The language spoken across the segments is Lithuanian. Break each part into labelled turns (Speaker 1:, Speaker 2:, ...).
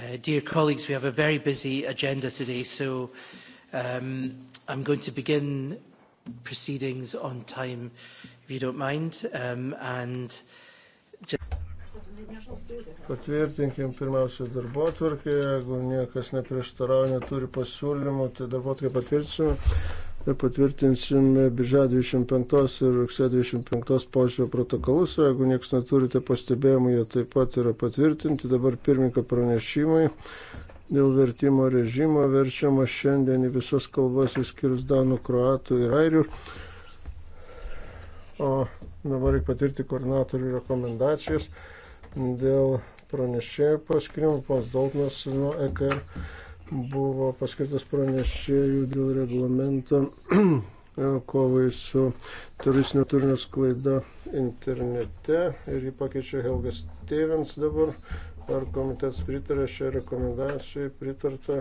Speaker 1: Uh, dear colleagues, we have a very busy agenda today, so um, I'm going to begin proceedings on time, if you don't mind. Um, and
Speaker 2: just... Patvirtinkim pirmiausia darbo atvarkę, jeigu niekas neprieštarauja, neturi pasiūlymų, tai darbo atvarkę patvirtinsime patvirtinsime birželio 25 ir rugsėjo 25 posėdžio protokolus, o jeigu nieks neturite pastebėjimų, jie taip pat yra patvirtinti. Dabar pirmininko pranešimai dėl vertimo režimo verčiama šiandien į visas kalbas išskyrus danų, kroatų ir airių. O dabar reikia patirti koordinatorių rekomendacijas dėl pranešėjų paskirimų pas Daltonas nuo EKR buvo paskirtas pranešėjų dėl reglamento e, kovai su turistinio turinio sklaida internete ir jį pakeičia Helgas Stevens dabar. Ar komitetas pritarė šią rekomendaciją, pritarta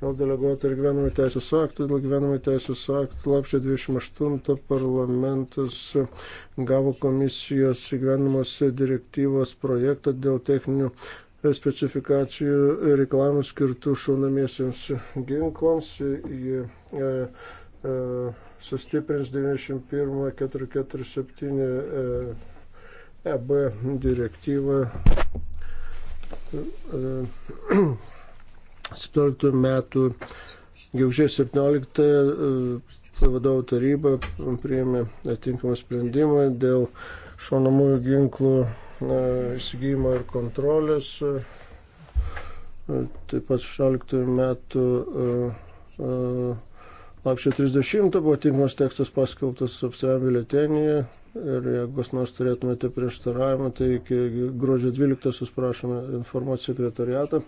Speaker 2: dėl deleguotų ir gyvenamų teisės aktų, dėl gyvenamų teisės aktų lapčio 28 parlamentas gavo komisijos gyvenamos direktyvos projektą dėl techninių specifikacijų reikalavimų skirtų šaunamiesiems ginklams. Ji e, e, sustiprins 91.447 e, EB direktyvą. 17 e, metų gegužės 17 e, vadovų taryba priėmė atinkamą sprendimą dėl šaunamųjų ginklų įsigijimo ir kontrolės, e, taip pat 16 metų e, e, lapčio 30 buvo tinkamas tekstas paskelbtas oficialiam biuletenyje ir jeigu kas nors turėtumėte prieštaravimą, tai iki gruodžio 12 prašome informuoti sekretariatą.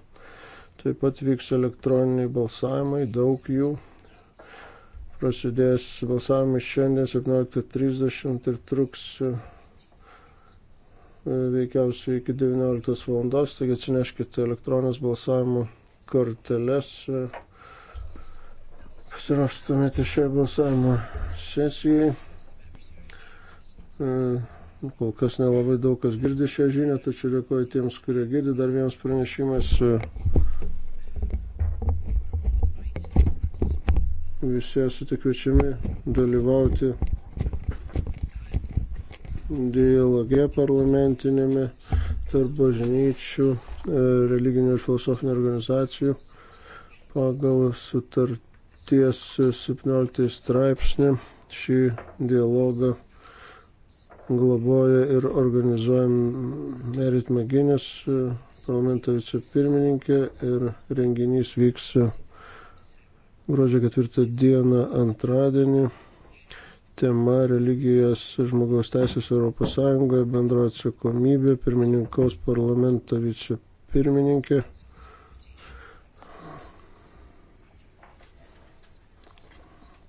Speaker 2: Taip pat vyks elektroniniai balsavimai, daug jų. Prasidės balsavimai šiandien 17.30 ir truks veikiausiai iki 19 valandos, taigi atsineškite elektroninės balsavimo korteles, e, pasiraštumėte šią balsavimo sesiją. E, kol kas nelabai daug kas girdi šią žinią, tačiau dėkoju tiems, kurie girdi. Dar vienas pranešimas. E, visi esate kviečiami dalyvauti dialoge parlamentinėme tarp bažnyčių, e, religinių ir filosofinių organizacijų pagal sutarties 17 straipsnį šį dialogą globoja ir organizuoja Merit Maginis, e, parlamento vicepirmininkė ir renginys vyks gruodžio ketvirtą dieną antradienį tema religijos žmogaus teisės Europos Sąjungoje, bendro atsakomybė, pirmininkaus parlamento vicepirmininkė.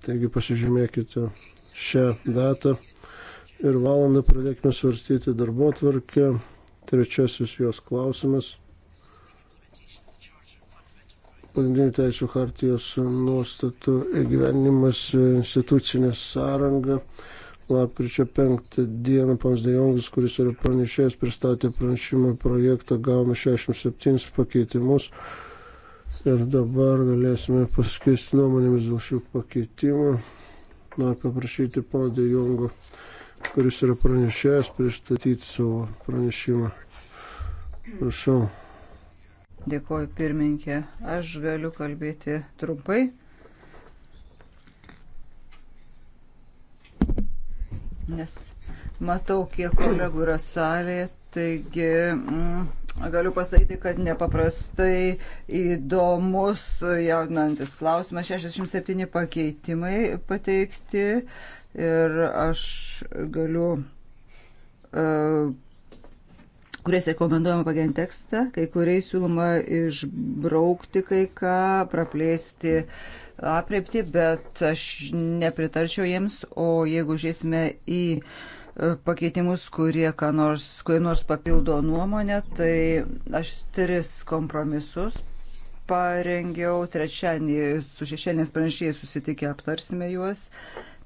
Speaker 2: Taigi pasižymėkite šią datą ir valandą pradėkime svarstyti darbo tvarkę. Trečiasis jos klausimas pagrindinių teisų hartijos nuostatų įgyvenimas institucinė sąranga. Lapkričio 5 dieną Pons Dejongas, kuris yra pranešėjas, pristatė pranešimo projektą, gavome 67 pakeitimus ir dabar galėsime paskirsti nuomonėmis dėl šių pakeitimų. Noriu paprašyti Pons Dejongo, kuris yra pranešėjas, pristatyti savo pranešimą. Prašau.
Speaker 3: Dėkuoju pirmininkė. Aš galiu kalbėti trumpai. Nes matau, kiek kolegų yra salėje, taigi mm, galiu pasakyti, kad nepaprastai įdomus, jaudinantis klausimas, 67 pakeitimai pateikti ir aš galiu uh, kuriais rekomenduojama pagerinti tekstą, kai kuriais siūloma išbraukti kai ką, praplėsti apriepti, bet aš nepritarčiau jiems, o jeigu žiūrėsime į e, pakeitimus, kurie nors, kurie nors papildo nuomonę, tai aš tris kompromisus parengiau, trečiadienį su šešėlinės pranešėjais susitikę aptarsime juos.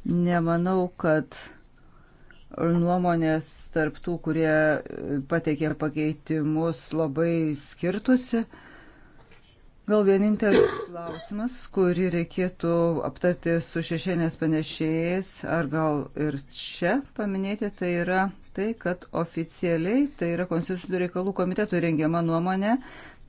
Speaker 3: Nemanau, kad nuomonės tarp tų, kurie pateikė pakeitimus, labai skirtusi. Gal vienintelis klausimas, kurį reikėtų aptarti su šešėnės panešėjais, ar gal ir čia paminėti, tai yra tai, kad oficialiai tai yra Konstitucijų reikalų komitetų rengiama nuomonė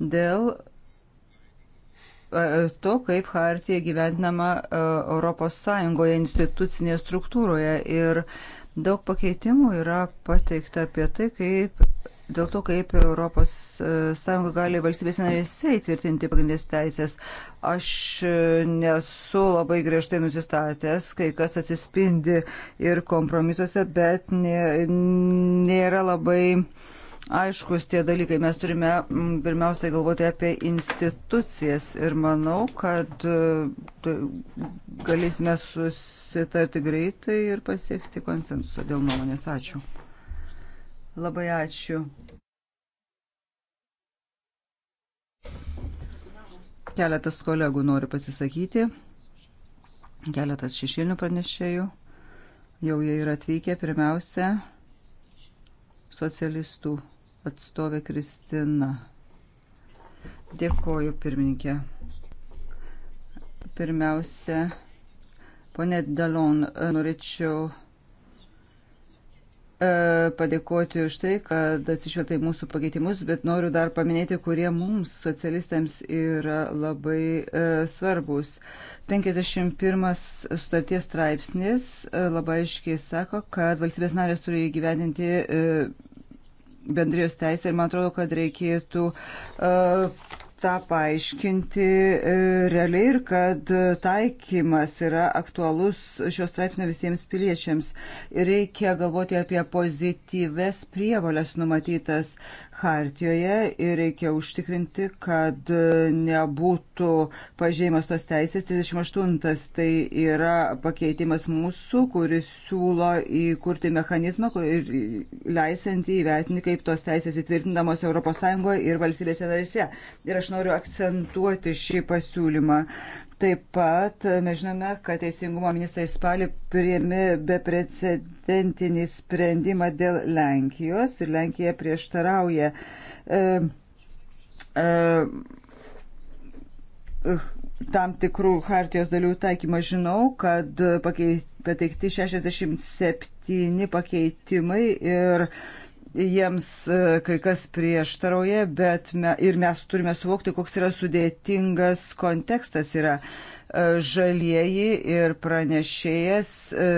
Speaker 3: dėl e, to, kaip hartija gyventinama ES institucinėje struktūroje. Ir uh, Daug pakeitimų yra pateikta apie tai, kaip dėl to, kaip Europos e, Sąjunga gali valstybės narėse įtvirtinti pagrindinės teisės. Aš e, nesu labai griežtai nusistatęs, kai kas atsispindi ir kompromisuose, bet nėra labai aiškus tie dalykai. Mes turime mm, pirmiausiai galvoti apie institucijas ir manau, kad e, galėsime susitarti greitai ir pasiekti konsensusą dėl nuomonės. Ačiū. Labai ačiū. Keletas kolegų nori pasisakyti, keletas šešėlių pranešėjų. Jau jie yra atvykę pirmiausia socialistų atstovė Kristina. Dėkoju, pirmininkė. Pirmiausia, ponė Dalon, norėčiau e, padėkoti už tai, kad atsišvelgtai mūsų pakeitimus, bet noriu dar paminėti, kurie mums, socialistams, yra labai e, svarbus. 51 sutarties straipsnis e, labai aiškiai sako, kad valstybės narės turi įgyvendinti e, bendrijos teisę ir man atrodo, kad reikėtų uh, tą paaiškinti e, realiai ir kad taikymas yra aktualus šios straipsnio visiems piliečiams. Reikia galvoti apie pozityves prievalės numatytas hartijoje ir reikia užtikrinti, kad nebūtų pažeimas tos teisės. 38 tai yra pakeitimas mūsų, kuris siūlo įkurti mechanizmą, kur ir leisantį įvertinti, kaip tos teisės įtvirtindamos ES ir valstybėse narėse. Ir aš noriu akcentuoti šį pasiūlymą. Taip pat mes žinome, kad Teisingumo ministrai spalį priėmė beprecedentinį sprendimą dėl Lenkijos ir Lenkija prieštarauja e, e, tam tikrų hartijos dalių taikymą. Žinau, kad pateikti 67 pakeitimai ir jiems e, kai kas prieštarauja, bet me, ir mes turime suvokti, koks yra sudėtingas kontekstas yra. E, žalieji ir pranešėjas e,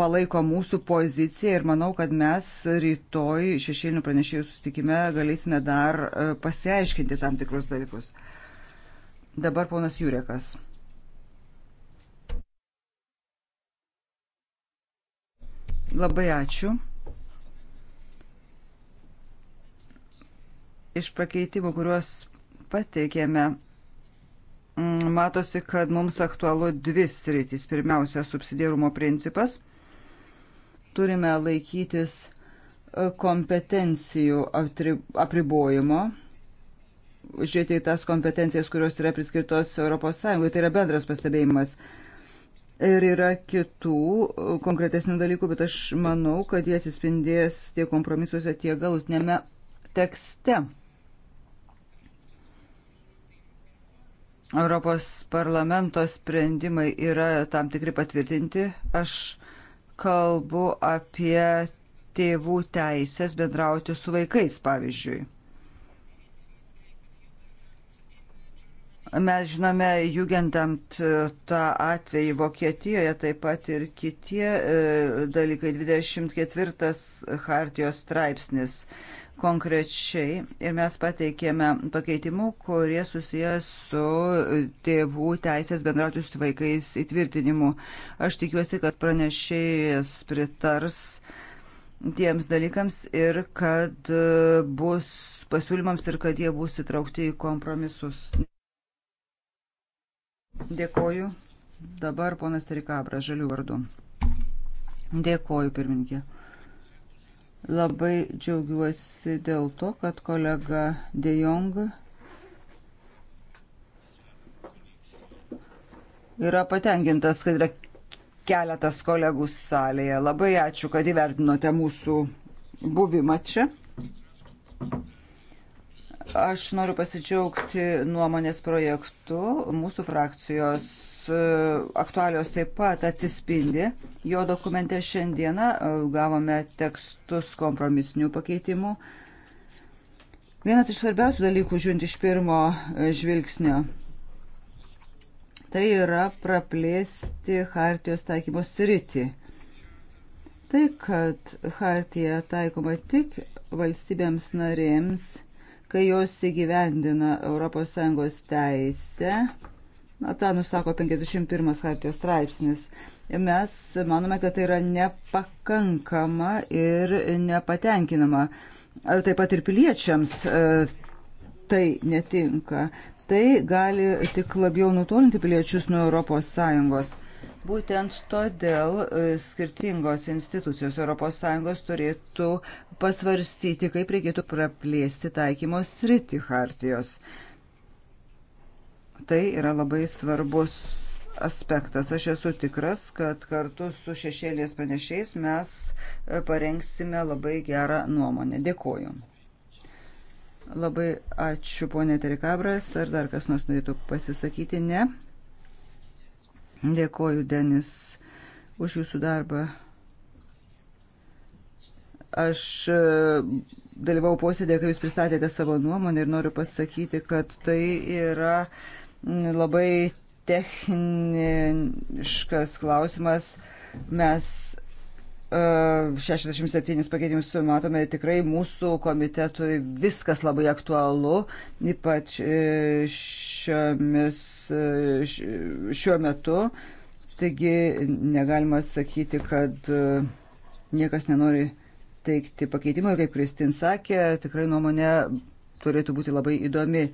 Speaker 3: palaiko mūsų poziciją ir manau, kad mes rytoj šešėlinių pranešėjų sustikime galėsime dar pasiaiškinti tam tikrus dalykus. Dabar ponas Jurekas. Labai ačiū. Iš pakeitimų, kuriuos pateikėme, mm, matosi, kad mums aktualu dvi sritys. Pirmiausia, subsidierumo principas. Turime laikytis e, kompetencijų apribojimo žiūrėti į tas kompetencijas, kurios yra priskirtos ES. Tai yra bendras pastebėjimas. Ir yra kitų e, konkretesnių dalykų, bet aš manau, kad jie atsispindės tiek kompromisuose, tiek galutinėme tekste. Europos parlamento sprendimai yra tam tikri patvirtinti. Aš kalbu apie tėvų teisės bendrauti su vaikais, pavyzdžiui. Mes žinome, jugendamt tą atvejį Vokietijoje, taip pat ir kitie e, dalykai, 24 hartijos straipsnis konkrečiai ir mes pateikėme pakeitimų, kurie susijęs su tėvų teisės bendrauti su vaikais įtvirtinimu. Aš tikiuosi, kad pranešėjas pritars tiems dalykams ir kad e, bus pasiūlymams ir kad jie bus įtraukti į kompromisus. Dėkoju. Dabar ponas Terikabra, žalių vardu. Dėkoju, pirmininkė. Labai džiaugiuosi dėl to, kad kolega De Jong yra patenkintas, kad yra keletas kolegų salėje. Labai ačiū, kad įvertinote mūsų buvimą čia. Aš noriu pasidžiaugti nuomonės projektu mūsų frakcijos E, aktualios taip pat atsispindi. Jo dokumente šiandieną e, gavome tekstus kompromisinių pakeitimų. Vienas iš svarbiausių dalykų, žiūrint iš pirmo e, žvilgsnio, tai yra praplėsti Hartijos taikymo sritį. Tai, kad Hartija taikoma tik valstybėms narėms, kai jos įgyvendina ES teisę, tą nusako 51 hartijos straipsnis. Mes manome, kad tai yra nepakankama ir nepatenkinama. Taip pat ir piliečiams e, tai netinka. Tai gali tik labiau nutolinti piliečius nuo ES. Būtent todėl e, skirtingos institucijos ES turėtų pasvarstyti, kaip reikėtų praplėsti taikymos sritį hartijos. Uh, tai yra labai svarbus aspektas. Aš esu tikras, kad kartu su šešėlės pranešiais mes e, parengsime labai gerą nuomonę. Dėkoju. Labai ačiū, ponė Terikabras. Ar dar kas nors norėtų pasisakyti? Ne. Dėkoju, Denis, už jūsų darbą. Aš e, dalyvau posėdėje, kai jūs pristatėte savo nuomonę ir noriu pasakyti, kad tai yra uh, labai techniškas klausimas. Mes 67 e, pakeitimus matome tikrai mūsų komitetui viskas labai aktualu, ypač e, šiomis, e, šiuo metu. Taigi negalima sakyti, kad niekas nenori teikti pakeitimų ir kaip Kristin sakė, tikrai nuomonė turėtų būti labai įdomi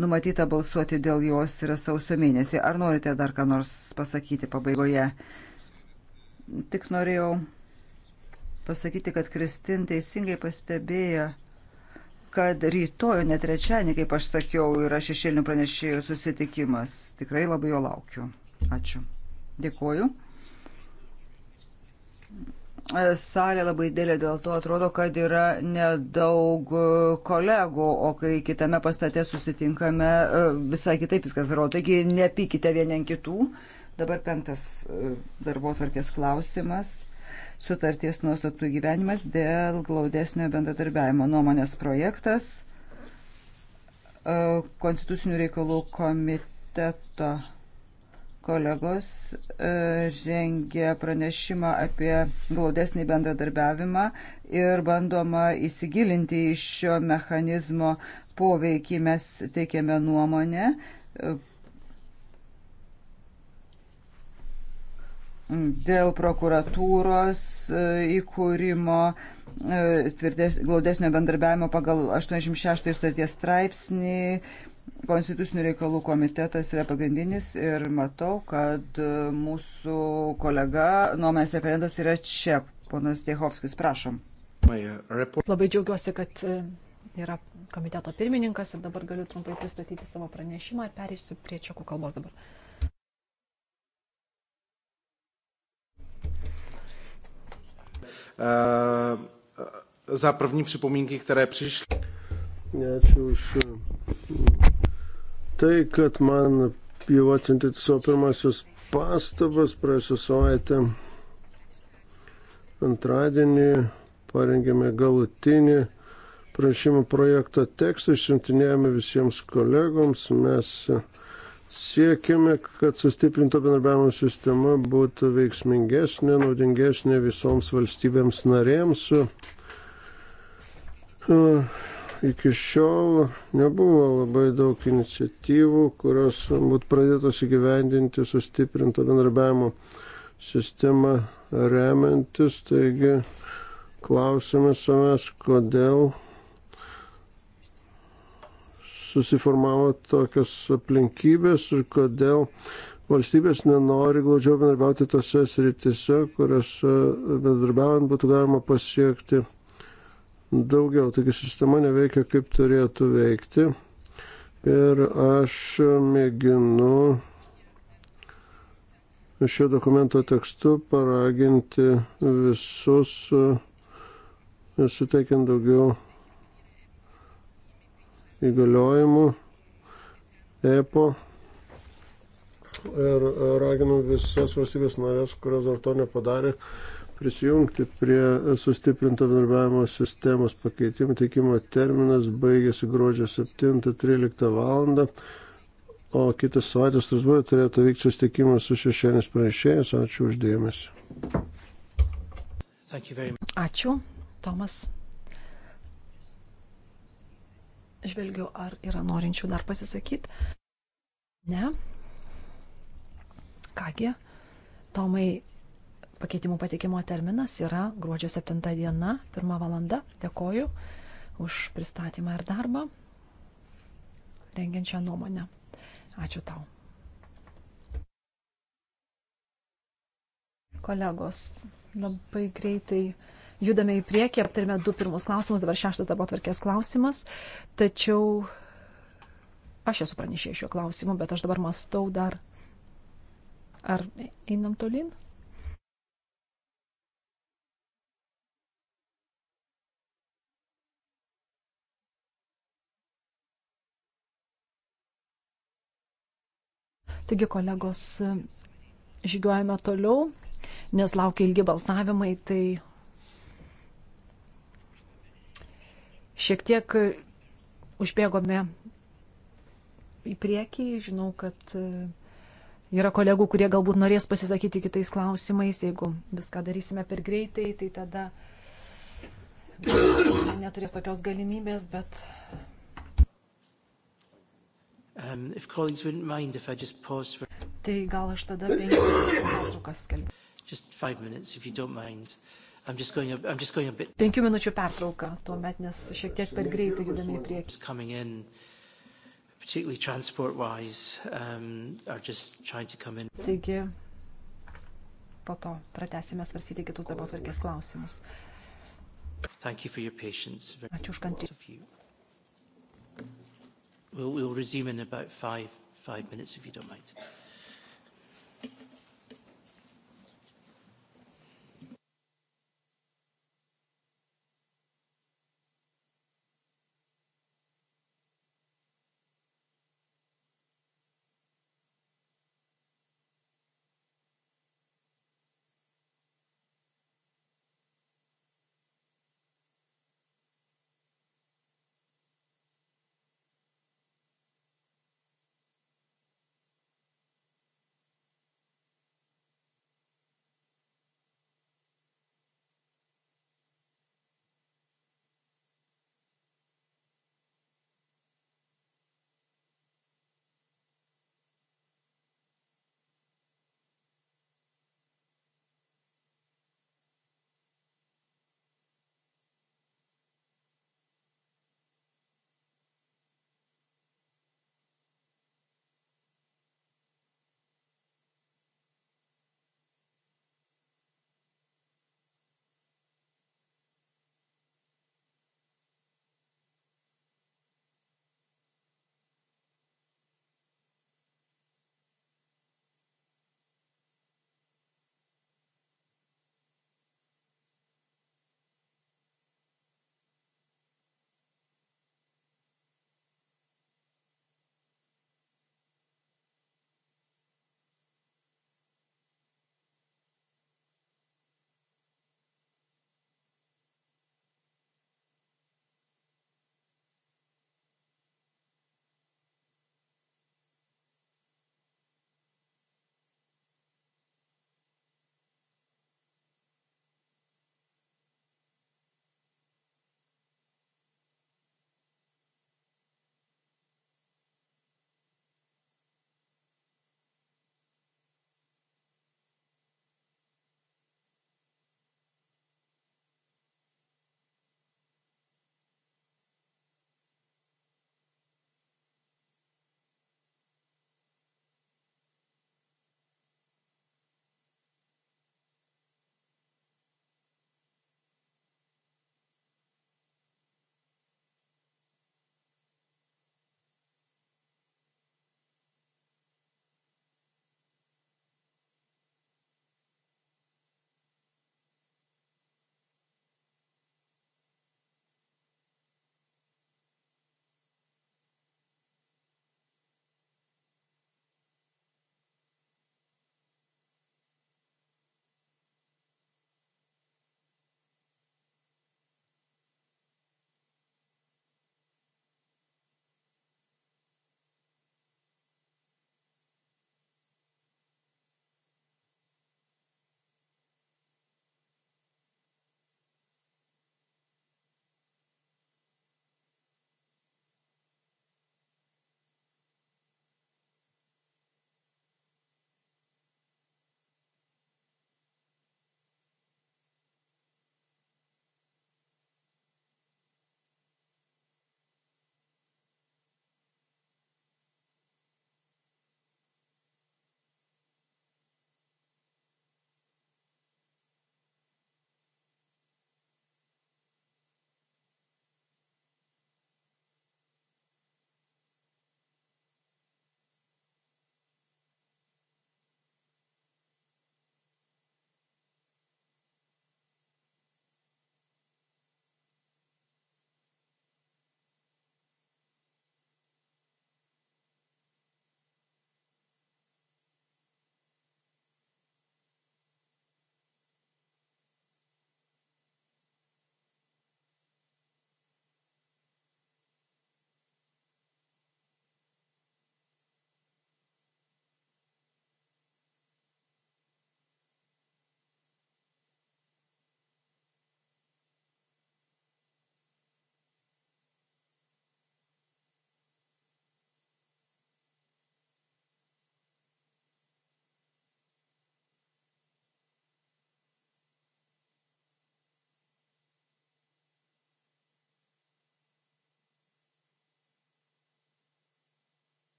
Speaker 3: numatyta balsuoti dėl jos yra sausio mėnesį. Ar norite dar ką nors pasakyti pabaigoje? Tik norėjau pasakyti, kad Kristin teisingai pastebėjo, kad rytoj, ne trečiadienį, kaip aš sakiau, yra šešėlinių pranešėjų susitikimas. Tikrai labai jo laukiu. Ačiū. Dėkuoju salė labai dėlė, dėl to atrodo, kad yra nedaug e, kolegų, o kai kitame pastate susitinkame, e, visai kitaip viskas atrodo. Taigi nepykite vieni kitų. Dabar penktas e, darbo tvarkės klausimas sutarties nuostatų gyvenimas dėl glaudesnio bendradarbiavimo nuomonės projektas Konstitucinių reikalų komiteto Kolegos e, rengia pranešimą apie glaudesnį bendradarbiavimą ir bandoma įsigilinti iš šio mechanizmo poveikį. Mes teikiame nuomonę. E, dėl prokuratūros e, įkūrimo glaudesnio bendarbiavimo pagal 86 sutarties straipsnį Konstitucinių reikalų komitetas yra pagrindinis ir matau, kad e, mūsų kolega nuomonės referentas yra čia. Ponas Tiehovskis, prašom. Labai džiaugiuosi, kad e,
Speaker 4: yra komiteto pirmininkas ir dabar galiu trumpai pristatyti savo pranešimą ir perėsiu prie čekų kalbos dabar.
Speaker 2: Uh, za první připomínky, které přišly. Ačiū už tai, kad man jau atsintyti savo pirmasis pastabas praėjusią savaitę. Antradienį parengėme galutinį prašymų projekto tekstą, išsiuntinėjome visiems kolegoms. Mes siekiame, kad sustiprinto bendrabiavimo sistema būtų veiksmingesnė, naudingesnė visoms valstybėms narėms iki šiol nebuvo labai daug iniciatyvų, kurios būtų pradėtos įgyvendinti sustiprinto bendrabiavimo sistemą remiantis. Taigi klausime savęs, kodėl susiformavo tokios aplinkybės ir kodėl valstybės nenori glaudžiau bendrabiauti tose sritise, kuriuose bendrabiaujant būtų galima pasiekti daugiau. Taigi sistema neveikia kaip turėtų veikti. Ir aš mėginu šio dokumento tekstu paraginti visus, e, suteikiant daugiau įgaliojimų EPO ir raginu visas valstybės narės, kurios dar to nepadarė, prisijungti prie sustiprinto bendarbiavimo sistemos pakeitimų teikimo terminas baigėsi gruodžio 7-13 val. O kitas savaitės Strasbūrė turėtų vykti susitikimas su šešėnis pranešėjas. Ačiū uždėmesi.
Speaker 4: Ačiū, Tomas. Žvelgiu, ar yra norinčių dar pasisakyti. Ne. Kągi, Tomai, Pakeitimų pateikimo terminas yra gruodžio 7 diena, 1 valanda. Dėkoju už pristatymą ir darbą rengiančią nuomonę. Ačiū tau. Kolegos, labai greitai judame į priekį, aptarėme du pirmus klausimus, dabar šeštas darbo tvarkės klausimas, tačiau aš esu pranešėjęs šiuo klausimu, bet aš dabar mastau dar, ar einam tolin? Taigi, kolegos, žygiuojame toliau, nes laukia ilgi balsavimai, tai šiek tiek užbėgome į priekį. Žinau, kad e, yra kolegų, kurie galbūt norės pasisakyti kitais klausimais. Jeigu viską darysime per greitai, tai tada neturės tokios galimybės, bet
Speaker 1: Um, if colleagues wouldn't mind if I just pause for...
Speaker 4: Tai gal aš tada penkias
Speaker 1: pertraukas skelbiu. Just five minutes, if you don't mind. I'm just going a, I'm just going a bit...
Speaker 4: Penkių minučių pertrauka, tuomet, nes šiek tiek per greitai judame į priekį.
Speaker 1: Coming in, particularly transport-wise, um, are just trying to come in.
Speaker 4: Taigi, po to pratesime svarstyti kitus darbo tvarkės klausimus.
Speaker 1: Thank you for your patience. Ačiū už kantrybę. We'll, we'll resume in about five, five minutes, if you don't mind.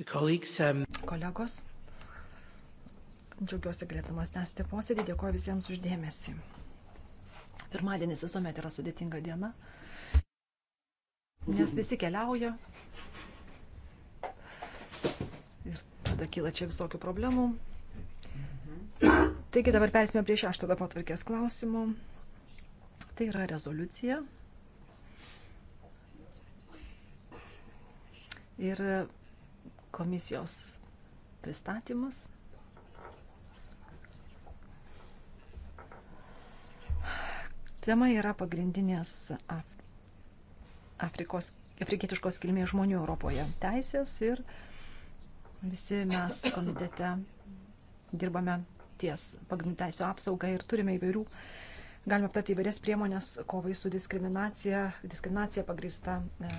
Speaker 1: Um, Kolegos,
Speaker 4: džiaugiuosi galėdamas tęsti posėdį, dėkoju visiems uždėmesi. Pirmadienis visuomet yra sudėtinga diena, nes visi keliauja ir tada kyla čia visokių problemų. Taigi dabar persime prie šešto darbo tvarkės klausimų. Tai yra rezoliucija. Ir komisijos pristatymas. Tema yra pagrindinės Afrikos, afrikietiškos kilmės žmonių Europoje teisės ir visi mes komitete dirbame ties pagrindinių teisų apsaugą ir turime įvairių, galime aptarti įvairias priemonės kovai su diskriminacija, diskriminacija pagrįsta e,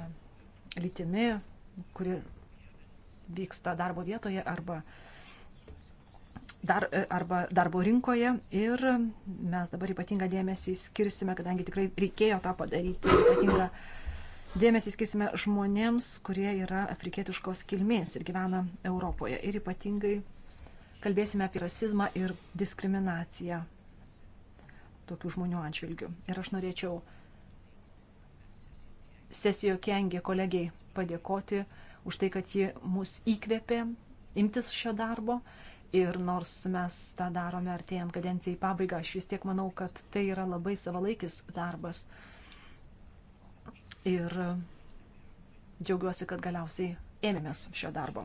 Speaker 4: lytimi, kuri vyksta darbo vietoje arba, dar, arba darbo rinkoje. Ir mes dabar ypatingą dėmesį skirsime, kadangi tikrai reikėjo tą padaryti, ypatingą dėmesį skirsime žmonėms, kurie yra afrikietiškos kilmės ir gyvena Europoje. Ir ypatingai kalbėsime apie rasizmą ir diskriminaciją tokių žmonių atžvilgių. Ir aš norėčiau sesijo Kengė kolegiai padėkoti už tai, kad ji mus įkvėpė imtis šio darbo. Ir nors mes tą darome artėjant kadencijai pabaigą, aš vis tiek manau, kad tai yra labai savalaikis darbas. Ir džiaugiuosi, kad galiausiai ėmėmės šio darbo.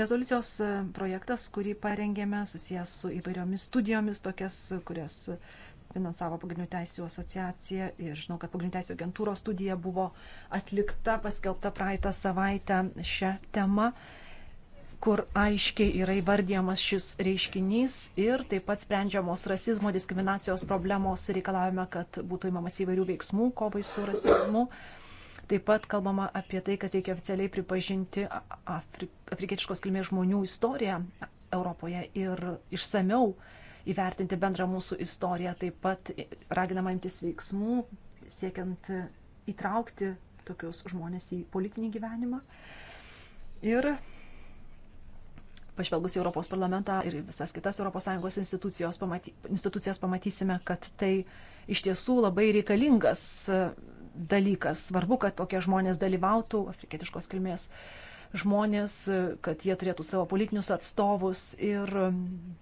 Speaker 4: Rezoliucijos projektas, kurį parengėme, susijęs su įvairiomis studijomis, tokias, kurias finansavo Pagrindinių teisų asociacija ir žinau, kad Pagrindinių teisų agentūros studija buvo atlikta, paskelbta praeitą savaitę šią temą, kur aiškiai yra įvardyjamas šis reiškinys ir taip pat sprendžiamos rasizmo, diskriminacijos problemos reikalavime, kad būtų įmamas įvairių veiksmų kovai su rasizmu. Taip pat kalbama apie tai, kad reikia oficialiai pripažinti afri, afrikietiškos kilmės žmonių istoriją Europoje ir išsameu įvertinti bendrą mūsų istoriją. Taip pat raginama imtis veiksmų, siekiant įtraukti tokius žmonės į politinį gyvenimą. Ir pažvelgus į Europos parlamentą ir visas kitas ES pamaty, institucijas pamatysime, kad tai iš tiesų labai reikalingas dalykas. Svarbu, kad tokie žmonės dalyvautų afrikietiškos kilmės uh, žmonės, kad jie turėtų savo politinius atstovus ir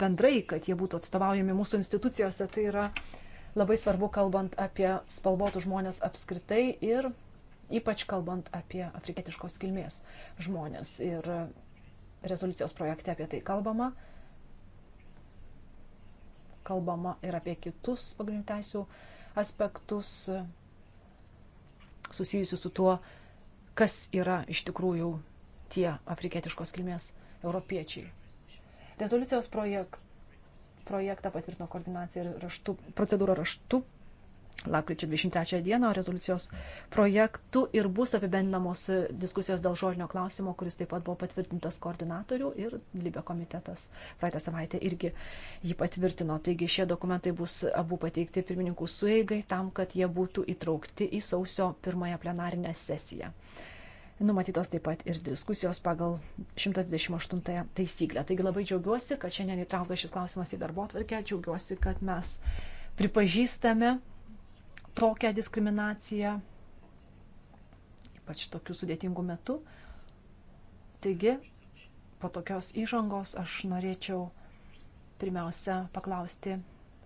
Speaker 4: bendrai, kad jie būtų atstovaujami mūsų institucijose. Tai yra labai svarbu, kalbant apie spalvotų žmonės apskritai ir ypač kalbant apie afrikietiškos kilmės žmonės. Ir rezoliucijos projekte apie tai kalbama. Kalbama ir apie kitus pagrindinių teisų aspektus susijusius su tuo, kas yra iš tikrųjų tie afrikietiškos kilmės europiečiai. Rezoliucijos projekt, projektą patvirtino koordinacija ir raštu, procedūra raštu. Lapkričio 23 dieną rezoliucijos projektų ir bus apibendinamos diskusijos dėl žodinio klausimo, kuris taip pat buvo patvirtintas koordinatorių ir Libė komitetas praeitą savaitę irgi jį patvirtino. Taigi šie dokumentai bus abu pateikti pirmininkų sueigai tam, kad jie būtų įtraukti į sausio pirmąją plenarinę sesiją. Numatytos taip pat ir diskusijos pagal 128 taisyklę. Taigi labai džiaugiuosi, kad šiandien įtrauktas šis klausimas į darbo atvarkę. Džiaugiuosi, kad mes pripažįstame tokią diskriminaciją, ypač tokiu sudėtingu metu. Taigi, po tokios įžangos aš norėčiau pirmiausia paklausti,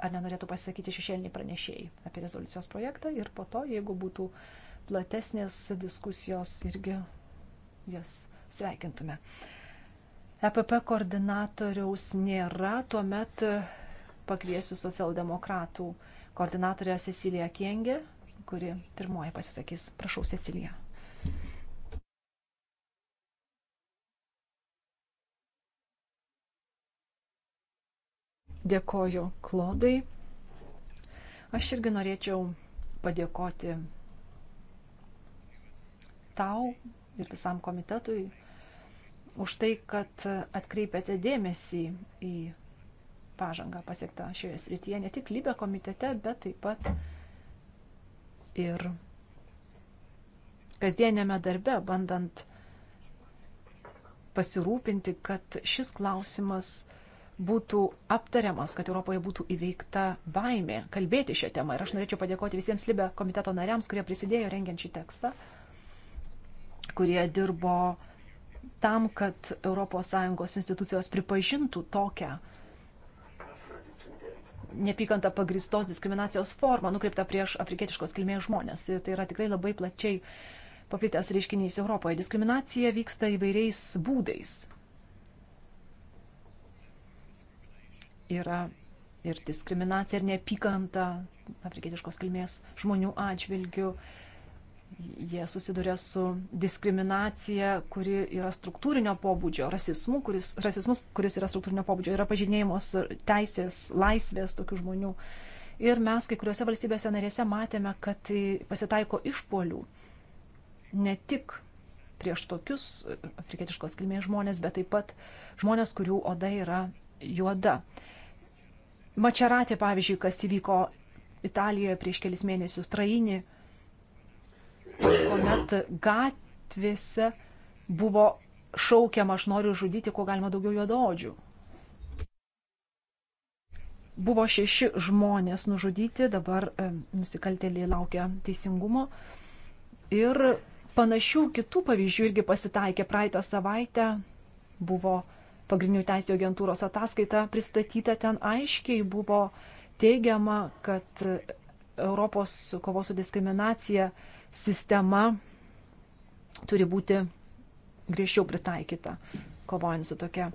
Speaker 4: ar nenorėtų pasisakyti šešėliniai pranešėjai apie rezoliucijos projektą ir po to, jeigu būtų uh, platesnės diskusijos irgi jas sveikintume. EPP koordinatoriaus nėra, tuomet pakviesiu socialdemokratų koordinatorę Ceciliją Kiengę, kuri pirmoji pasisakys. Prašau, Cecilija. Dėkoju Klodai. Aš irgi norėčiau padėkoti tau ir visam komitetui už tai, kad atkreipėte dėmesį į pažangą pasiektą šioje srityje, ne tik lybė komitete, bet taip pat ir kasdienėme darbe, bandant pasirūpinti, kad šis klausimas būtų aptariamas, kad Europoje būtų įveikta baimė kalbėti šią temą. Ir aš norėčiau padėkoti visiems Libė komiteto nariams, kurie prisidėjo rengiant šį tekstą kurie dirbo tam, kad ES institucijos pripažintų tokią nepykantą pagristos diskriminacijos formą nukreiptą prieš afrikietiškos kilmės žmonės. Ir tai yra tikrai labai plačiai paplitęs reiškinys Europoje. Diskriminacija vyksta įvairiais būdais. Yra ir diskriminacija, ir neapykanta afrikietiškos kilmės žmonių atžvilgių. Uh, Jie susiduria su diskriminacija, kuri yra struktūrinio pobūdžio, rasizmu, kuris, rasizmus, kuris yra struktūrinio pobūdžio, yra pažinėjimus teisės, laisvės tokių žmonių. Ir mes kai kuriuose valstybėse narėse matėme, kad tai pasitaiko išpolių ne tik prieš tokius afrikietiškos kilmės žmonės, bet taip pat žmonės, kurių oda yra juoda. Mačeratė, pavyzdžiui, kas įvyko Italijoje prieš kelis mėnesius, Traini, kuomet gatvėse buvo šaukiama, aš noriu žudyti, kuo galima daugiau juododžių. Buvo šeši žmonės nužudyti, dabar e, nusikaltėliai laukia teisingumo. Ir panašių kitų pavyzdžių irgi pasitaikė. Praeitą savaitę buvo pagrindinių teisų agentūros ataskaita pristatyta, ten aiškiai buvo teigiama, kad Europos kovos su diskriminacija e, sistema turi būti griežčiau pritaikyta, kovojant su tokia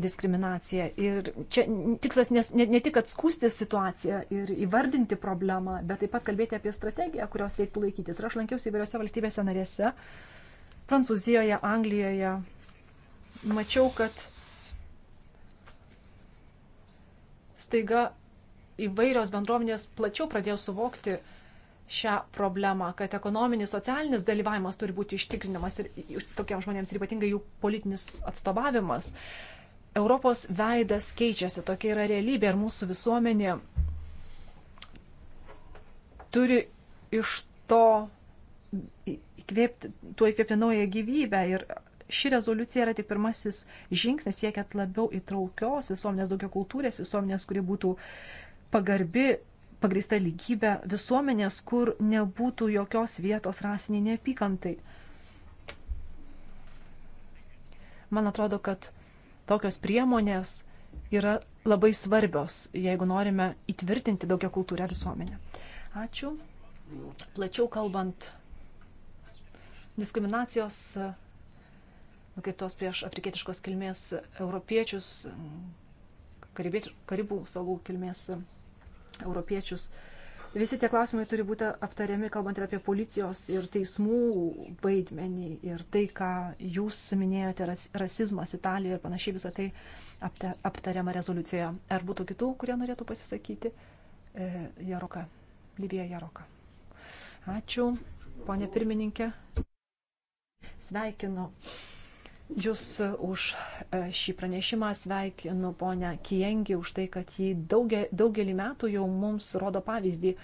Speaker 4: diskriminacija. Ir čia tikslas nes, ne, ne tik atskūsti situaciją ir įvardinti problemą, bet taip pat kalbėti apie strategiją, kurios reiktų laikytis. Ir aš lankiausi įvairiose valstybėse narėse, Prancūzijoje, Anglijoje. Mačiau, kad staiga įvairios bendruomenės plačiau pradėjo suvokti, šią problemą, kad ekonominis, socialinis dalyvavimas turi būti ištikrinamas ir tokiems žmonėms ir ypatingai jų politinis atstovavimas. Europos veidas keičiasi, tokia yra realybė ir mūsų visuomenė turi iš to įkvėpti, tuo įkvėpti naują gyvybę ir ši rezoliucija yra tik pirmasis žingsnis siekiant labiau įtraukios visuomenės, daugia kultūrės visuomenės, kuri būtų pagarbi pagrįsta lygybė visuomenės, kur nebūtų jokios vietos rasiniai neapykantai. Man atrodo, kad tokios priemonės yra labai svarbios, jeigu norime įtvirtinti daugia kultūrę visuomenę. Ačiū. Plačiau kalbant, diskriminacijos nukreiptos prieš afrikietiškos kilmės europiečius, karibų salų kilmės europiečius. Visi tie klausimai turi būti aptariami, kalbant ir apie policijos ir teismų vaidmenį ir tai, ką jūs minėjote, rasizmas Italijoje ir panašiai, visą tai aptariama rezoliucijoje. Ar būtų kitų, kurie norėtų pasisakyti? E, Jaroka, Libija Jaroka. Ačiū, ponė pirmininkė. Sveikinu Jūs už e, šį pranešimą sveikinu ponę Kiengį už tai, kad jį daugia, daugelį metų jau mums rodo pavyzdį e,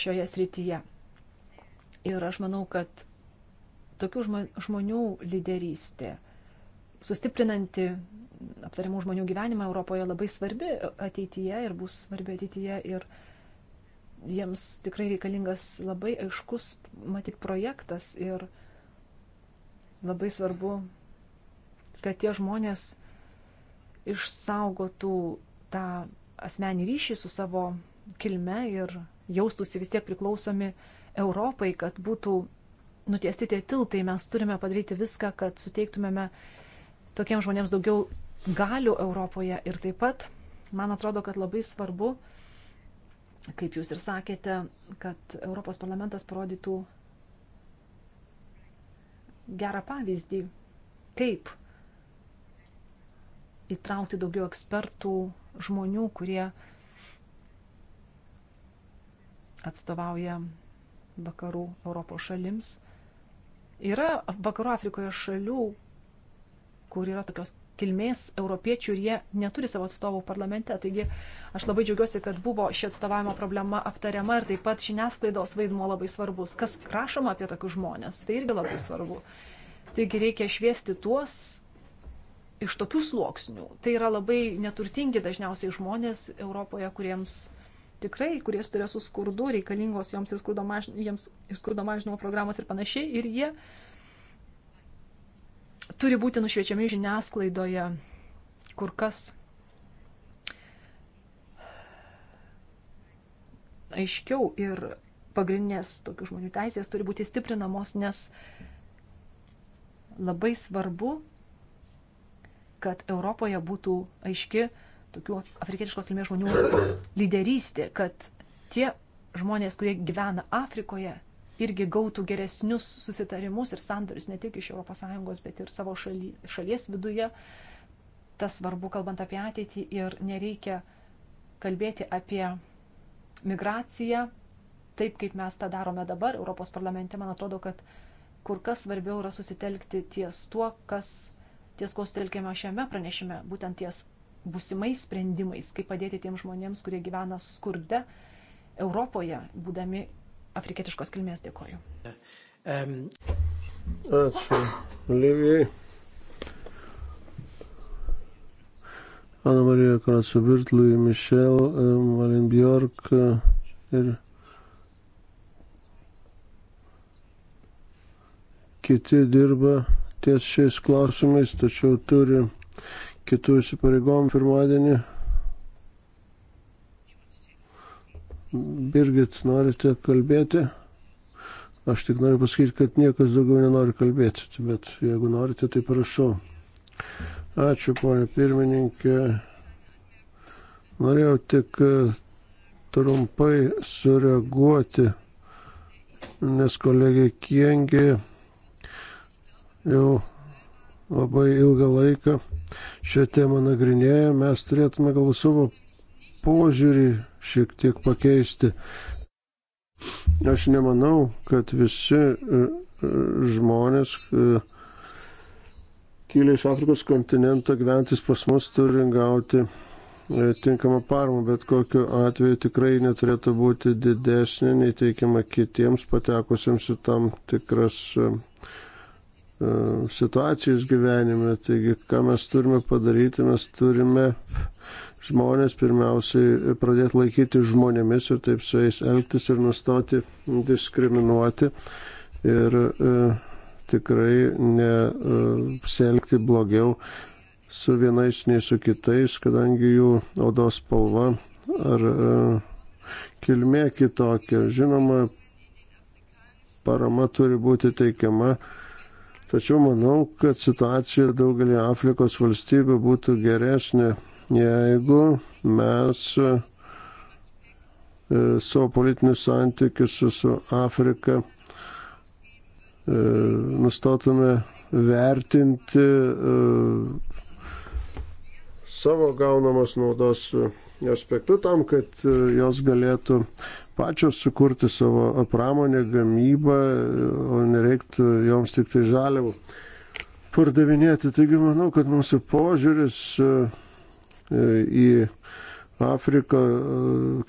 Speaker 4: šioje srityje. Ir aš manau, kad tokių žmonių lyderystė, sustiprinanti aptariamų žmonių gyvenimą Europoje labai svarbi ateityje ir bus svarbi ateityje ir jiems tikrai reikalingas labai aiškus, matyt, projektas ir projektas Labai svarbu, kad tie žmonės išsaugotų tą asmenį ryšį su savo kilme ir jaustųsi vis tiek priklausomi Europai, kad būtų nutiesti tie tiltai. Mes turime padaryti viską, kad suteiktumėme tokiems žmonėms daugiau galių Europoje. Ir taip pat, man atrodo, kad labai svarbu, kaip jūs ir sakėte, kad Europos parlamentas parodytų gerą pavyzdį, kaip įtraukti daugiau ekspertų, žmonių, kurie atstovauja vakarų Europos šalims. Yra vakarų Afrikoje šalių, kur yra tokios kilmės europiečių ir jie neturi savo atstovų parlamente. Taigi aš labai džiaugiuosi, kad buvo ši atstovavimo problema aptariama ir taip pat žiniasklaidos vaidmuo labai svarbus. Kas rašoma apie tokius žmonės, tai irgi labai svarbu. Taigi reikia šviesti tuos iš tokių sluoksnių. Tai yra labai neturtingi dažniausiai žmonės Europoje, kuriems tikrai, kurie susiduria su skurdu, reikalingos joms ir skurdo mažinimo programos ir panašiai. Ir jie turi būti nušviečiami žiniasklaidoje kur kas aiškiau ir pagrindinės tokių žmonių teisės turi būti stiprinamos, nes labai svarbu, kad Europoje būtų aiški tokių afrikietiškos kilmės žmonių lyderystė, kad tie žmonės, kurie gyvena Afrikoje, irgi gautų geresnius susitarimus ir sandarius ne tik iš ES, bet ir savo šaly, šalies viduje. Tas svarbu, kalbant apie ateitį ir nereikia kalbėti apie migraciją taip, kaip mes tą darome dabar. Europos parlamente, man atrodo, kad kur kas svarbiau yra susitelkti ties tuo, kas, ties ko sutelkėme šiame pranešime, būtent ties būsimais sprendimais, kaip padėti tiems žmonėms, kurie gyvena skurde Europoje, būdami afrikietiškos kilmės. Dėkoju.
Speaker 2: Ačiū, Olivijai. Ana Marija Karasovirt, Louis Michel, Malin Bjork ir kiti dirba ties šiais klausimais, tačiau turi kitų įsipareigomų pirmadienį Birgit, norite kalbėti? Aš tik noriu pasakyti, kad niekas daugiau nenori kalbėti, tai bet jeigu norite, tai prašau. Ačiū, ponė pirmininkė. Norėjau tik e, trumpai sureaguoti, nes kolegė Kiengi jau labai ilgą laiką šią temą nagrinėja. Mes turėtume gal savo požiūrį šiek tiek pakeisti. Aš nemanau, kad visi e, e, žmonės e, kilę iš Afrikos kontinento gyventis pas mus turi gauti tinkamą paramą, bet kokiu atveju tikrai neturėtų būti didesnė nei teikiama kitiems patekusiems į tam tikras E, situacijos gyvenime. Taigi, ką mes turime padaryti, mes turime žmonės pirmiausiai pradėti laikyti žmonėmis ir taip su jais elgtis ir nustoti diskriminuoti ir e, tikrai neselgti e, blogiau su vienais nei su kitais, kadangi jų odos spalva ar e, kilmė kitokia. Žinoma, parama turi būti teikiama e, Tačiau manau, kad situacija daugelį Afrikos valstybių būtų geresnė, jeigu mes e, savo politinius santykius su Afrika e, nustotume vertinti e, savo gaunamas naudos aspektu tam, kad jos galėtų pačios sukurti savo pramonę, gamybą, o nereiktų joms tik tai žaliavų pardavinėti. Taigi manau, kad mūsų požiūris e, į Afriką e,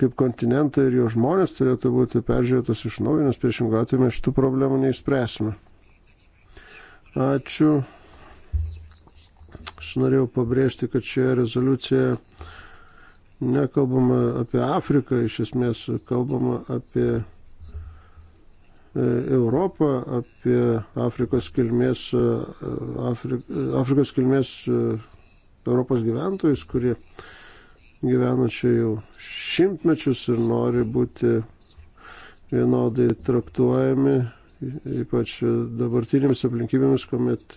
Speaker 2: kaip kontinentą ir jo žmonės turėtų būti peržiūrėtas iš naujo, nes priešingų atveju mes šitų problemų neįspręsime. Ačiū. Aš norėjau pabrėžti, kad šioje rezoliucijoje nekalbama apie Afriką, iš esmės kalbama apie e, Europą, apie Afrikos kilmės, e, Afrik, Afrikos kilmės e, Europos gyventojus, kurie gyvena čia jau šimtmečius ir nori būti vienodai traktuojami, ypač dabartinėmis aplinkybėmis, kuomet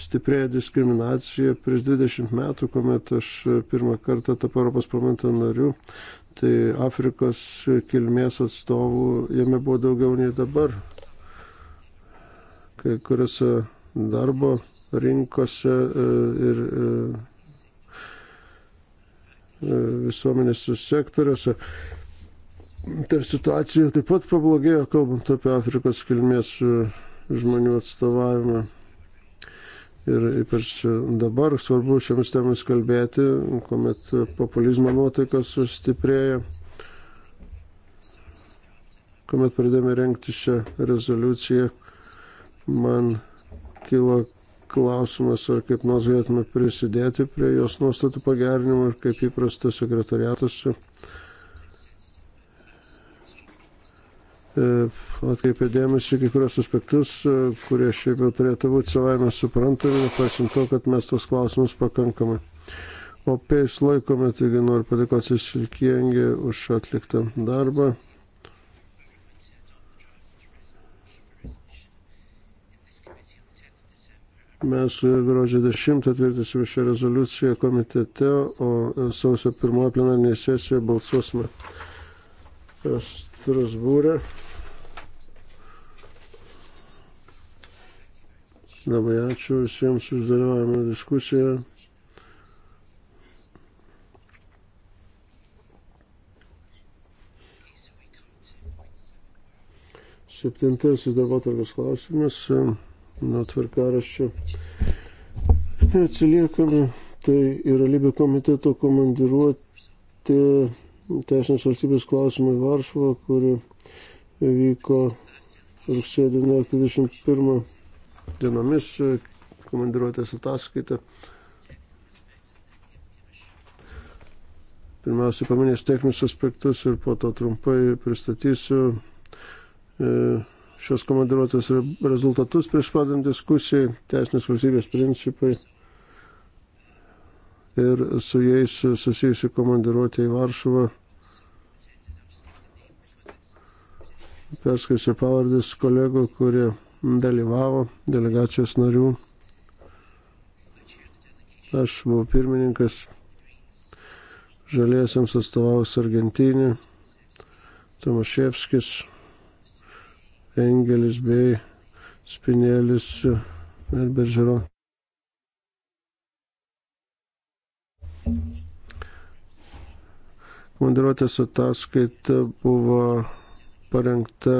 Speaker 2: stiprėja diskriminacija. Prieš 20 metų, kuomet aš pirmą kartą tapau Europos parlamento nariu, tai Afrikos kilmės atstovų jame buvo daugiau nei dabar. Kai kuriuose darbo rinkose e, ir e, e, visuomenės sektoriuose. Ta situacija taip pat pablogėjo, kalbant apie Afrikos kilmės žmonių atstovavimą. Ir ypač dabar svarbu šiomis temomis kalbėti, kuomet populizmo nuotaikas sustiprėja. Kuomet pradėjome renkti šią rezoliuciją, man kilo klausimas, ar kaip nors galėtume prisidėti prie jos nuostatų pagerinimo ir kaip įprasta sekretariatas čia E, atkreipė dėmesį kai kurios aspektus, e, kurie šiaip jau turėtų būti savaime suprantami, nepaisant to, kad mes tos klausimus pakankamai. O apie jūs laikome, taigi noriu padėkoti Silkiengi už atliktą darbą. Mes gruodžio 10 atvirtinsime šią rezoliuciją komitete, o sausio pirmoje plenarinėje sesijoje balsuosime Strasbūrė. E. Labai ačiū visiems už dalyvavimą diskusijoje. Septintasis darbotvarkės klausimas nuo tvarkaraščio. Neatsiliekame. Tai yra Libė komiteto komandiruoti teisinės valstybės klausimai Varšuvo, kuri vyko rugsėjo 19-21 dienomis e, komandiruotės ataskaitą. Pirmiausia, paminės techninius aspektus ir po to trumpai pristatysiu e, šios komandiruotės rezultatus prieš padant diskusijai, teisinės valstybės principai ir su jais susijusi komandiruotė į Varšuvą. Perskaisiu pavardės kolegų, kurie dalyvavo delegacijos narių. Aš buvau pirmininkas, žaliesiams atstovavus Argentinį, Tomaševskis, Engelis bei Spinėlis ir Beržero. Komandiruotės ataskaita buvo parengta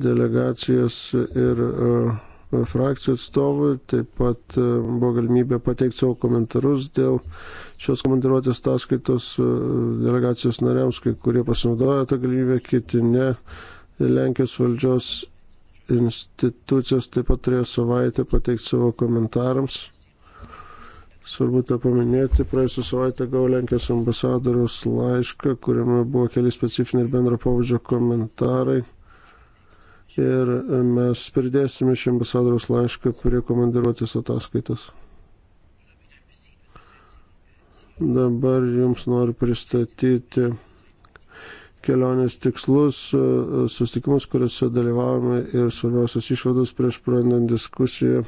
Speaker 2: delegacijos ir e, frakcijų atstovų. Taip pat e, buvo galimybė pateikti savo komentarus dėl šios komandiruotės ataskaitos e, delegacijos nariams, kai kurie pasinaudojo tą galimybę, kiti ne. Lenkijos valdžios institucijos taip pat turėjo savaitę pateikti savo komentarams. Svarbu tą paminėti, praėjusią savaitę gavau Lenkijos ambasadoriaus laišką, kuriame buvo keli specifiniai ir bendro pavadžio komentarai ir mes pridėsime šį ambasadoriaus laišką prie komandiruotės ataskaitos. Dabar jums noriu pristatyti kelionės tikslus, susitikimus, kuriuose dalyvavome ir svarbiausias išvadas prieš pradant diskusiją.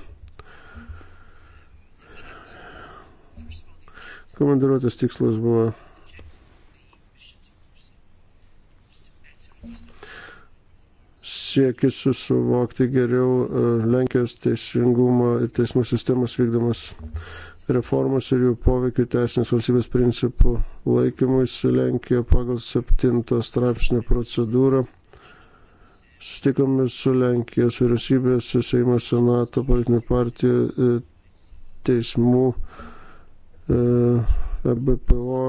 Speaker 2: Komandiruotės tikslas buvo siekis suvokti geriau e, Lenkijos teisingumo ir teismų sistemos vykdomas reformos ir jų poveikių teisinės valstybės principų laikymui su Lenkija pagal 7 straipsnio procedūrą. Sustikome su Lenkijos vyriausybės, su Seimo Senato, politinių partijų, e, teismų, e, BPO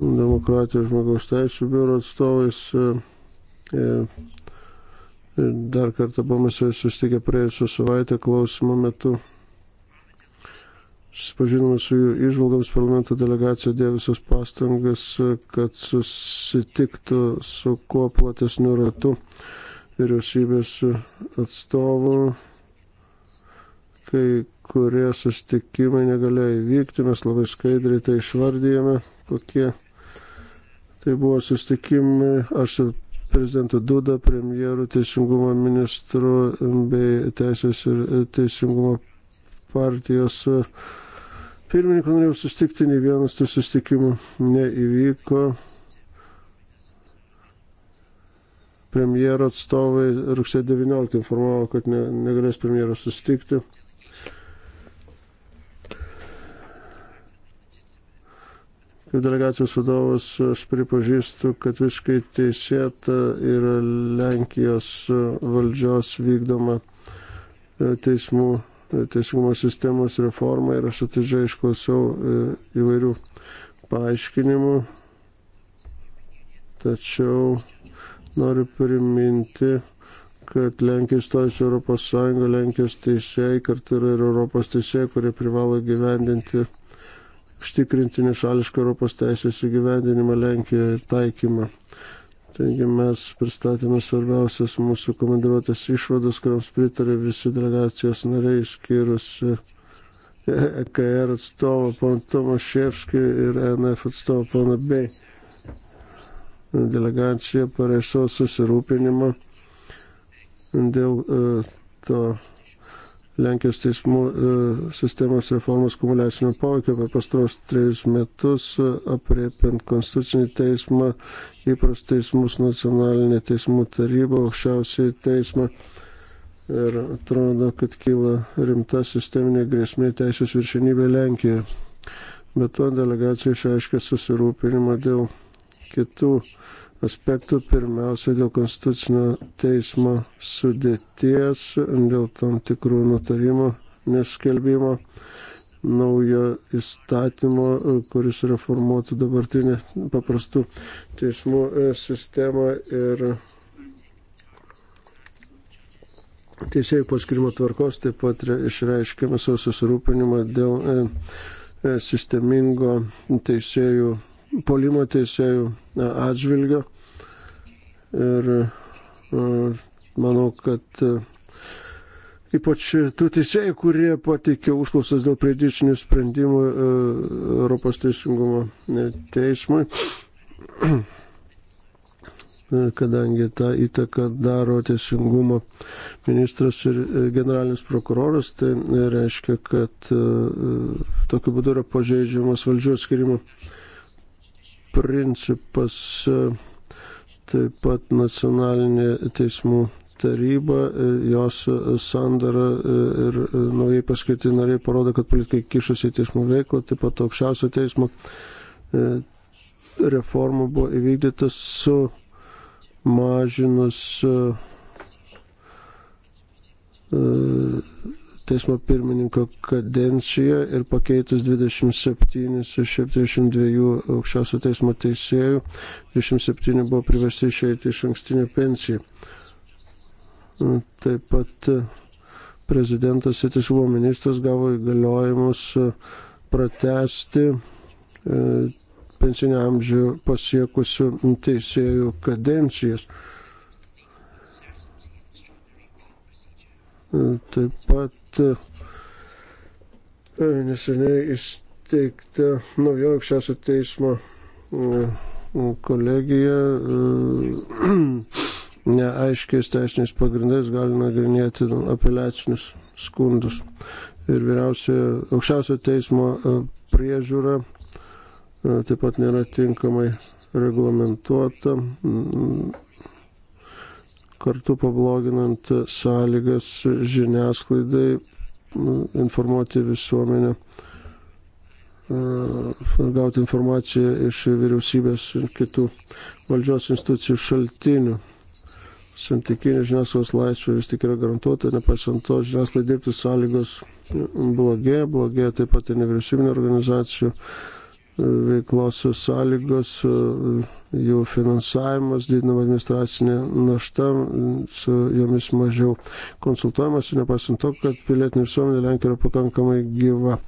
Speaker 2: demokratijos žmogaus teisų biuro atstovais. E, e, e, dar kartą buvome su jais susitikę praėjusią savaitę klausimo metu. Susipažinome su jų išvalgams parlamento delegacija dėjo visas pastangas, kad susitiktų su kuo platesniu ratu vyriausybės atstovų, kai kurie sustikimai negalėjo įvykti, mes labai skaidriai tai išvardyjame, kokie Tai buvo susitikimai, aš su prezidentu Duda, premjeru, teisingumo ministru bei teisės ir teisingumo partijos pirmininku norėjau susitikti, nei vienas tų susitikimų neįvyko. Premjero atstovai rugsėjo 19 informavo, kad ne, negalės premjero susitikti. Kaip delegacijos vadovas aš pripažįstu, kad visiškai teisėta yra Lenkijos valdžios vykdoma e, teismų, e, teisingumo sistemos reforma ir aš atidžiai išklausiau e, įvairių paaiškinimų. Tačiau noriu priminti, kad Lenkija įstojus Europos Sąjungą, Lenkijos teisėjai kartu yra ir Europos teisėjai, kurie privalo gyvendinti užtikrinti nešališką Europos teisės įgyvendinimą Lenkijoje ir taikymą. Taigi mes pristatėme svarbiausias mūsų komandiruotės išvadas, kuriams pritarė visi delegacijos nariai, išskyrus EKR atstovą poną Tomaševskį ir e NF atstovą poną B. Delegacija pareišo susirūpinimą dėl e, to Lenkijos teismų e, sistemos reformos kumuliacinio poveikio per pastaros trejus metus, e, apriepiant konstitucinį teismą, įprastus teismus, nacionalinį teismų tarybą, aukščiausiai teismą. Ir atrodo, kad kyla rimta sisteminė grėsmė teisės viršinybė Lenkijoje. Be to delegacija išaiškė susirūpinimą dėl kitų aspektų, pirmiausia dėl konstitucinio teismo sudėties, dėl tam tikrų nutarimų neskelbimo, naujo įstatymo, kuris reformuotų dabartinę paprastų teismų e, sistemą ir teisėjų paskirimo tvarkos, taip pat išreiškėme savo susirūpinimą dėl e, e, sistemingo teisėjų polimo teisėjų e, atžvilgiu. Ir e, manau, kad e, ypač tų teisėjų, kurie pateikė užklausas dėl priedičinių sprendimų Europos teisingumo teismui, kadangi tą įtaką daro teisingumo ministras ir generalinis prokuroras, tai reiškia, kad tokiu būdu yra pažeidžiamas valdžios skirimo principas, e, taip pat nacionalinė teismų taryba, e, jos sandara e, ir naujai paskirti nariai parodo, kad politikai kišosi į teismų veiklą, taip pat aukščiausio teismo reforma buvo įvykdyta su mažinus teismo pirmininko kadenciją ir pakeitus 27 iš 72 aukščiausio teismo teisėjų, 27 buvo priversti išeiti iš ankstinio pensiją. Taip pat e, prezidentas ir teisingumo ministras gavo įgaliojimus e, pratesti e, pensinį amžių pasiekusių teisėjų kadencijas. Taip pat E, neseniai įsteigta naujo aukščiausio teismo e, kolegija e, neaiškiais teisiniais pagrindais gali nagrinėti apeliacinius skundus. Ir vyriausiojo aukščiausio teismo priežiūra taip pat nėra tinkamai reglamentuota. Mm, kartu pabloginant sąlygas žiniasklaidai nu, informuoti visuomenę ir e, gauti informaciją iš vyriausybės ir kitų valdžios institucijų šaltinių. Santykinė žiniasklaidos laisvė vis tik yra garantuota, nepaisant to žiniasklaidai dirbti sąlygos blogėja, blogėja taip pat ir nevyriausybinio organizacijų veiklos sąlygos, jų finansavimas, didinama administracinė našta, su jomis mažiau konsultuojamas, nepaisant to, kad pilietinė visuomenė Lenkija yra pakankamai gyva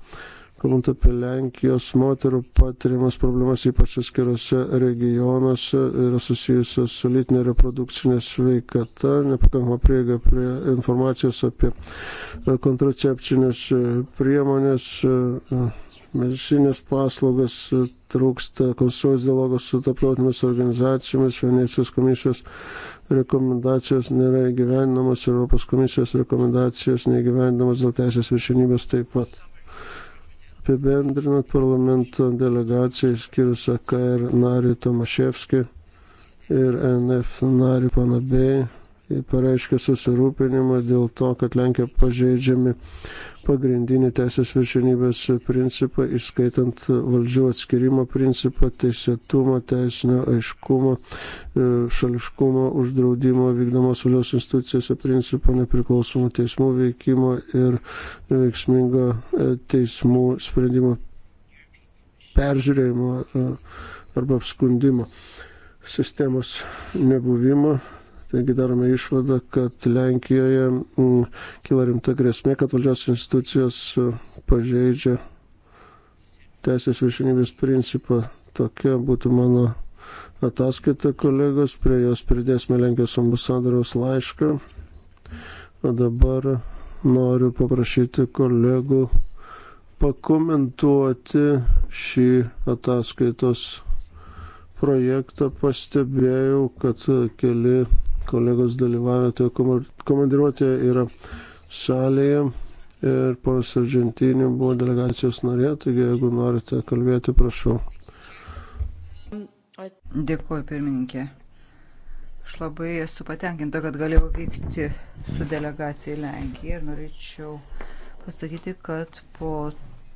Speaker 2: kalbant apie Lenkijos moterų patiriamas problemas, ypač atskirose regionuose, yra susijusios su lytinė reprodukcinė sveikata, nepakankama prieiga prie informacijos apie e, kontracepcinės e, priemonės, e, medicinės paslaugas, trūksta konsultacijos dialogos su tarptautinėmis organizacijomis, Venecijos komisijos rekomendacijos nėra įgyvendinamos, Europos komisijos rekomendacijos neįgyvendinamos dėl teisės viršinybės taip pat apibendrinant parlamento delegaciją išskyrus AKR narį Tomaševskį ir NF narį Panabėjį pareiškė susirūpinimą dėl to, kad Lenkija pažeidžiami pagrindinį teisės viršenybės principą, įskaitant valdžių atskirimo principą, teisėtumo, teisinio aiškumo, e, šališkumo, uždraudimo vykdomos valios institucijose principą, nepriklausomų teismų veikimo ir veiksmingo e, teismų sprendimo peržiūrėjimo e, arba apskundimo sistemos nebuvimo Taigi darome išvadą, kad Lenkijoje mm, kyla rimta grėsmė, kad valdžios institucijos e, pažeidžia teisės viršinybės principą. Tokia būtų mano ataskaita, kolegos, prie jos pridėsime Lenkijos ambasadoriaus laišką. O dabar noriu paprašyti kolegų pakomentuoti šį ataskaitos projektą pastebėjau, kad keli kolegos dalyvavę toje komandiruotėje yra salėje ir ponas Argentinė buvo delegacijos narė, taigi jeigu norite kalbėti, prašau.
Speaker 3: Dėkuoju, pirmininkė. Aš labai esu patenkinta, kad galėjau vykti su delegacija į Lenkiją ir norėčiau pasakyti, kad po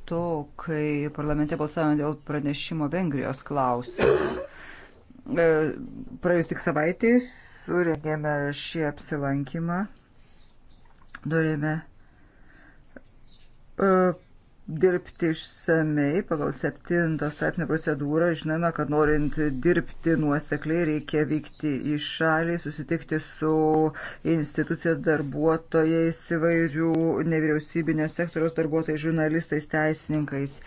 Speaker 3: to, kai parlamente balsavome dėl pranešimo Vengrijos klausimų, e, praėjus tik savaitės surengėme šį apsilankymą. Norėjome uh, dirbti išsamei pagal 7 straipsnio procedūrą. Žinome, kad norint dirbti nuosekliai reikia vykti į šalį, susitikti su institucijos darbuotojais, įvairių nevyriausybinio sektoriaus darbuotojais, žurnalistais, teisininkais.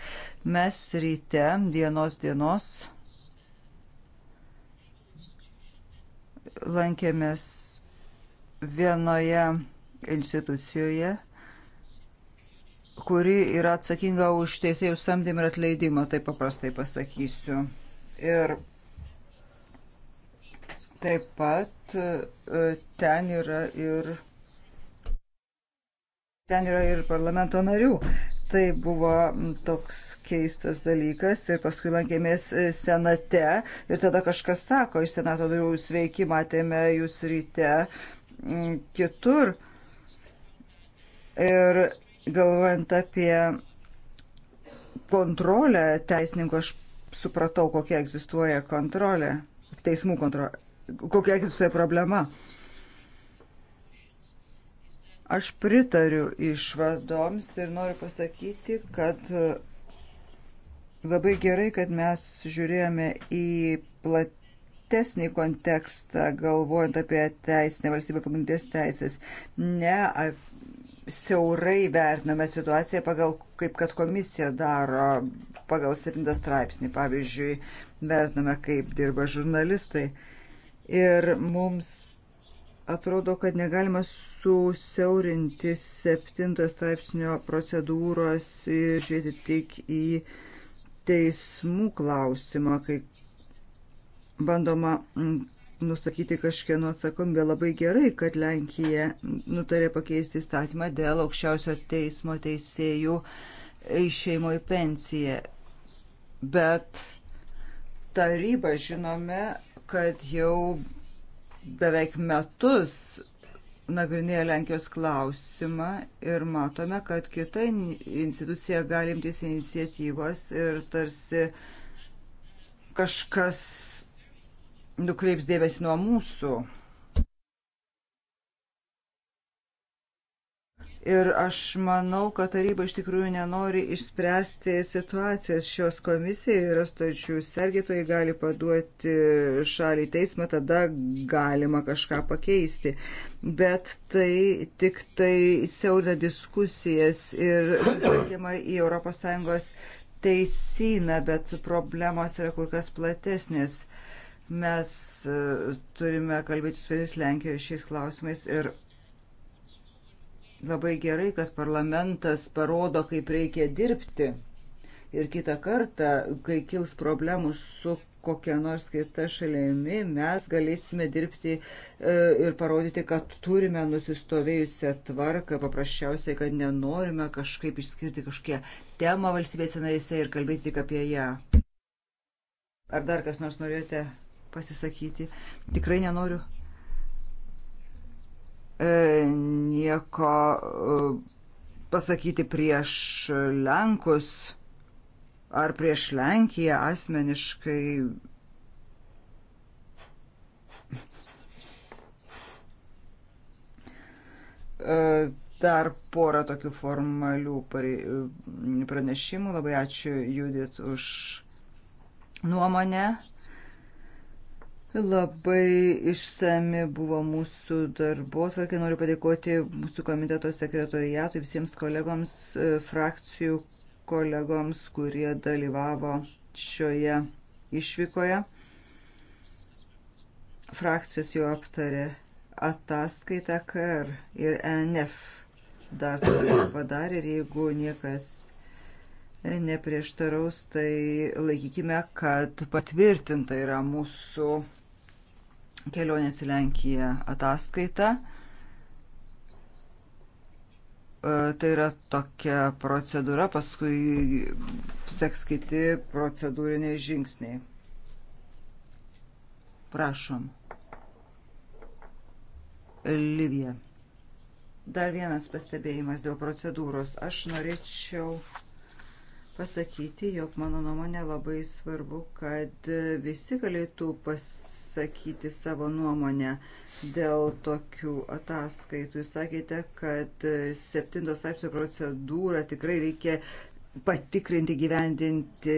Speaker 3: Mes ryte vienos dienos lankėmės vienoje institucijoje, kuri yra atsakinga už teisėjų samdymą ir atleidimą, taip paprastai pasakysiu. Ir taip pat e, ten yra ir, ten yra ir parlamento narių. Tai buvo toks keistas dalykas ir paskui lankėmės e, senate ir tada kažkas sako, iš senato durų sveiki, matėme jūs ryte kitur. Ir galvojant apie kontrolę teisininko, aš supratau, kokia egzistuoja kontrolė, teismų kontrolė, kokia egzistuoja problema. Uh, Aš pritariu išvadoms ir noriu pasakyti, kad e, labai gerai, kad mes žiūrėjome į platesnį kontekstą, galvojant apie teisinę valstybę pagrindės teisės, ne siaurai vertiname situaciją pagal, kaip kad komisija daro pagal 7 straipsnį, pavyzdžiui, vertiname, kaip dirba žurnalistai. Ir mums atrodo, kad negalima susiaurinti septintojo straipsnio procedūros ir žiūrėti tik į teismų klausimą, kai bandoma nusakyti kažkieno atsakomybę. Labai gerai, kad Lenkija nutarė pakeisti įstatymą dėl aukščiausio teismo teisėjų išeimo į pensiją. Bet taryba žinome, kad jau beveik metus nagrinėja Lenkijos klausimą ir matome, kad kita institucija gali imtis iniciatyvos ir tarsi kažkas nukreips dėmesį nuo mūsų. Ir aš manau, kad taryba iš tikrųjų nenori išspręsti situacijos šios komisijai ir stočių sergėtojai gali paduoti šalį teismą, tada galima kažką pakeisti. Bet tai tik tai siaura diskusijas ir susitikimą į ES teisiną, bet problemos yra kur kas platesnės. Mes e, turime kalbėti su visais Lenkijoje šiais klausimais ir Labai gerai, kad parlamentas parodo, kaip reikia dirbti. Ir kitą kartą, kai kils problemų su kokia nors kita šalimi, mes galėsime dirbti e, ir parodyti, kad turime nusistovėjusią tvarką, paprasčiausiai, kad nenorime kažkaip išskirti kažkokią temą valstybėse narėse ir kalbėti tik apie ją. Ar dar kas nors norėjote pasisakyti? Tikrai nenoriu E, nieko e, pasakyti prieš Lenkus ar prieš Lenkiją asmeniškai. E, dar porą tokių formalių pranešimų. Labai ačiū Judit už nuomonę. Labai išsami buvo mūsų darbo tvarkė. Noriu padėkoti mūsų komiteto sekretoriatui, visiems kolegoms, e, frakcijų kolegoms, kurie dalyvavo šioje išvykoje. Frakcijos jau aptarė ataskaitą KR ir NF dar padarė ir jeigu niekas neprieštaraus, tai laikykime, kad patvirtinta yra mūsų kelionės į Lenkiją ataskaitą. E, tai yra tokia procedūra, paskui seks kiti procedūriniai žingsniai. Prašom. Livija. Dar vienas pastebėjimas dėl procedūros. Aš norėčiau pasakyti, jog mano nuomonė labai svarbu, kad visi galėtų pasirinkti išsakyti savo nuomonę dėl tokių ataskaitų. Jūs sakėte, kad septintos straipsnio procedūrą tikrai reikia patikrinti, gyvendinti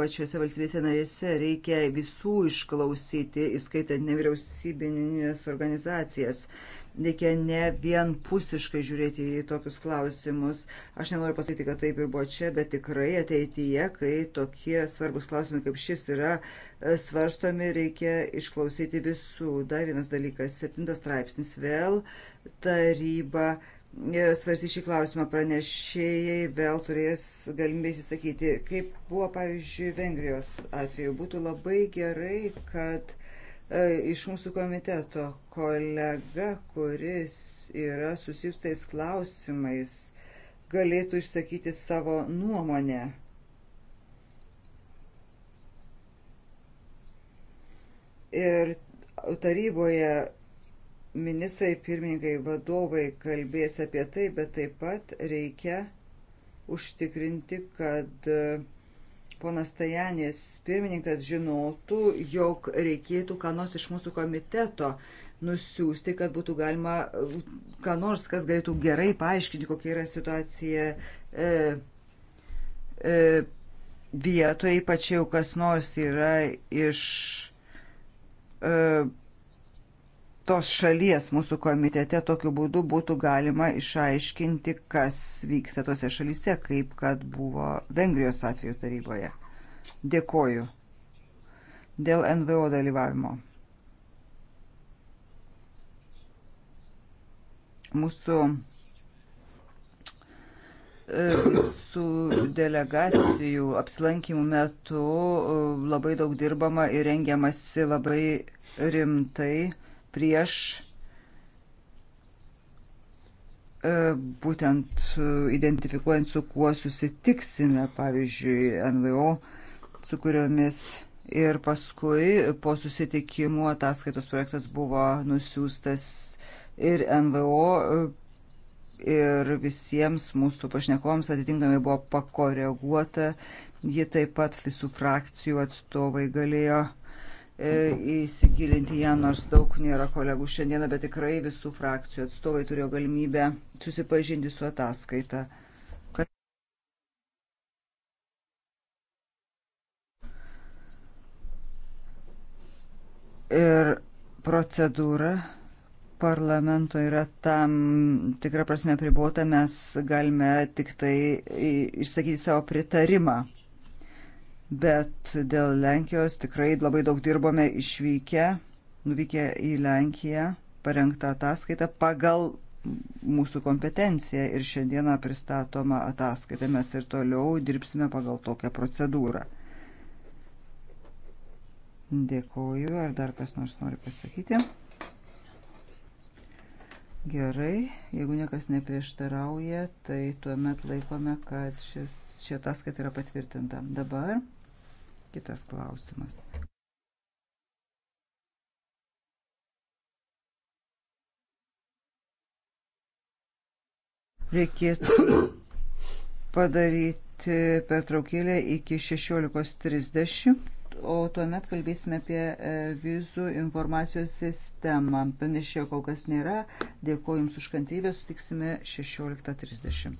Speaker 3: pačiose valstybėse narėse, reikia visų išklausyti, įskaitant nevyriausybinės organizacijas. Uh, reikia ne vienpusiškai žiūrėti į tokius klausimus. Aš nenoriu pasakyti, kad taip ir buvo čia, bet tikrai ateityje, kai tokie svarbus klausimai kaip šis yra e, svarstomi, reikia išklausyti visų. Dar vienas dalykas, septintas straipsnis vėl taryba. E, svarstys šį klausimą pranešėjai vėl turės galimybę įsisakyti, kaip buvo, pavyzdžiui, Vengrijos atveju. Būtų labai gerai, kad E, iš mūsų komiteto kolega, kuris yra susijusiais klausimais, galėtų išsakyti savo nuomonę. Ir taryboje ministrai, pirmininkai, vadovai kalbės apie tai, bet taip pat reikia užtikrinti, kad uh, ponas Tajanės pirmininkas žinotų, jog reikėtų ką nors iš mūsų komiteto nusiųsti, kad būtų galima ką nors, kas galėtų gerai paaiškinti, kokia yra situacija. E, e, vietoje, ypač jau kas nors yra iš e, tos šalies mūsų komitete tokiu būdu būtų galima išaiškinti, kas vyksta tose šalyse, kaip kad buvo Vengrijos atveju taryboje. Dėkoju dėl NVO dalyvavimo. Mūsų e, su delegacijų apsilankimų metu e, labai daug dirbama ir rengiamasi labai rimtai prieš e, būtent e, identifikuojant su kuo susitiksime, pavyzdžiui, NVO, su kuriomis ir paskui po susitikimų ataskaitos projektas buvo nusiųstas ir NVO e, ir visiems mūsų pašnekoms atitinkamai buvo pakoreguota. Ji taip pat visų frakcijų atstovai galėjo E, įsigilinti ją, nors daug nėra kolegų šiandieną, bet tikrai visų frakcijų atstovai turėjo galimybę susipažinti su ataskaita. Ir procedūra parlamento yra tam tikrą prasme pribota, mes galime tik tai išsakyti savo pritarimą bet dėl Lenkijos tikrai labai daug dirbome išvykę, nuvykę į Lenkiją, parengtą ataskaitą pagal mūsų kompetenciją ir šiandieną pristatoma ataskaita. Mes ir toliau dirbsime pagal tokią procedūrą. Dėkoju. Ar dar kas nors nori pasakyti? Gerai, jeigu niekas neprieštarauja, tai tuomet laikome, kad šis, ši ataskaita yra patvirtinta. Dabar kitas klausimas. Reikėtų padaryti pertraukėlę iki 16.30, o tuomet kalbėsime apie e, vizų informacijos sistemą. Panešėjo kol kas nėra. Dėkuoju Jums už kantrybę, sutiksime 16.30.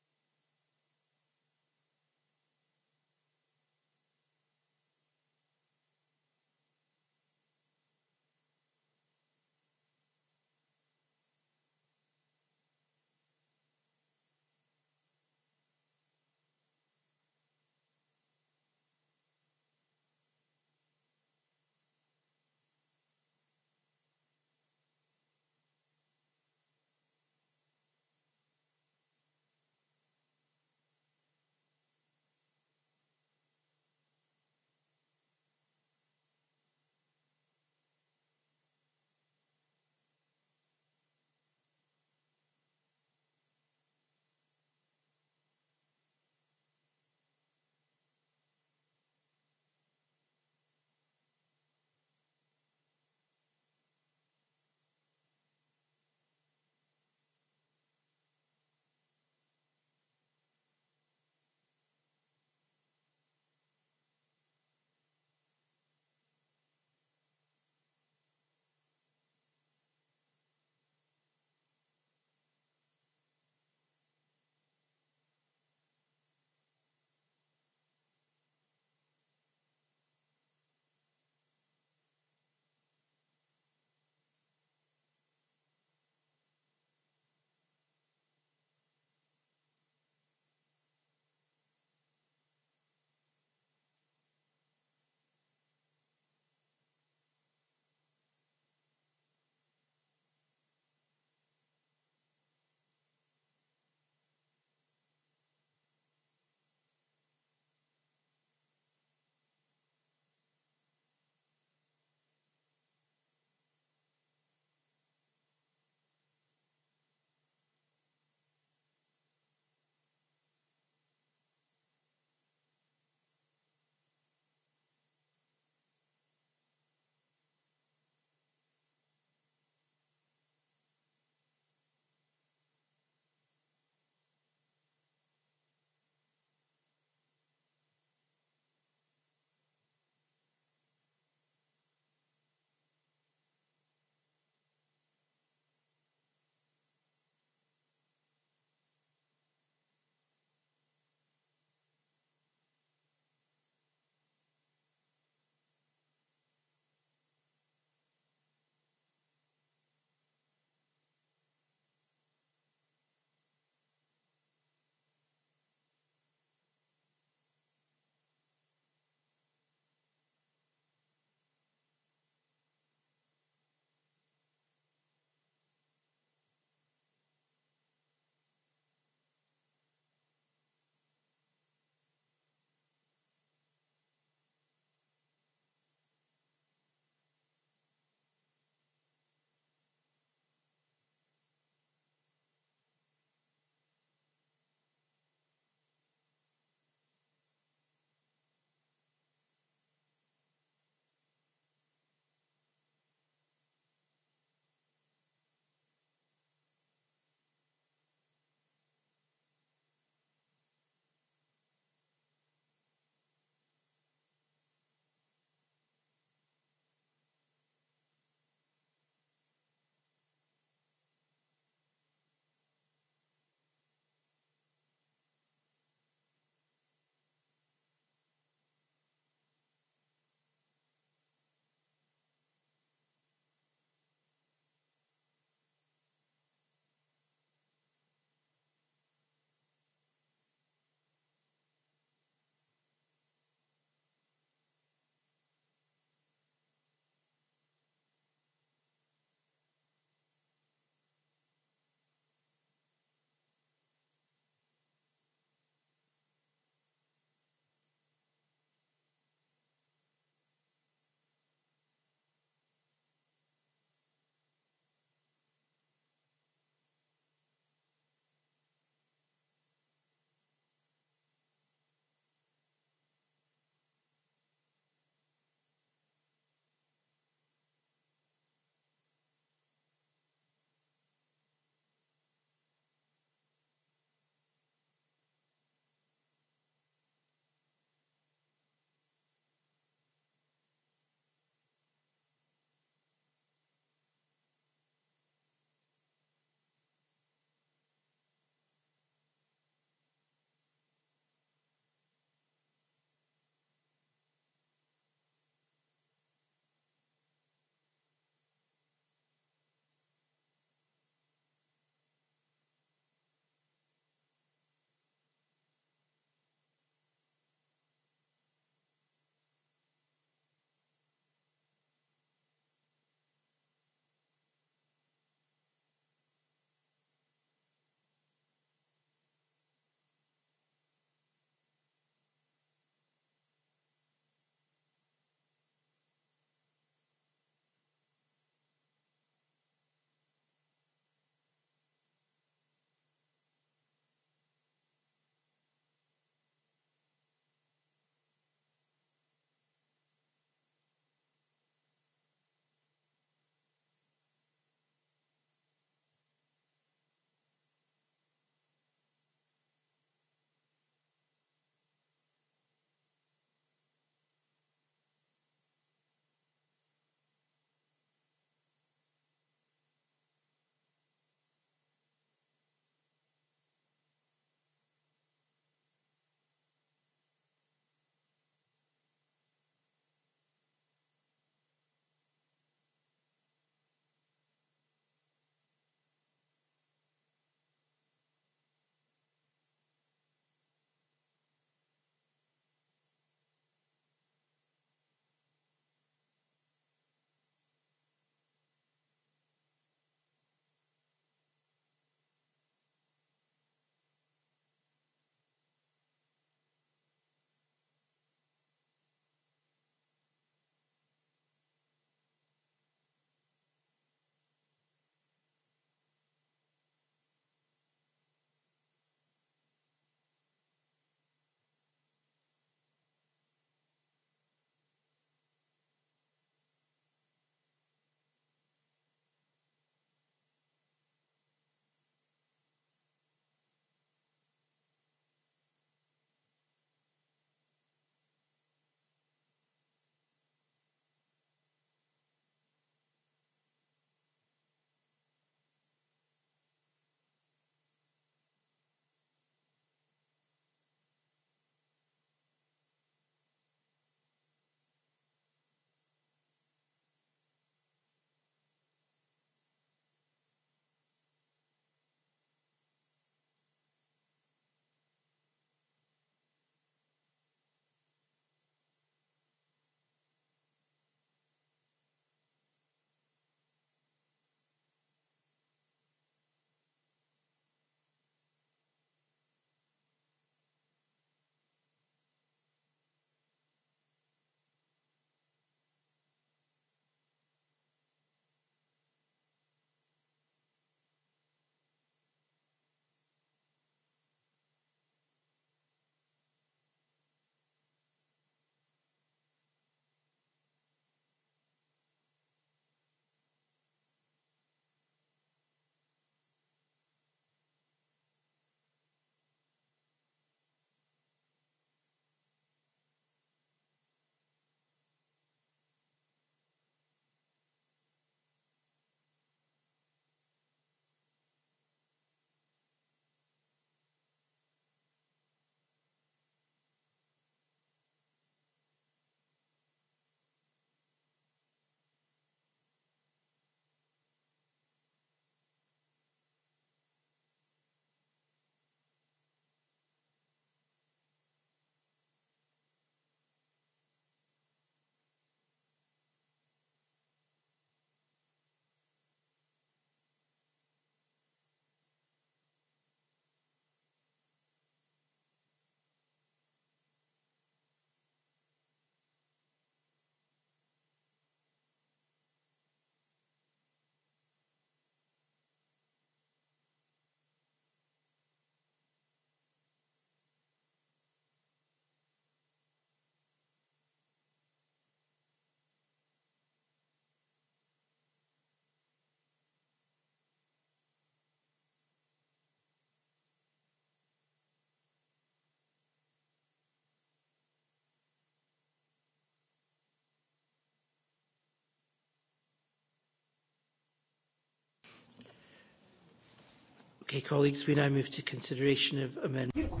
Speaker 1: Okay, colleagues, we now move to consideration of amendments.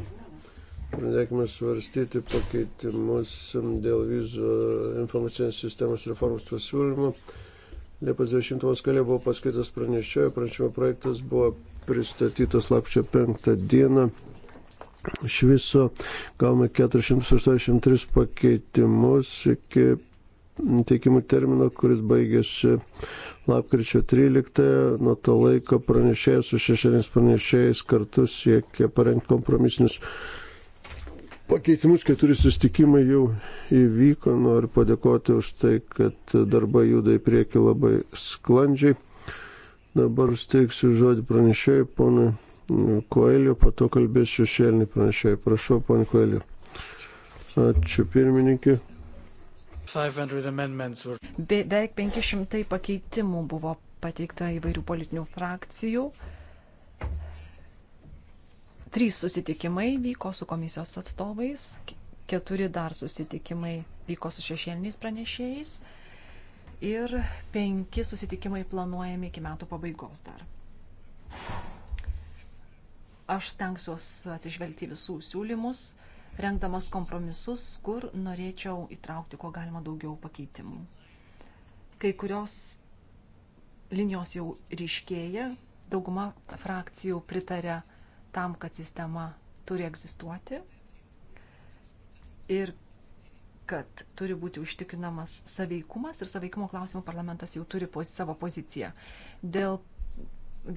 Speaker 2: Pradėkime svarstyti pakeitimus dėl vizų informacinės sistemos reformos pasiūlymų. Liepos 10 skalė buvo paskaitas pranešėjo, pranešimo projektas buvo pristatytas lapčio 5 dieną. Iš viso gavome 483 pakeitimus iki teikimų termino, kuris baigėsi lapkričio 13. Nuo to laiko pranešėjas su šešėliais pranešėjais kartu siekė parengti kompromisinius pakeitimus. Keturi sustikimai jau įvyko. Noriu padėkoti už tai, kad darbai juda į priekį labai sklandžiai. Dabar steiksiu žodį pranešėjai, ponui Koeliu, po to kalbėsiu šešėlinį pranešėjai. Prašau, ponui Koeliu. Ačiū pirmininkė.
Speaker 4: Be, beveik 500 pakeitimų buvo pateikta įvairių politinių frakcijų. Trys susitikimai vyko su komisijos atstovais, keturi dar susitikimai vyko su šešėliniais pranešėjais ir penki susitikimai planuojami iki metų pabaigos dar. Aš stengsiuosi atsižvelgti visų siūlymus rengdamas kompromisus, kur norėčiau įtraukti kuo galima daugiau pakeitimų. Kai kurios linijos jau ryškėja, dauguma frakcijų pritarė tam, kad sistema turi egzistuoti ir kad turi būti užtikrinamas saveikumas ir saveikumo klausimų parlamentas jau turi poz, savo poziciją. Dėl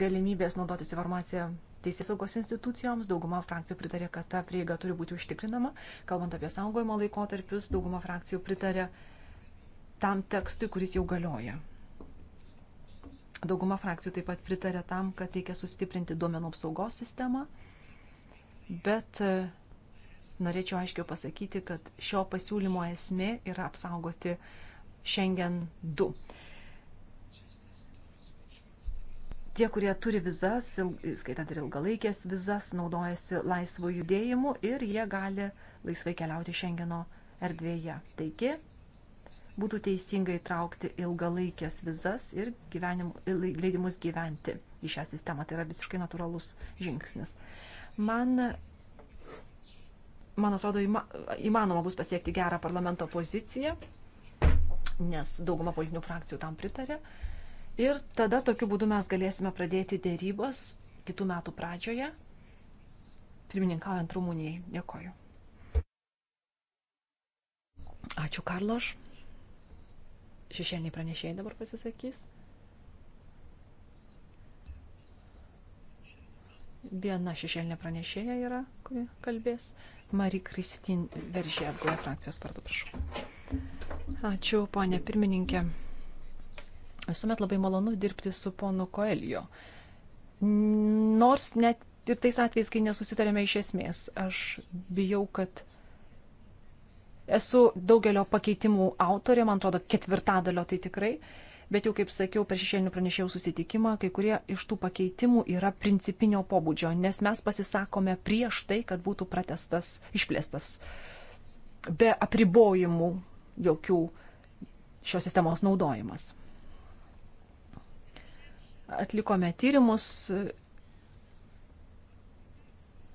Speaker 4: galimybės naudotis informaciją teisės saugos institucijoms. Dauguma frakcijų pritarė, kad ta prieiga turi būti užtikrinama. Kalbant apie saugojimo laikotarpius, dauguma frakcijų pritarė tam tekstui, kuris jau galioja. Dauguma frakcijų taip pat pritarė tam, kad reikia sustiprinti duomenų apsaugos sistemą, bet e, norėčiau aiškiai pasakyti, kad šio pasiūlymo esmė yra apsaugoti Schengen 2 tie, kurie turi vizas, skaitant ir ilgalaikės vizas, naudojasi laisvo judėjimu ir jie gali laisvai keliauti Šengeno erdvėje. Taigi, būtų teisinga įtraukti ilgalaikės vizas ir gyvenim, leidimus gyventi į šią sistemą. Tai yra visiškai natūralus žingsnis. Man, man atrodo, įma, įmanoma bus pasiekti gerą parlamento poziciją, nes dauguma politinių frakcijų tam pritarė. Uh, Ir tada tokiu būdu mes galėsime pradėti dėrybas kitų metų pradžioje, pirmininkaujant Rumunijai. Dėkoju. Ačiū, Karloš. Šešėliniai pranešėjai dabar pasisakys. Viena šešėlinė pranešėja yra, kuri kalbės. Mari Kristin Veržė, atgal frakcijos vardu, prašau. Ačiū, ponė pirmininkė. Visuomet labai malonu dirbti su ponu Koelio. Nors net ir tais atvejais, kai nesusitarėme iš esmės, aš bijau, kad esu daugelio pakeitimų autorė, man atrodo, ketvirtadalio tai tikrai. Bet jau, kaip sakiau, per šešėlinių pranešėjų susitikimą, kai kurie iš tų pakeitimų yra principinio pobūdžio, nes mes pasisakome prieš tai, kad būtų pratestas, išplėstas be apribojimų jokių šios sistemos naudojimas atlikome tyrimus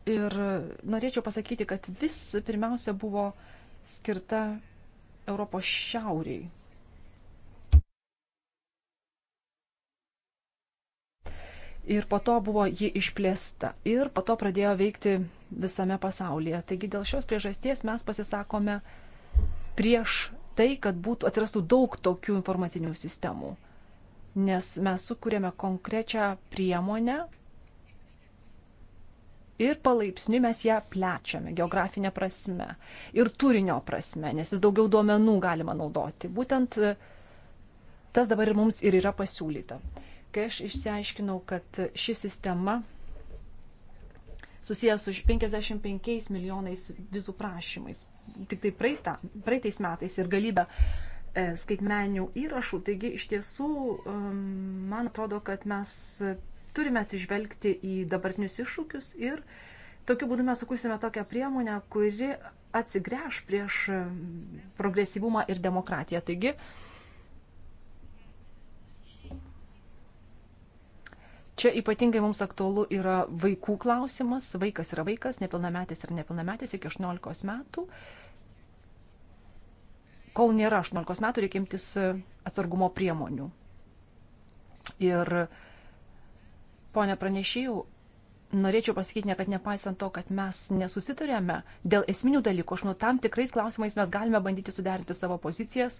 Speaker 4: ir norėčiau pasakyti, kad vis pirmiausia buvo skirta Europos šiauriai. Ir po to buvo ji išplėsta ir po to pradėjo veikti visame pasaulyje. Taigi dėl šios priežasties mes pasisakome prieš tai, kad būtų atsirastų daug tokių informacinių sistemų nes mes sukūrėme konkrečią priemonę ir palaipsniui mes ją plečiame geografinė prasme ir turinio prasme, nes vis daugiau duomenų galima naudoti. Būtent e, tas dabar ir mums ir yra pasiūlyta. Kai aš išsiaiškinau, kad ši sistema susijęs su 55 milijonais vizų prašymais. Tik tai praeitą, praeitais metais ir galybę E, skaitmeninių įrašų. Taigi iš tiesų, e, man atrodo, kad mes turime atsižvelgti į dabartinius iššūkius ir tokiu būdu mes sukursime tokią priemonę, kuri atsigręš prieš e, progresyvumą ir demokratiją. Taigi, Čia ypatingai mums aktualu yra vaikų klausimas. Vaikas yra vaikas, nepilnametis yra nepilnametis iki 18 metų. Uh, kol nėra 18 metų, reikia imtis e, atsargumo priemonių. Ir, ponė pranešėjau, norėčiau pasakyti, ne, kad nepaisant to, kad mes nesusitarėme dėl esminių dalykų, aš manau, tam tikrais klausimais mes galime bandyti suderinti savo pozicijas,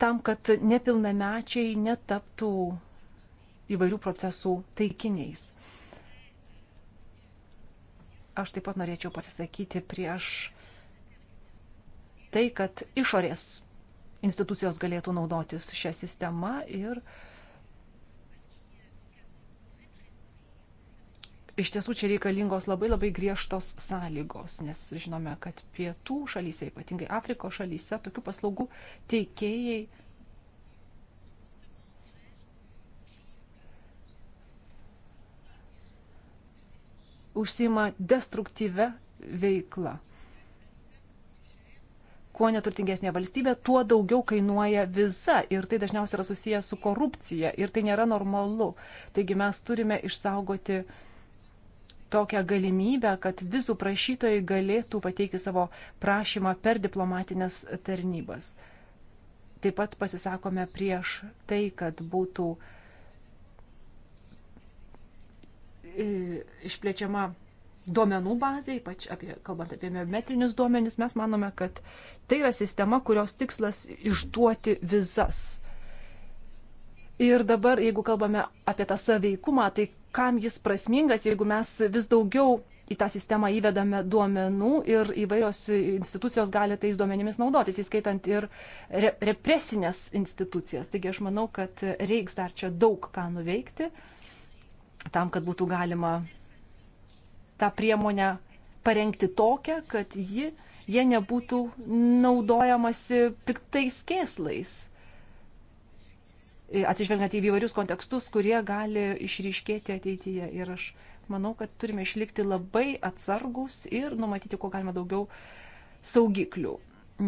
Speaker 4: tam, kad nepilnamečiai netaptų įvairių procesų taikiniais. Aš taip pat norėčiau pasisakyti prieš tai, kad išorės institucijos galėtų naudotis šią sistemą ir iš tiesų čia reikalingos labai labai griežtos sąlygos, nes žinome, kad pietų šalyse, ypatingai Afrikos šalyse, tokių paslaugų teikėjai užsima destruktyvę veiklą kuo neturtingesnė valstybė, tuo daugiau kainuoja viza ir tai dažniausiai yra susiję su korupcija ir tai nėra normalu. Taigi mes turime išsaugoti tokią galimybę, kad vizų prašytojai galėtų pateikti savo prašymą per diplomatinės tarnybas. Taip pat pasisakome prieš tai, kad būtų e, išplečiama duomenų bazė, ypač apie, kalbant apie biometrinius duomenis, mes manome, kad tai yra sistema, kurios tikslas išduoti vizas. Ir dabar, jeigu kalbame apie tą saveikumą, tai kam jis prasmingas, jeigu mes vis daugiau į tą sistemą įvedame duomenų ir įvairios institucijos gali tais duomenimis naudotis, įskaitant ir re represinės institucijas. Taigi aš manau, kad reiks dar čia daug ką nuveikti tam, kad būtų galima tą priemonę parengti tokią, kad ji, jie nebūtų naudojamasi piktais kėslais. E, atsižvelgiant į įvairius kontekstus, kurie gali išryškėti ateityje. Ir aš manau, kad turime išlikti labai atsargus ir numatyti, kuo galima daugiau saugiklių.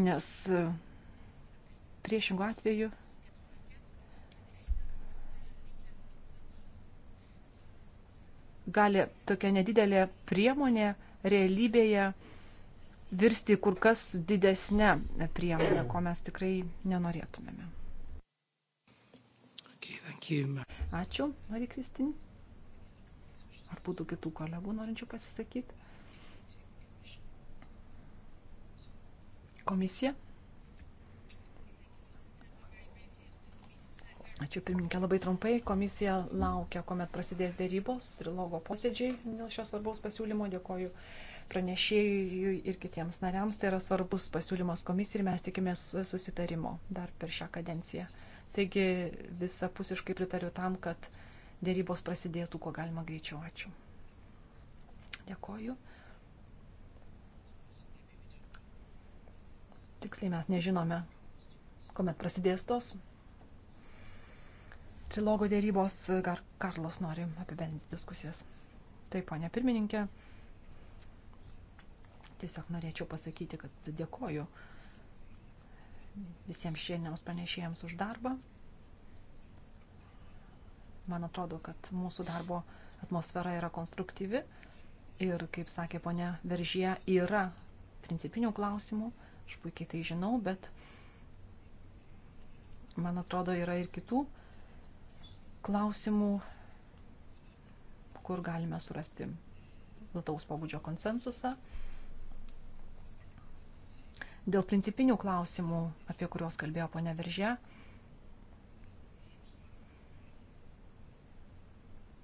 Speaker 4: Nes e, priešingų atveju gali tokia nedidelė priemonė realybėje virsti kur kas didesnę priemonę, ko mes tikrai nenorėtumėme. Ačiū, Marija Kristin. Ar būtų kitų kolegų norinčių pasisakyti? Komisija? Ačiū pirmininkė, labai trumpai. Komisija laukia, kuomet prasidės dėrybos, trilogo posėdžiai dėl šios svarbaus pasiūlymo. Dėkoju pranešėjui ir kitiems nariams. Tai yra svarbus pasiūlymas komisijai ir mes tikimės susitarimo dar per šią kadenciją. Taigi visapusiškai pritariu tam, kad dėrybos prasidėtų kuo galima greičiau. Ačiū. Dėkoju. Tiksliai mes nežinome, kuomet prasidės tos trilogo dėrybos. Gar Karlos nori apibendinti diskusijas. Taip, ponė pirmininkė. Tiesiog norėčiau pasakyti, kad dėkoju visiems šiandienos panešėjams už darbą. Man atrodo, kad mūsų darbo atmosfera yra konstruktyvi ir, kaip sakė ponia Veržė, yra principinių klausimų, aš puikiai tai žinau, bet man atrodo yra ir kitų klausimų klausimų, kur galime surasti plataus pabudžio konsensusą. Dėl principinių klausimų, apie kuriuos kalbėjo ponia Viržė,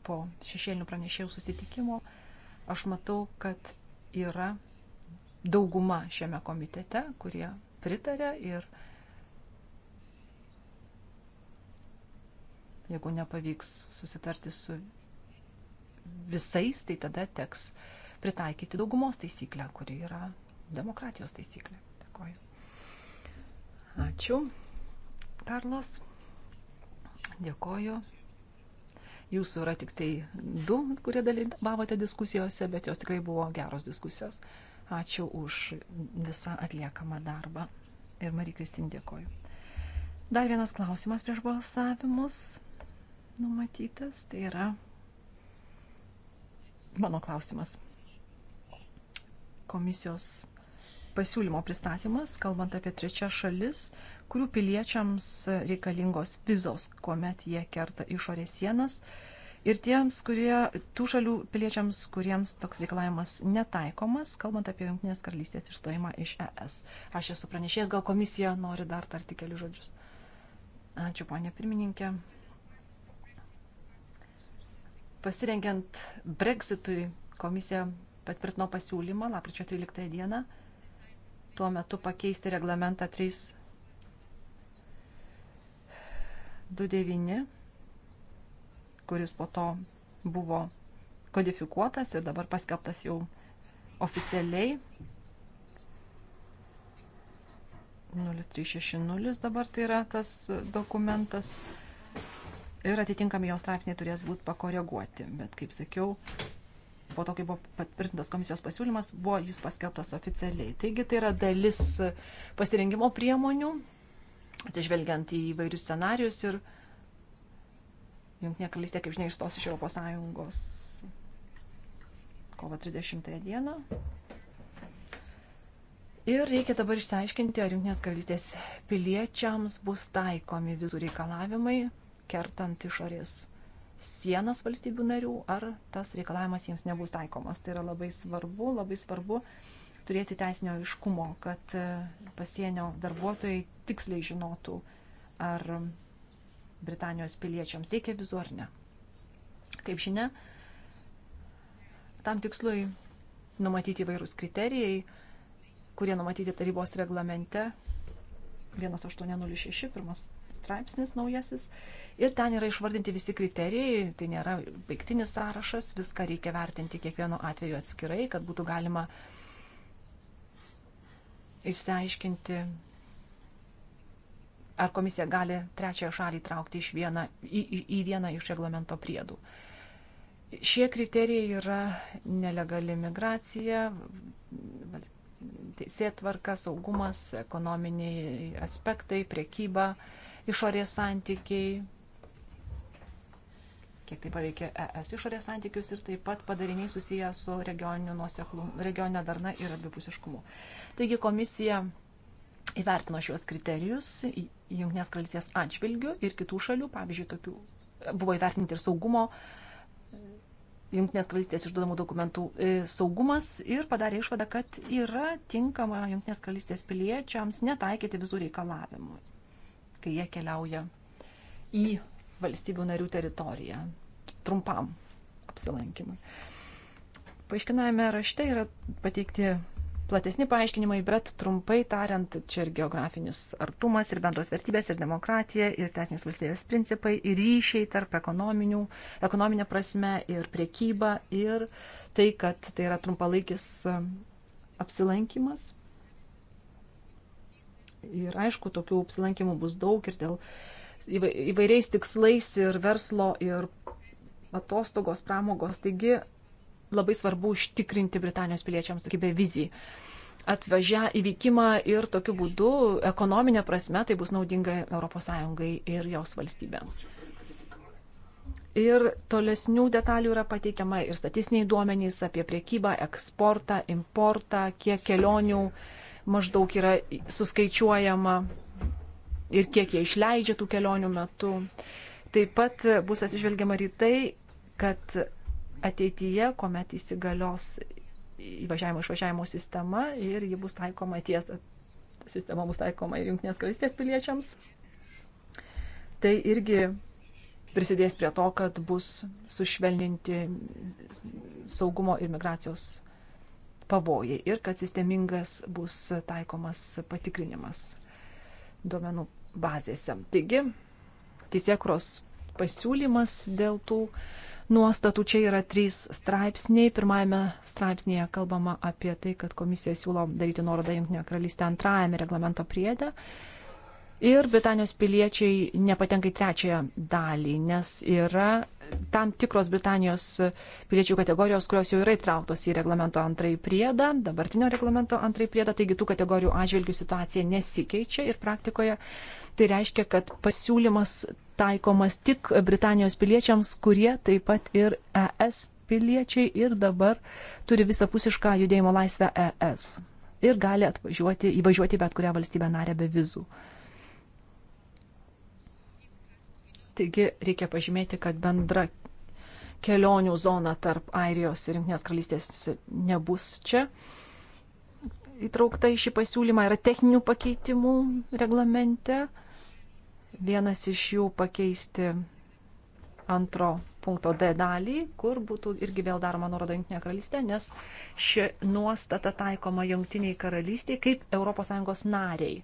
Speaker 4: po šešėlinių pranešėjų susitikimo, aš matau, kad yra dauguma šiame komitete, kurie pritarė ir pritarė Jeigu nepavyks susitarti su visais, tai tada teks pritaikyti daugumos taisyklę, kuri yra demokratijos taisyklė. Dėkoju. Ačiū, Karlos. Dėkoju. Jūsų yra tik tai du, kurie dalyvavote diskusijose, bet jos tikrai buvo geros diskusijos. Ačiū už visą atliekamą darbą. Ir Marija Kristin dėkoju. Dar vienas klausimas prieš balsavimus numatytas, tai yra mano klausimas. Komisijos pasiūlymo pristatymas, kalbant apie trečias šalis, kurių piliečiams reikalingos vizos, kuomet jie kerta išorės sienas. Ir tiems, kurie, tų šalių piliečiams, kuriems toks reikalavimas netaikomas, kalbant apie Junktinės karalystės išstojimą iš ES. Aš esu pranešėjęs, gal komisija nori dar tarti kelius žodžius. Ačiū, ponė pirmininkė. Pasirengiant Brexitui, komisija patvirtino pasiūlymą lapkričio 13 dieną tuo metu pakeisti reglamentą 329, kuris po to buvo kodifikuotas ir dabar paskelbtas jau oficialiai 0360 dabar tai yra tas dokumentas. Ir atitinkami jos straipsniai turės būti pakoreguoti. Bet, kaip sakiau, po to, kai buvo patvirtintas komisijos pasiūlymas, buvo jis paskelbtas oficialiai. Taigi tai yra dalis pasirengimo priemonių, atsižvelgiant į vairius scenarius ir Junktinė karalystė, kaip žinia, išstos iš Europos Sąjungos kovo 30 dieną. Ir reikia dabar išsiaiškinti, ar Junktinės karalystės piliečiams bus taikomi vizų reikalavimai, kertant išorės sienas valstybių narių, ar tas reikalavimas jiems nebus taikomas. Tai yra labai svarbu, labai svarbu turėti teisinio aiškumo, kad e, pasienio darbuotojai tiksliai žinotų, ar Britanijos piliečiams reikia vizų ar ne. Kaip žinia, tam tikslui numatyti vairūs kriterijai, kurie numatyti tarybos reglamente 1806, pirmas straipsnis naujasis. Ir ten yra išvardinti visi kriterijai, tai nėra baigtinis sąrašas, viską reikia vertinti kiekvieno atveju atskirai, kad būtų galima išsiaiškinti, ar komisija gali trečiąją šalį traukti iš vieną, į, į, į vieną iš reglamento priedų. Šie kriterijai yra nelegali migracija, teisėtvarka, saugumas, ekonominiai aspektai, priekyba, išorės santykiai, kiek tai paveikia ES išorės santykius ir taip pat padariniai susiję su regioninė darna ir abipusiškumu. Taigi komisija įvertino šiuos kriterijus Junktinės karalystės atžvilgių ir kitų šalių, pavyzdžiui, tokių buvo įvertinti ir saugumo Junktinės karalystės išduodamų dokumentų e, saugumas ir padarė išvadą, kad yra tinkama Junktinės karalystės piliečiams netaikyti visų reikalavimų, kai jie keliauja į valstybių narių teritoriją trumpam apsilankimui. Paaiškiname rašte yra pateikti platesni paaiškinimai, bet trumpai tariant, čia ir geografinis artumas, ir bendros vertybės, ir demokratija, ir teisinės valstybės principai, ir ryšiai tarp ekonominė prasme, ir priekyba, ir tai, kad tai yra trumpalaikis e, apsilankimas. Ir aišku, tokių apsilankimų bus daug ir dėl įvairiais tikslais ir verslo, ir atostogos, pramogos. Taigi labai svarbu užtikrinti Britanijos piliečiams tokį bevizį atvežę įvykimą ir tokiu būdu ekonominė prasme tai bus naudinga ES ir jos valstybėms. Ir tolesnių detalių yra pateikiama ir statistiniai duomenys apie priekybą, eksportą, importą, kiek kelionių maždaug yra suskaičiuojama ir kiek jie išleidžia tų kelionių metu. Taip pat bus atsižvelgiama ir į tai, kad ateityje, kuomet įsigalios įvažiavimo išvažiavimo sistema ir ji bus taikoma ties, sistema bus taikoma ir Junktinės karalystės piliečiams. Tai irgi prisidės prie to, kad bus sušvelninti saugumo ir migracijos pavojai ir kad sistemingas bus taikomas patikrinimas duomenų bazėse. Taigi, teisėkros pasiūlymas dėl tų uh, nuostatų. Čia yra trys straipsniai. Pirmajame straipsnėje kalbama apie tai, kad komisija siūlo daryti nuorodą Junktinė karalystė antrajame reglamento priedė. Ir Britanijos piliečiai nepatenka į trečiąją dalį, nes yra tam tikros Britanijos piliečių kategorijos, kurios jau yra įtrauktos į reglamento antrąjį priedą, dabartinio reglamento antrąjį priedą, taigi tų kategorijų atžvilgių situacija nesikeičia ir praktikoje Tai reiškia, kad pasiūlymas taikomas tik Britanijos piliečiams, kurie taip pat ir ES piliečiai ir dabar turi visapusišką judėjimo laisvę ES ir gali atvažiuoti, įvažiuoti bet kurią valstybę narę be vizų. Taigi reikia pažymėti, kad bendra kelionių zona tarp Airijos ir Junktinės karalystės nebus čia. Įtraukta į šį pasiūlymą yra techninių pakeitimų reglamente vienas iš jų pakeisti antro punkto D dalį, kur būtų irgi vėl daroma nuoroda Junktinė karalystė, nes ši nuostata taikoma Junktiniai karalystiai kaip ES nariai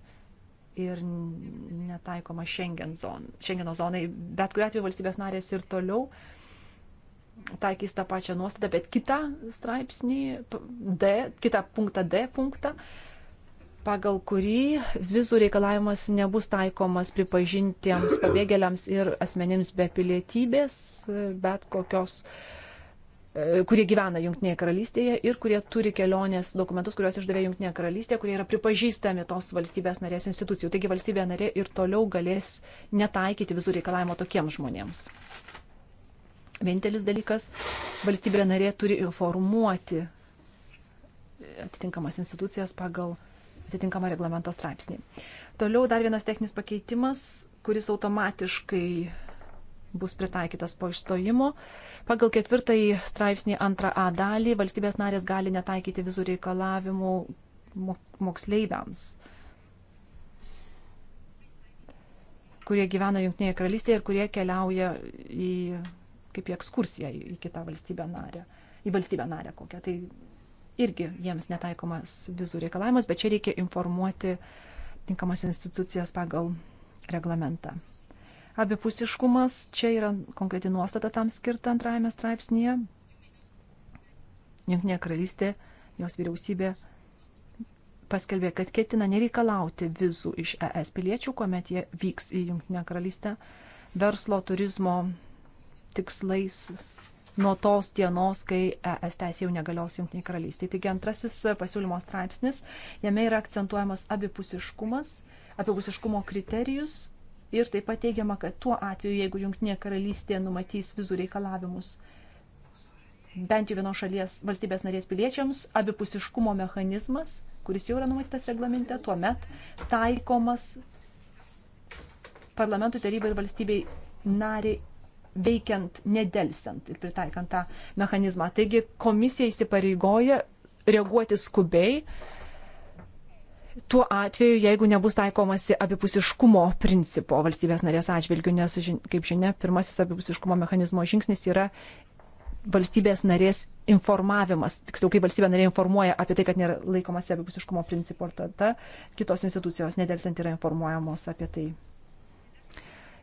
Speaker 4: ir netaikoma Schengen zon, Schengeno zonai. Bet kuriuo atveju valstybės narės ir toliau taikys tą pačią nuostatą, bet kitą straipsnį D, kitą punktą D punktą, pagal kurį vizų reikalavimas nebus taikomas pripažintiems pabėgėliams ir asmenims be pilietybės, bet kokios, e, kurie gyvena Junktinėje karalystėje ir kurie turi kelionės dokumentus, kuriuos išdavė Junktinė karalystė, kurie yra pripažįstami tos valstybės narės institucijų. Taigi valstybė narė ir toliau galės netaikyti vizų reikalavimo tokiems žmonėms. Vienintelis dalykas - valstybė narė turi informuoti atitinkamas institucijas pagal atitinkamą reglamento straipsnį. Toliau dar vienas techninis pakeitimas, kuris automatiškai bus pritaikytas po išstojimo. Pagal ketvirtąjį straipsnį antrą A dalį valstybės narės gali netaikyti vizų reikalavimų moksleiviams, kurie gyvena Junktinėje karalystėje ir kurie keliauja į, kaip į ekskursiją į kitą valstybę narę, į valstybę narę kokią. Tai irgi jiems netaikomas vizų reikalavimas, bet čia reikia informuoti tinkamas institucijas pagal reglamentą. Abipusiškumas, čia yra konkreti nuostata tam skirta antrajame straipsnėje. Junktinė karalystė, jos vyriausybė paskelbė, kad ketina nereikalauti vizų iš ES piliečių, kuomet jie vyks į Junktinę karalystę verslo, turizmo tikslais, nuo tos dienos, kai ES teisė jau negalios Junktiniai karalystiai. Taigi antrasis pasiūlymo straipsnis, jame yra akcentuojamas abipusiškumas, abipusiškumo kriterijus ir taip pat teigiama, kad tuo atveju, jeigu Junktinė karalystė numatys vizų reikalavimus bent jau vienos šalies valstybės narės piliečiams, abipusiškumo mechanizmas, kuris jau yra numatytas reglamente, tuomet taikomas parlamentų tarybai ir valstybei nariai veikiant nedelsiant ir pritaikant tą mechanizmą. Taigi komisija įsipareigoja reaguoti skubiai tuo atveju, jeigu nebus taikomasi abipusiškumo principo valstybės narės atžvilgių, nes, kaip žinia, pirmasis abipusiškumo mechanizmo žingsnis yra valstybės narės informavimas, tiksliau, kai valstybė narė informuoja apie tai, kad nėra laikomasi abipusiškumo principo ir tada kitos institucijos nedelsiant yra informuojamos apie tai.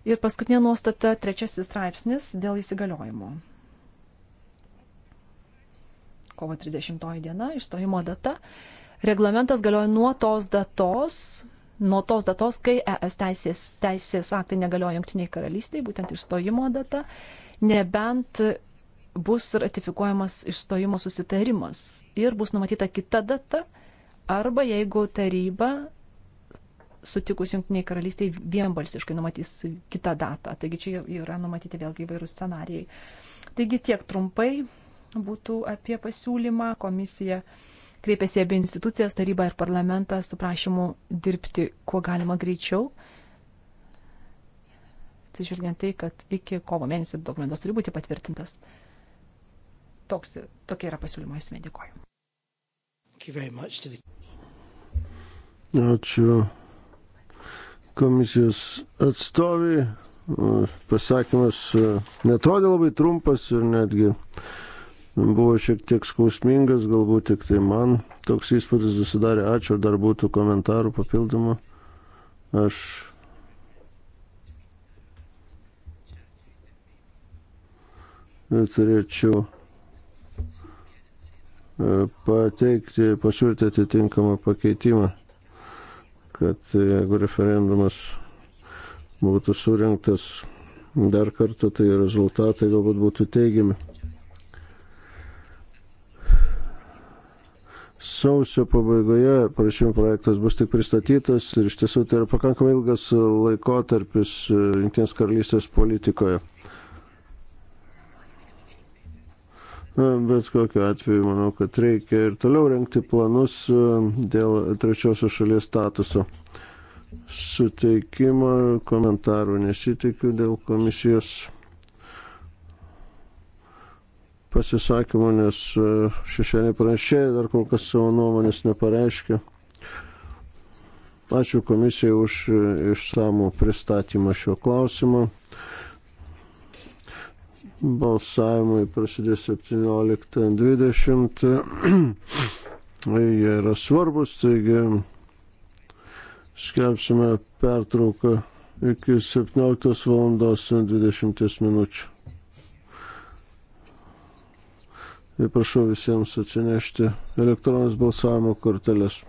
Speaker 4: Ir paskutinė nuostata, trečiasis straipsnis dėl įsigaliojimo. Kovo 30 diena, išstojimo data. Reglamentas galioja nuo tos datos, nuo tos datos, kai ES teisės, teisės aktai negalioja Junktiniai karalystiai, būtent išstojimo data, nebent bus ratifikuojamas išstojimo susitarimas ir bus numatyta kita data, arba jeigu taryba sutikus Junktiniai karalystiai vienbalsiškai numatys kitą datą. Taigi čia yra numatyti vėlgi įvairūs scenarijai. Taigi tiek trumpai būtų apie pasiūlymą. Komisija kreipėsi abi institucijas, tarybą ir parlamentą, su prašymu dirbti kuo galima greičiau. Atsižvelgiant tai, kad iki kovo mėnesio dokumentas turi būti patvirtintas. Toks, tokia yra pasiūlymo esmė. Dėkoju.
Speaker 2: Ačiū komisijos atstovai. Pasakymas e, netrodė labai trumpas ir netgi buvo šiek tiek skausmingas, galbūt tik tai man toks įspūdis susidarė. Ačiū, ar dar būtų komentarų papildomų. Aš turėčiau e, pateikti, pasiūlyti atitinkamą pakeitimą kad jeigu referendumas būtų surinktas dar kartą, tai rezultatai galbūt būtų teigiami. Sausio pabaigoje parašymų projektas bus tik pristatytas ir iš tiesų tai yra pakankamai ilgas laikotarpis e, Junktinės karalystės politikoje. Bet kokiu atveju manau, kad reikia ir toliau renkti planus e, dėl trečiosios šalies statuso suteikimo. Komentarų nesitikiu dėl komisijos pasisakymų, nes e, šešėlė pranešėjai dar kol kas savo nuomonės nepareiškė. Ačiū komisijai už e, išsamų pristatymą šio klausimo balsavimai prasidės 17.20. Jie yra svarbus, taigi skelbsime pertrauką iki 17 valandos 20 minučių. Ir prašau visiems atsinešti elektroninės balsavimo korteles.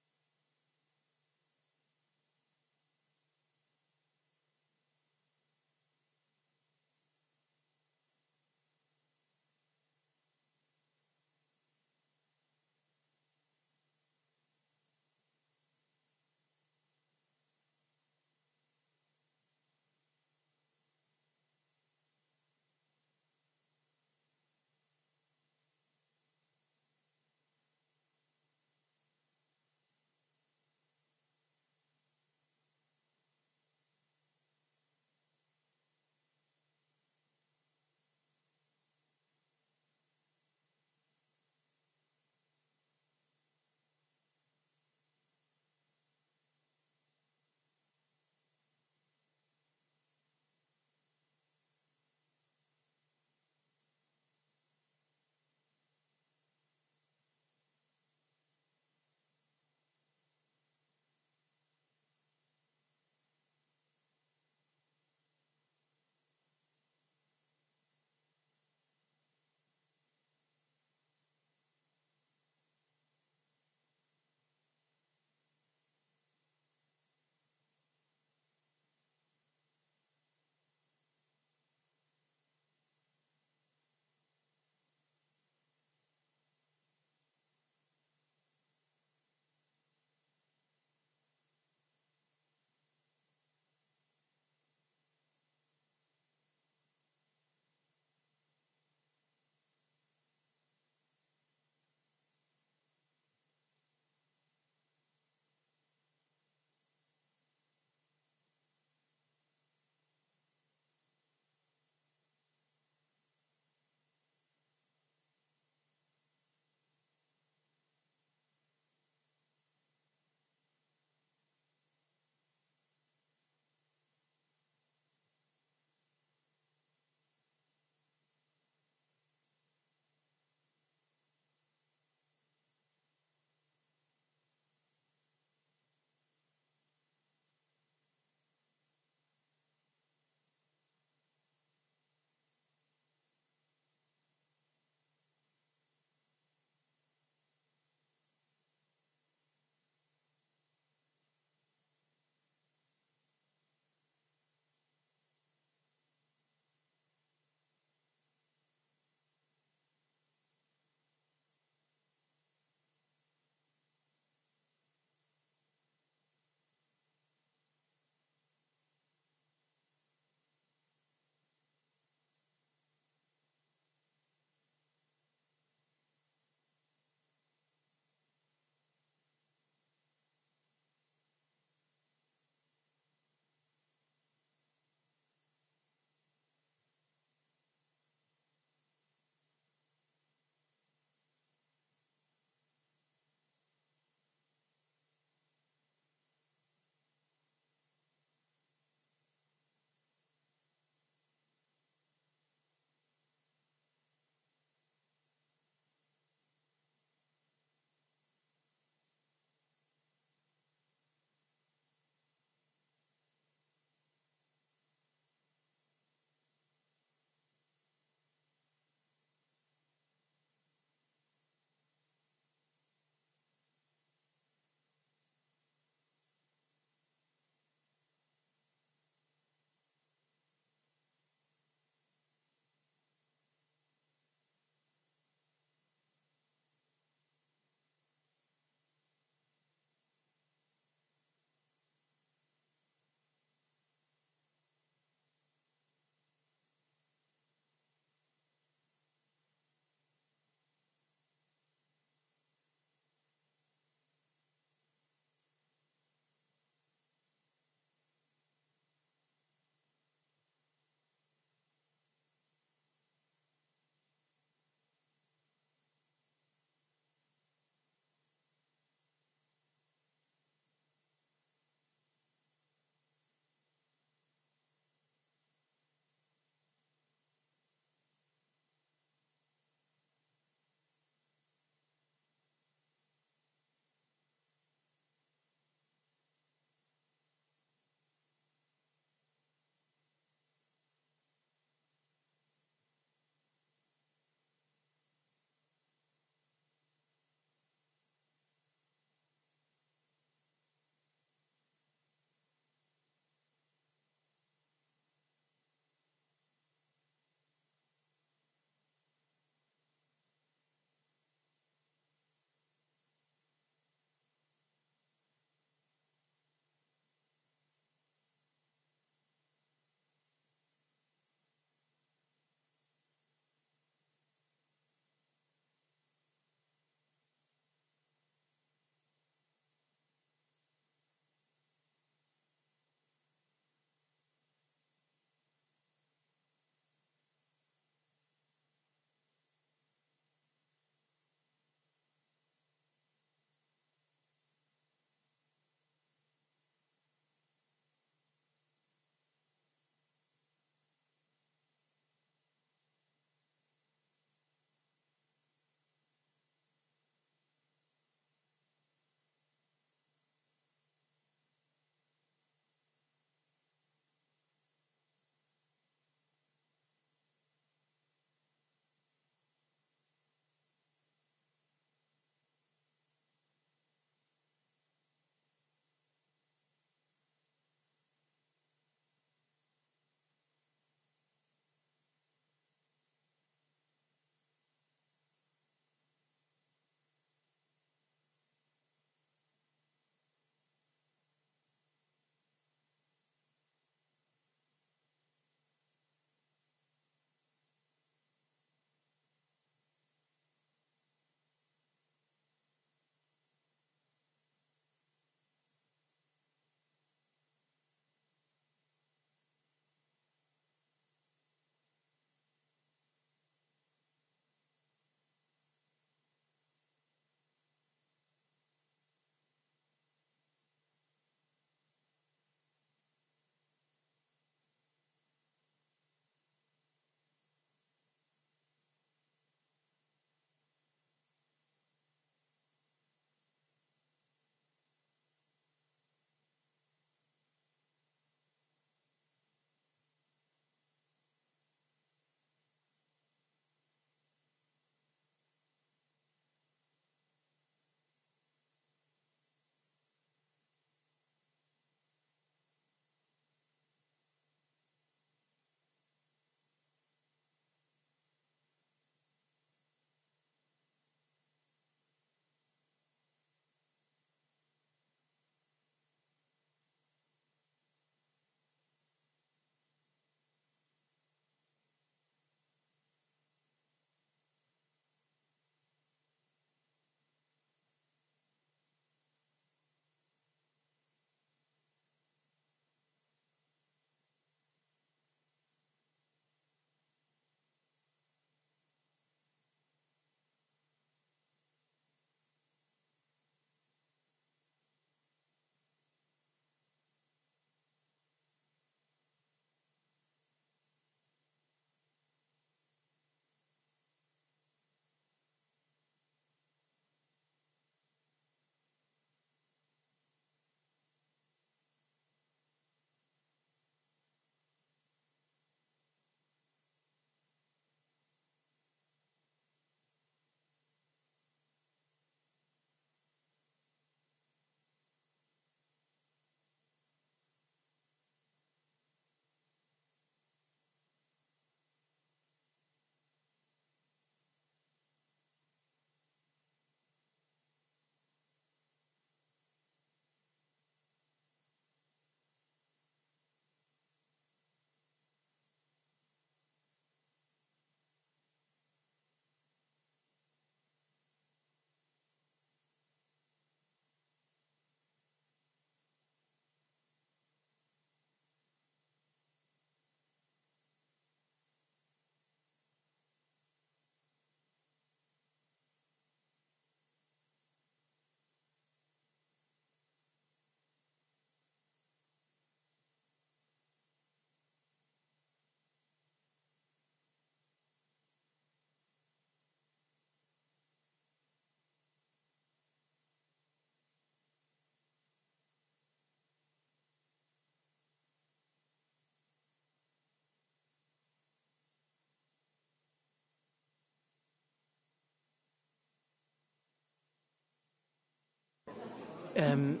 Speaker 1: Um,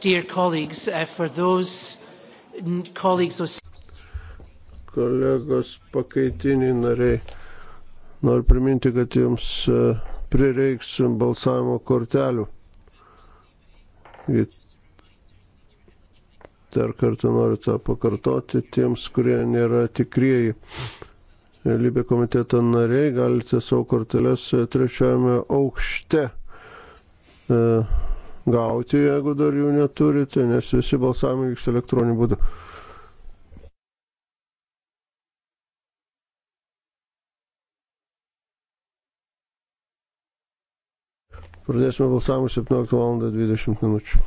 Speaker 1: dear colleagues, uh, for
Speaker 2: those colleagues, those... Kolegos pakaitiniai nariai, noriu priminti, kad jums uh, prireiks balsavimo kortelių. Dar kartą noriu tą pakartoti tiems, kurie nėra tikrieji. Lybė komiteto nariai galite savo korteles uh, trečiajame aukšte uh, gauti, jeigu dar jų neturite, nes visi balsavimai vyks elektroniniu būdu. Pradėsime balsavimą 17 val. 20 minučių.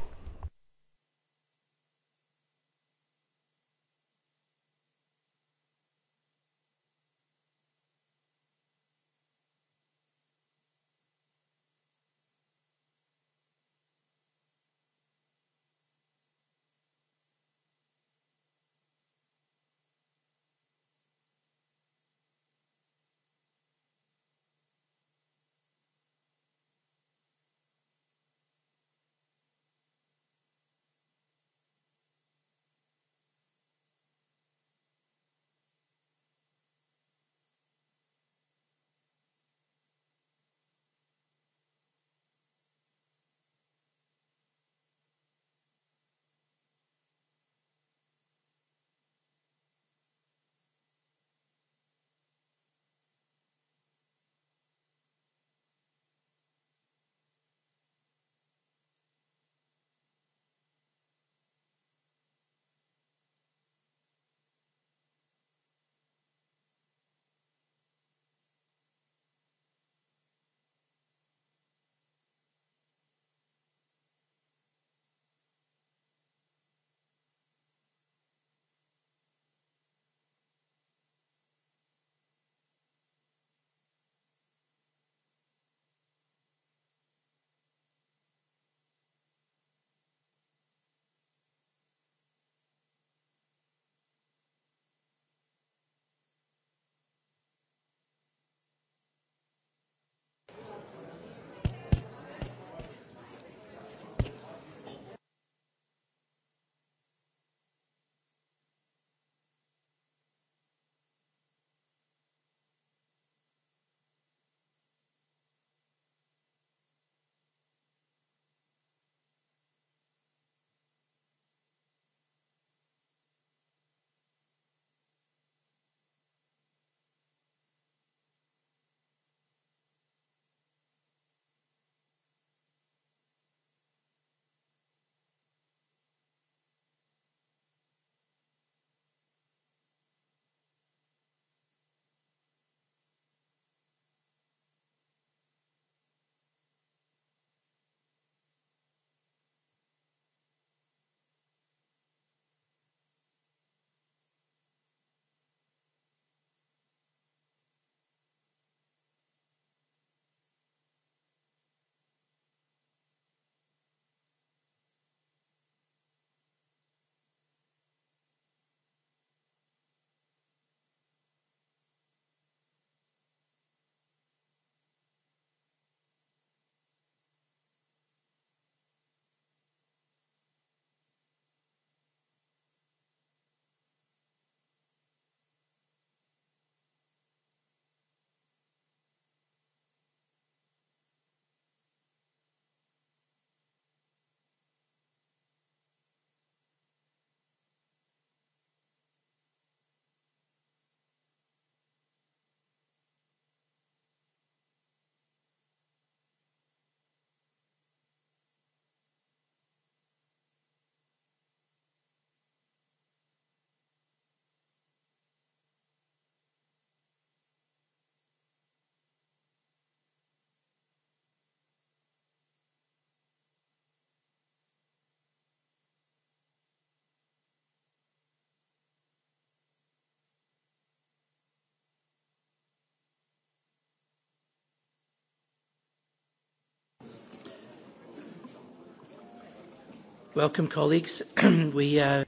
Speaker 1: Welcome, colleagues. We, uh...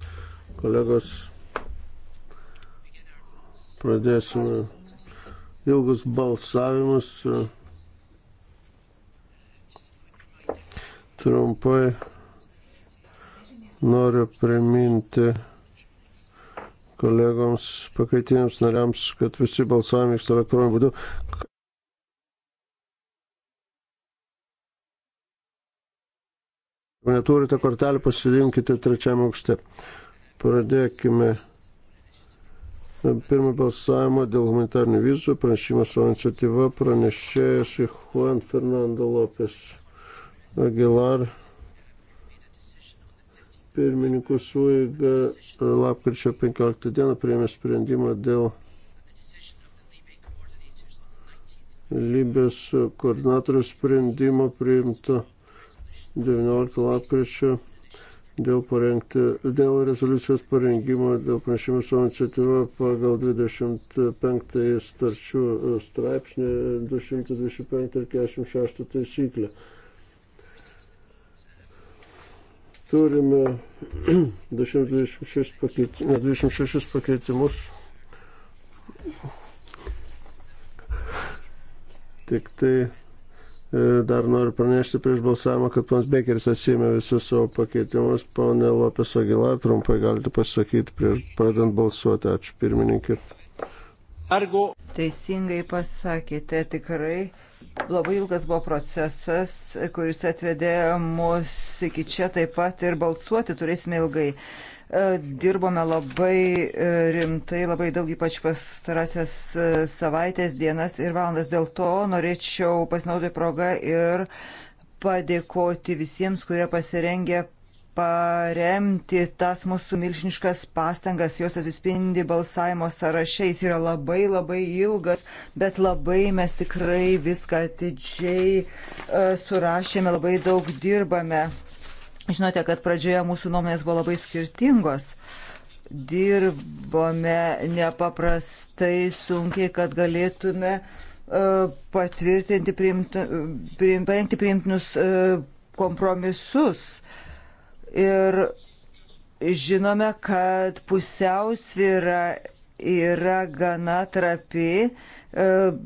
Speaker 2: Kolegos, pradėsime ilgus balsavimus. Trumpai noriu priminti kolegoms, pakaitiniams nariams, kad visi balsavimai vyksta elektroniniu būdu. Jeigu neturite kortelį, pasirinkite trečiam aukšte. Pradėkime pirmą balsavimą dėl humanitarnių vizų. Pranešimas savo iniciatyva pranešėjas į Juan Fernando Lopes Aguilar. Pirmininkų suiga lapkričio 15 dieną priėmė sprendimą dėl Libės koordinatorių sprendimo priimto 19 lapkričio dėl, parengti, dėl rezoliucijos parengimo, dėl pranešimų savo iniciatyvą pagal 25 starčių e, straipsnį 225 ir 46 taisyklę. Turime 226, pakeit, ne, 226 pakeitimus. Tik tai E, dar noriu pranešti prieš balsavimą, kad pons Bekeris atsėmė visus savo pakeitimus. Pone Lopes Agilar, trumpai galite pasakyti prieš pradant balsuoti. Ačiū pirmininkė.
Speaker 1: Argo.
Speaker 3: Teisingai pasakėte, tikrai labai ilgas buvo procesas, kuris atvedė mus iki čia taip pat ir balsuoti turėsime ilgai. E, dirbome labai e, rimtai, labai daug ypač pastarasias e, savaitės, dienas ir valandas. Dėl to norėčiau pasinaudoti progą ir padėkoti visiems, kurie pasirengė paremti tas mūsų milžiniškas pastangas, jos atsispindi balsavimo sąrašiais, yra labai labai ilgas, bet labai mes tikrai viską atidžiai uh, surašėme, labai daug dirbame. Žinote, kad pradžioje mūsų nuomonės buvo labai skirtingos. Dirbome nepaprastai sunkiai, kad galėtume e, patvirtinti, priimtu, priim, parengti priimtinus e, kompromisus. Ir žinome, kad pusiausvyra yra gana trapi. E,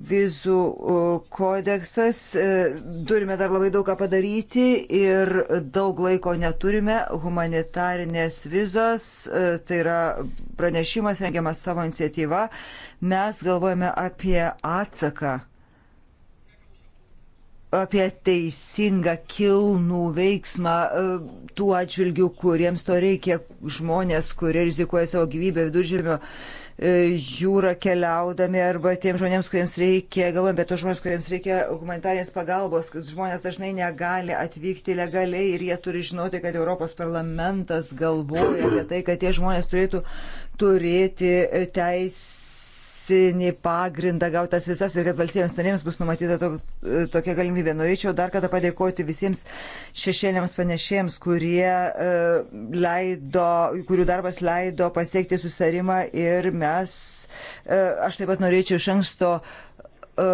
Speaker 3: vizų e, kodeksas. E, turime dar labai daug ką padaryti ir daug laiko neturime. Humanitarinės vizos, tai yra pranešimas rengiamas savo iniciatyva. Mes galvojame apie atsaką apie teisingą kilnų veiksmą tų atžvilgių, kuriems to reikia žmonės, kurie rizikuoja savo gyvybę viduržėmio E, jūrą keliaudami arba tiem žmonėms, kuriems reikia, galvojame apie tos žmonės, kuriems reikia humanitarės pagalbos, kad žmonės dažnai negali atvykti legaliai ir jie turi žinoti, kad Europos parlamentas galvoja apie tai, kad tie žmonės turėtų turėti teisę teisinį pagrindą gautas visas ir kad valstybėms narėms bus numatyta to, tokia galimybė. Norėčiau dar kartą padėkoti visiems šešėliams panešėjams, kurie, e, leido, kurių darbas leido pasiekti susarimą ir mes, e, aš taip pat norėčiau iš anksto e,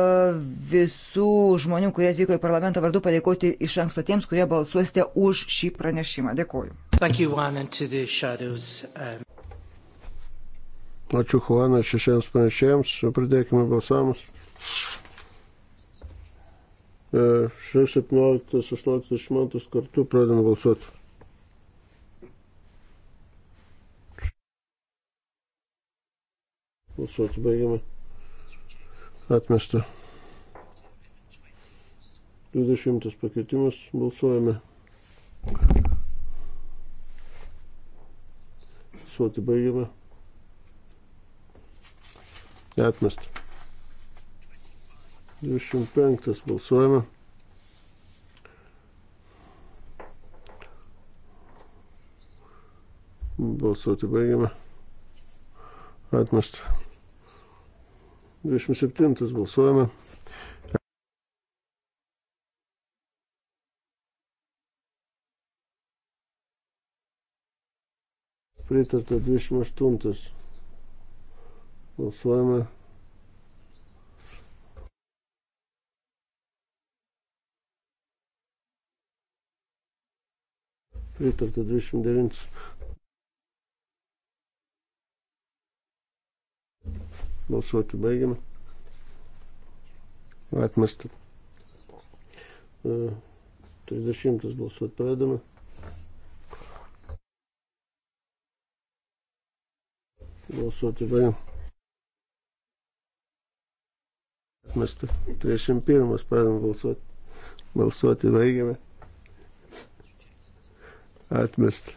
Speaker 3: visų žmonių, kurie atvyko į parlamentą vardu, padėkoti iš anksto tiems, kurie balsuosite už šį pranešimą. Dėkoju.
Speaker 1: Thank you, Juan, and to the shadows. Um...
Speaker 2: Ačiū Juanai šešiems pranešėjams. Pradėkime balsavimus. 6, 17, 18, 19 kartu pradėm balsuoti. Balsuoti baigiame. Atmesta. 20 pakeitimas balsuojame. Balsuoti baigiame atmesta. 25 balsuojame. Balsuoti baigiame. Atmesta. 27 balsuojame. Pritarta 28. Balsuojame. Pritarta 29. Balsuoti baigiame. Atmesta. 30 e, balsuoti pradame. Balsuoti baigiame. Atmesta. 31 pradedam balsuoti. Balsuoti baigiame. Atmesta.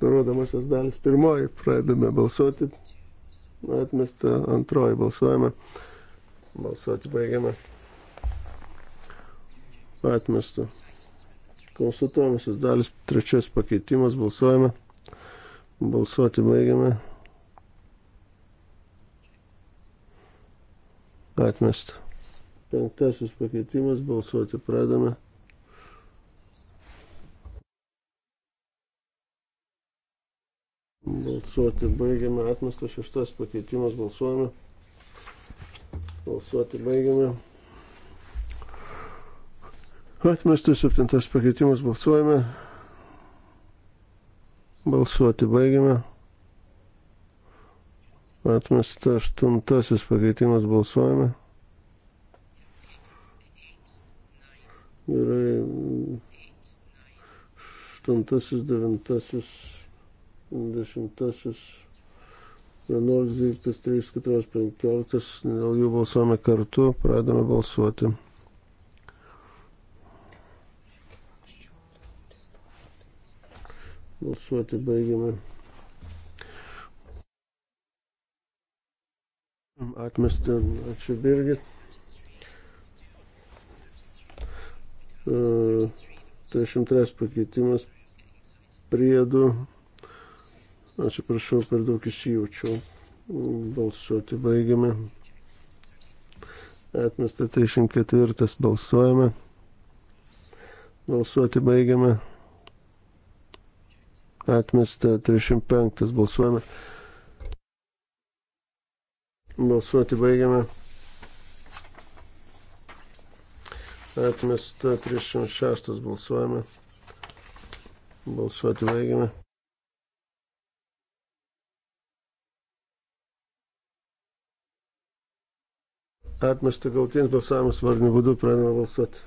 Speaker 2: Nurodomasios dalis pirmoji pradedame balsuoti. Atmesta antroji balsuojame. Balsuoti baigiame. Atmesta. Konsultuojamasios dalis trečias pakeitimas balsuojame. Balsuoti baigiame atmesta. Penktasis pakeitimas, balsuoti pradame. Balsuoti baigiame, atmestas šeštas pakeitimas, balsuojame. Balsuoti baigiame. Atmestas septintas pakeitimas, balsuojame. Balsuoti baigiame. Atmesta aštuntasis pakeitimas balsuojame. Gerai. Aštuntasis, devintasis, dešimtasis, vienuolis, dvyliktas, trys, keturios, penkioliktas. Dėl jų balsuojame kartu, pradame balsuoti. Balsuoti baigiame. atmesta. Ačiū Birgit. Uh, e, 33 tai pakeitimas priedų. Atsiprašau, per daug įsijaučiau. Balsuoti baigiame. Atmesta 34 balsuojame. Balsuoti baigiame. Atmesta 35 balsuojame. Balsuoti baigiame. Atmesta 36 balsuojame. Balsuoti baigiame. Atmesta galtinis balsavimas varnių būdu, pradėjome balsuoti.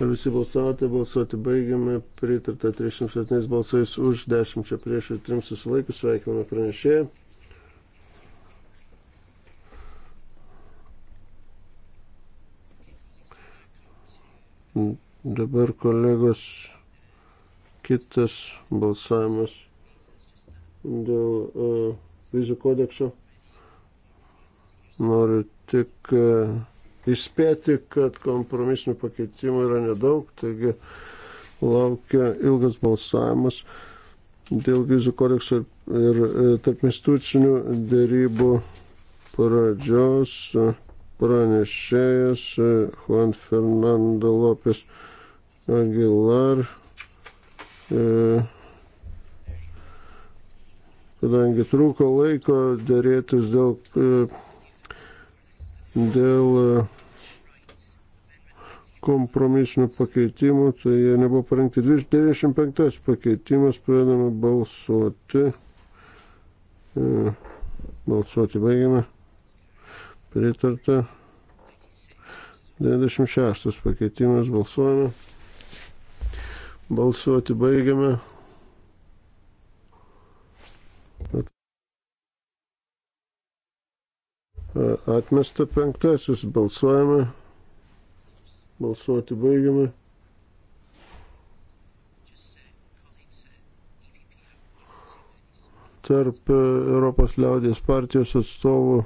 Speaker 2: Ar visi balsavote, balsuoti baigiame, pritarta 307 balsais už, 10 čia prieš ir 3 susilaikus, sveikiname pranešėją. Dabar kolegos kitas balsavimas dėl uh, vizų kodekso. Noriu tik uh, įspėti, kad kompromisinių pakeitimų yra nedaug, taigi laukia ilgas balsavimas dėl vizų kodekso ir, ir e, tarp institucinių dėrybų pradžios e, pranešėjas e, Juan Fernando Lopes Aguilar. E, kadangi trūko laiko dėrėtis dėl Dėl e, kompromisinių pakeitimų, tai jie nebuvo parengti. 95 pakeitimas, pradedame balsuoti. E, balsuoti baigiame. Pritarta. 96 pakeitimas, balsuojame. Balsuoti baigiame. E, atmesta penktasis. Balsuojame. Balsuoti baigiame. Tarp e, Europos liaudės partijos atstovų e,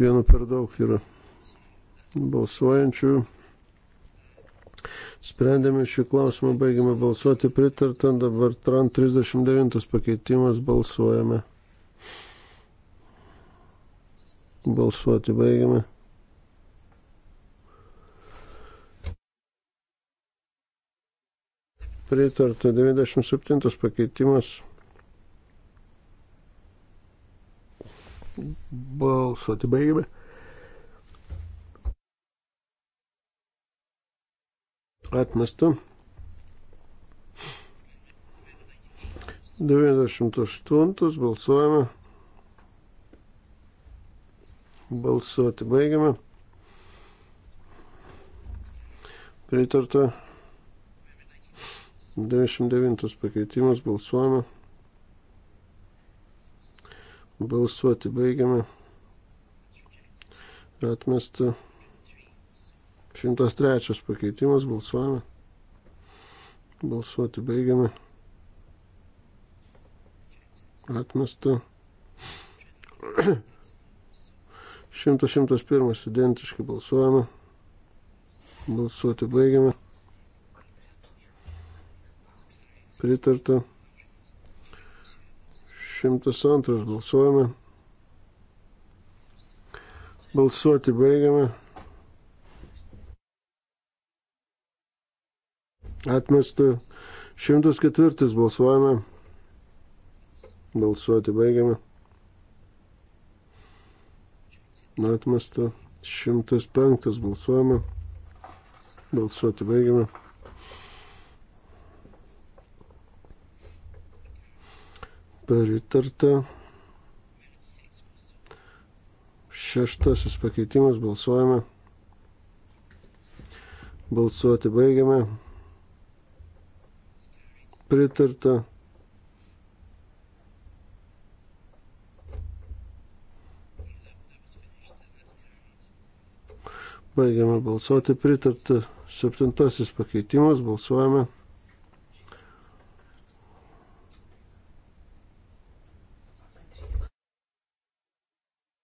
Speaker 2: vienu per daug yra balsuojančių. Sprendėme šį klausimą, baigėme balsuoti pritartant, dabar TRAN 39 pakeitimas balsuojame. Balsuoti baigiame. Pritarta 97 pakeitimas. Balsuoti baigiame. Atmesta. 98 balsuojame. Balsuoti baigiame. Pritarta. 29 pakeitimas. Balsuojame. Balsuoti baigiame. Atmesta. 103 pakeitimas. Balsuojame. Balsuoti baigiame. Atmesta. 101 identiškai balsuojame. Balsuoti baigiame. Pritarta. 102 balsuojame. Balsuoti baigiame. Atmesta. 104 balsuojame. Balsuoti baigiame. atmesta. 105 balsuojame. Balsuoti baigiame. Peritarta. Šeštasis pakeitimas balsuojame. Balsuoti baigiame. Pritarta. Baigiame balsuoti pritartą. Septintasis pakeitimas. Balsuojame.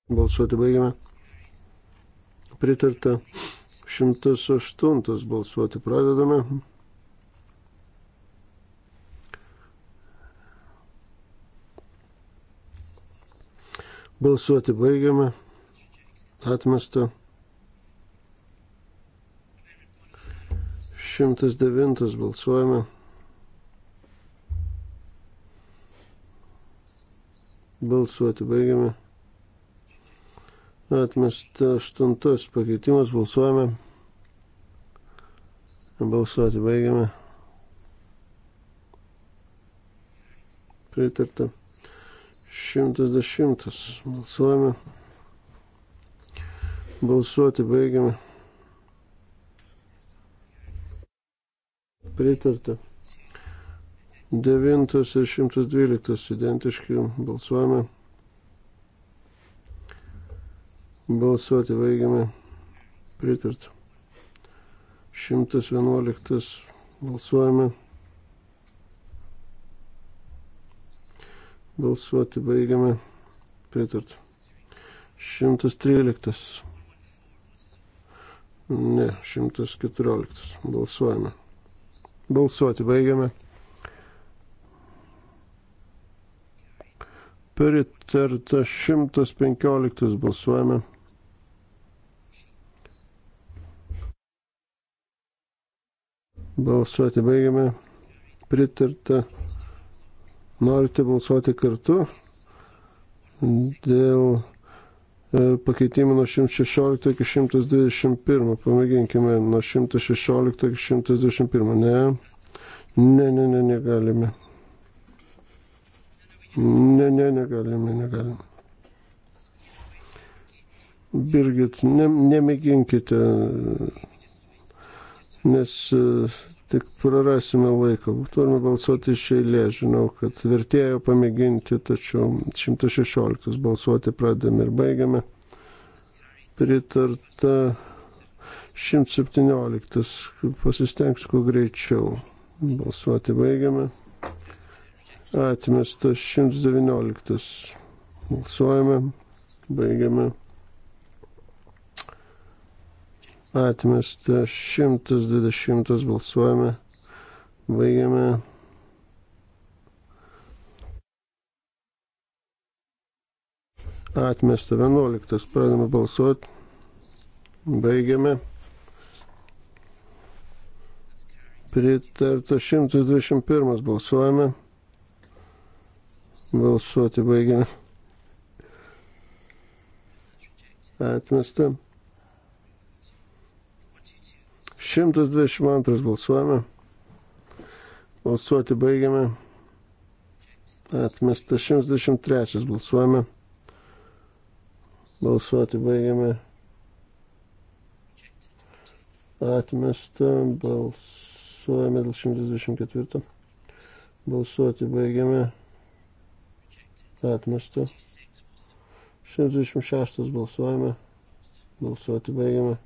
Speaker 2: Balsuoti baigiame. Pritarta 108 balsuoti pradedame. Balsuoti baigiame. Atmesta 109 balsuojame. Balsuoti baigiame. Atmesta aštuntas pakeitimas, balsuojame. Balsuoti baigiame. Pritarta. 110 balsuojame. Balsuoti baigiame. pritarta. 9 ir 112 identiški balsuojame. Balsuoti baigiame. Pritarta. 111 balsuojame. Balsuoti baigiame. Pritarta. 113. Ne, 114. Balsuojame. Balsuoti baigiame. Pritarta 115 balsuojame. Balsuoti baigiame. Pritarta. Norite balsuoti kartu dėl E, pakeitimų nuo 116 iki 121. Pamėginkime nuo 116 iki 121. Ne. Ne, ne, ne, negalime. Ne, ne, negalime, negalime. Birgit, ne, nemėginkite, nes e, tik prarasime laiko. Turime balsuoti iš eilės. Žinau, kad vertėjo pamėginti, tačiau 116 balsuoti pradėme ir baigiame. Pritarta 117. Pasistengs kuo greičiau. Balsuoti baigiame. Atmestas 119. Balsuojame. Baigiame. atmesta 120 balsuojame, baigiame. Atmesta 11, pradame balsuoti, baigiame. Pritarta 121 balsuojame, balsuoti baigiame. Atmesta 122 balsuojame. Balsuoti baigiame. Atmesta 123 balsuojame. Balsuoti baigiame. Atmesta balsuojame dėl 124. Balsuoti baigiame. Atmesta. 126 balsuojame. Balsuoti baigiame.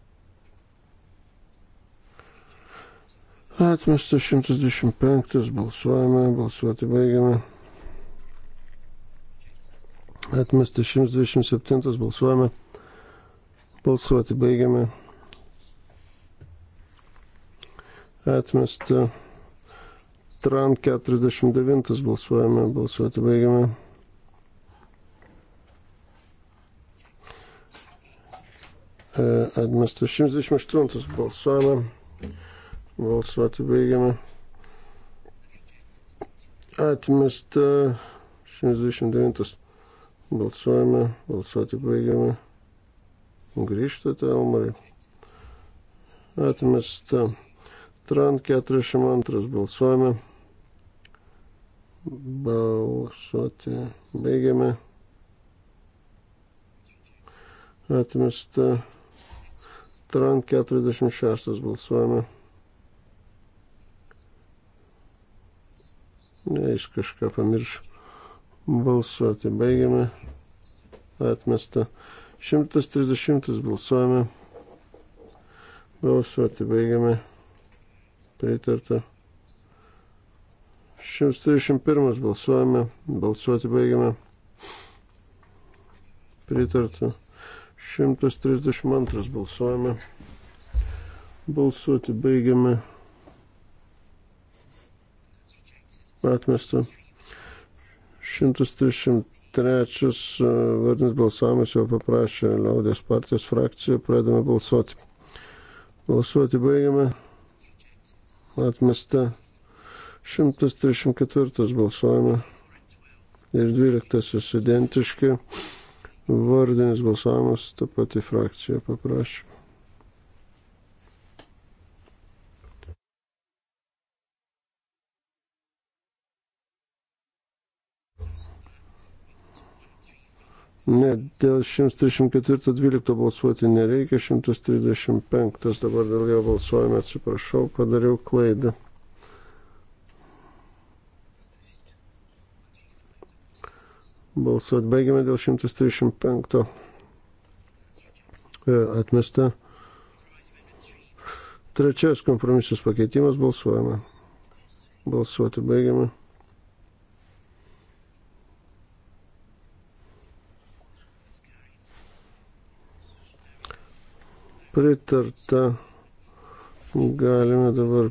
Speaker 2: Atmestas 125, balsuojame, balsuoti baigiame. Atmestas 127, balsuojame, balsuoti baigiame. Atmestas Tran 49, balsuojame, balsuoti baigiame. E, Atmestas 128, balsuojame. Balsuoti baigiame. Atmesta 69. Balsuojame, balsuoti baigiame. Grįžtate, Almarai. Atmesta. Tran 42. Balsuojame. Balsuoti baigiame. Atmesta. Tran 46. Balsuojame. Ne, jis kažką pamiršo balsuoti. Baigiame. Atmesta. 130 balsuojame. Balsuoti baigiame. Pritarta. 131 balsuojame. Balsuoti baigiame. Pritarta. 132 balsuojame. Balsuoti baigiame. atmesta. 133 e, vardinis balsavimas jau paprašė Liaudės partijos frakciją, pradame balsuoti. Balsuoti baigiame. Atmesta. 134 balsuojame. Ir 12 identiški. Vardinis balsavimas, ta pati frakcija paprašė. Ne, dėl 134.12 balsuoti nereikia, 135 dabar dėl jo balsuojame, atsiprašau, padariau klaidą. Balsuoti baigiame dėl 135. E, atmesta. Trečias kompromisas pakeitimas balsuojame. Balsuoti baigiame. pritarta. Galime dabar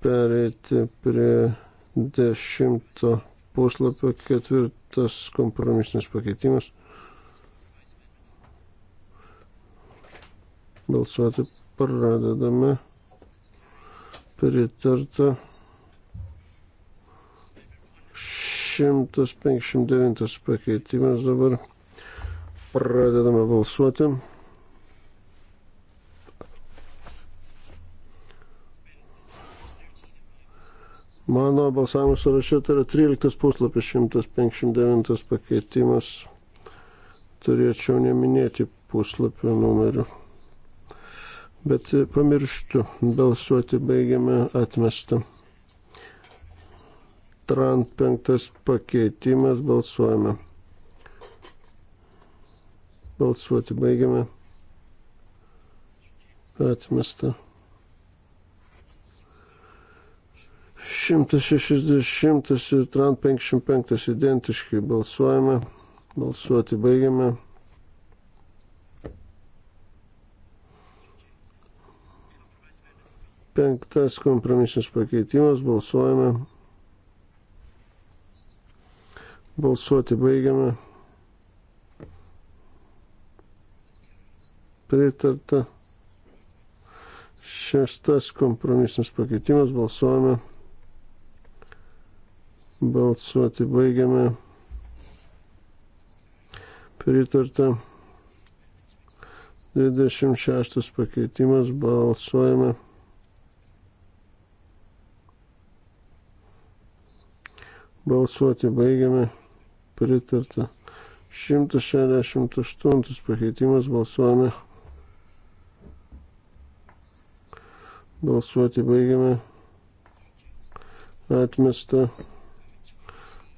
Speaker 2: pereiti prie dešimto puslapio ketvirtas kompromisinis pakeitimas. Balsuoti pradedame. Pritarta. 159 pakeitimas dabar. Pradedame balsuoti. Mano balsavimo sąraše tai yra 13 puslapis, 159 pakeitimas. Turėčiau neminėti puslapio numerių. Bet pamirštu, balsuoti baigiame atmestą. Trant penktas pakeitimas, balsuojame. Balsuoti baigiame. Atmesta. 160 ir Trump 55 identiškai balsuojame. Balsuoti baigiame. Penktas kompromisinis pakeitimas. Balsuojame. Balsuoti baigiame. Pritarta. Šeštas kompromisinis pakeitimas. Balsuojame. Balsuoti baigiame. Pritarta. 26 pakeitimas. Balsuojame. Balsuoti baigiame. Pritarta. 168 pakeitimas. Balsuojame. Balsuoti baigiame. Atmesta.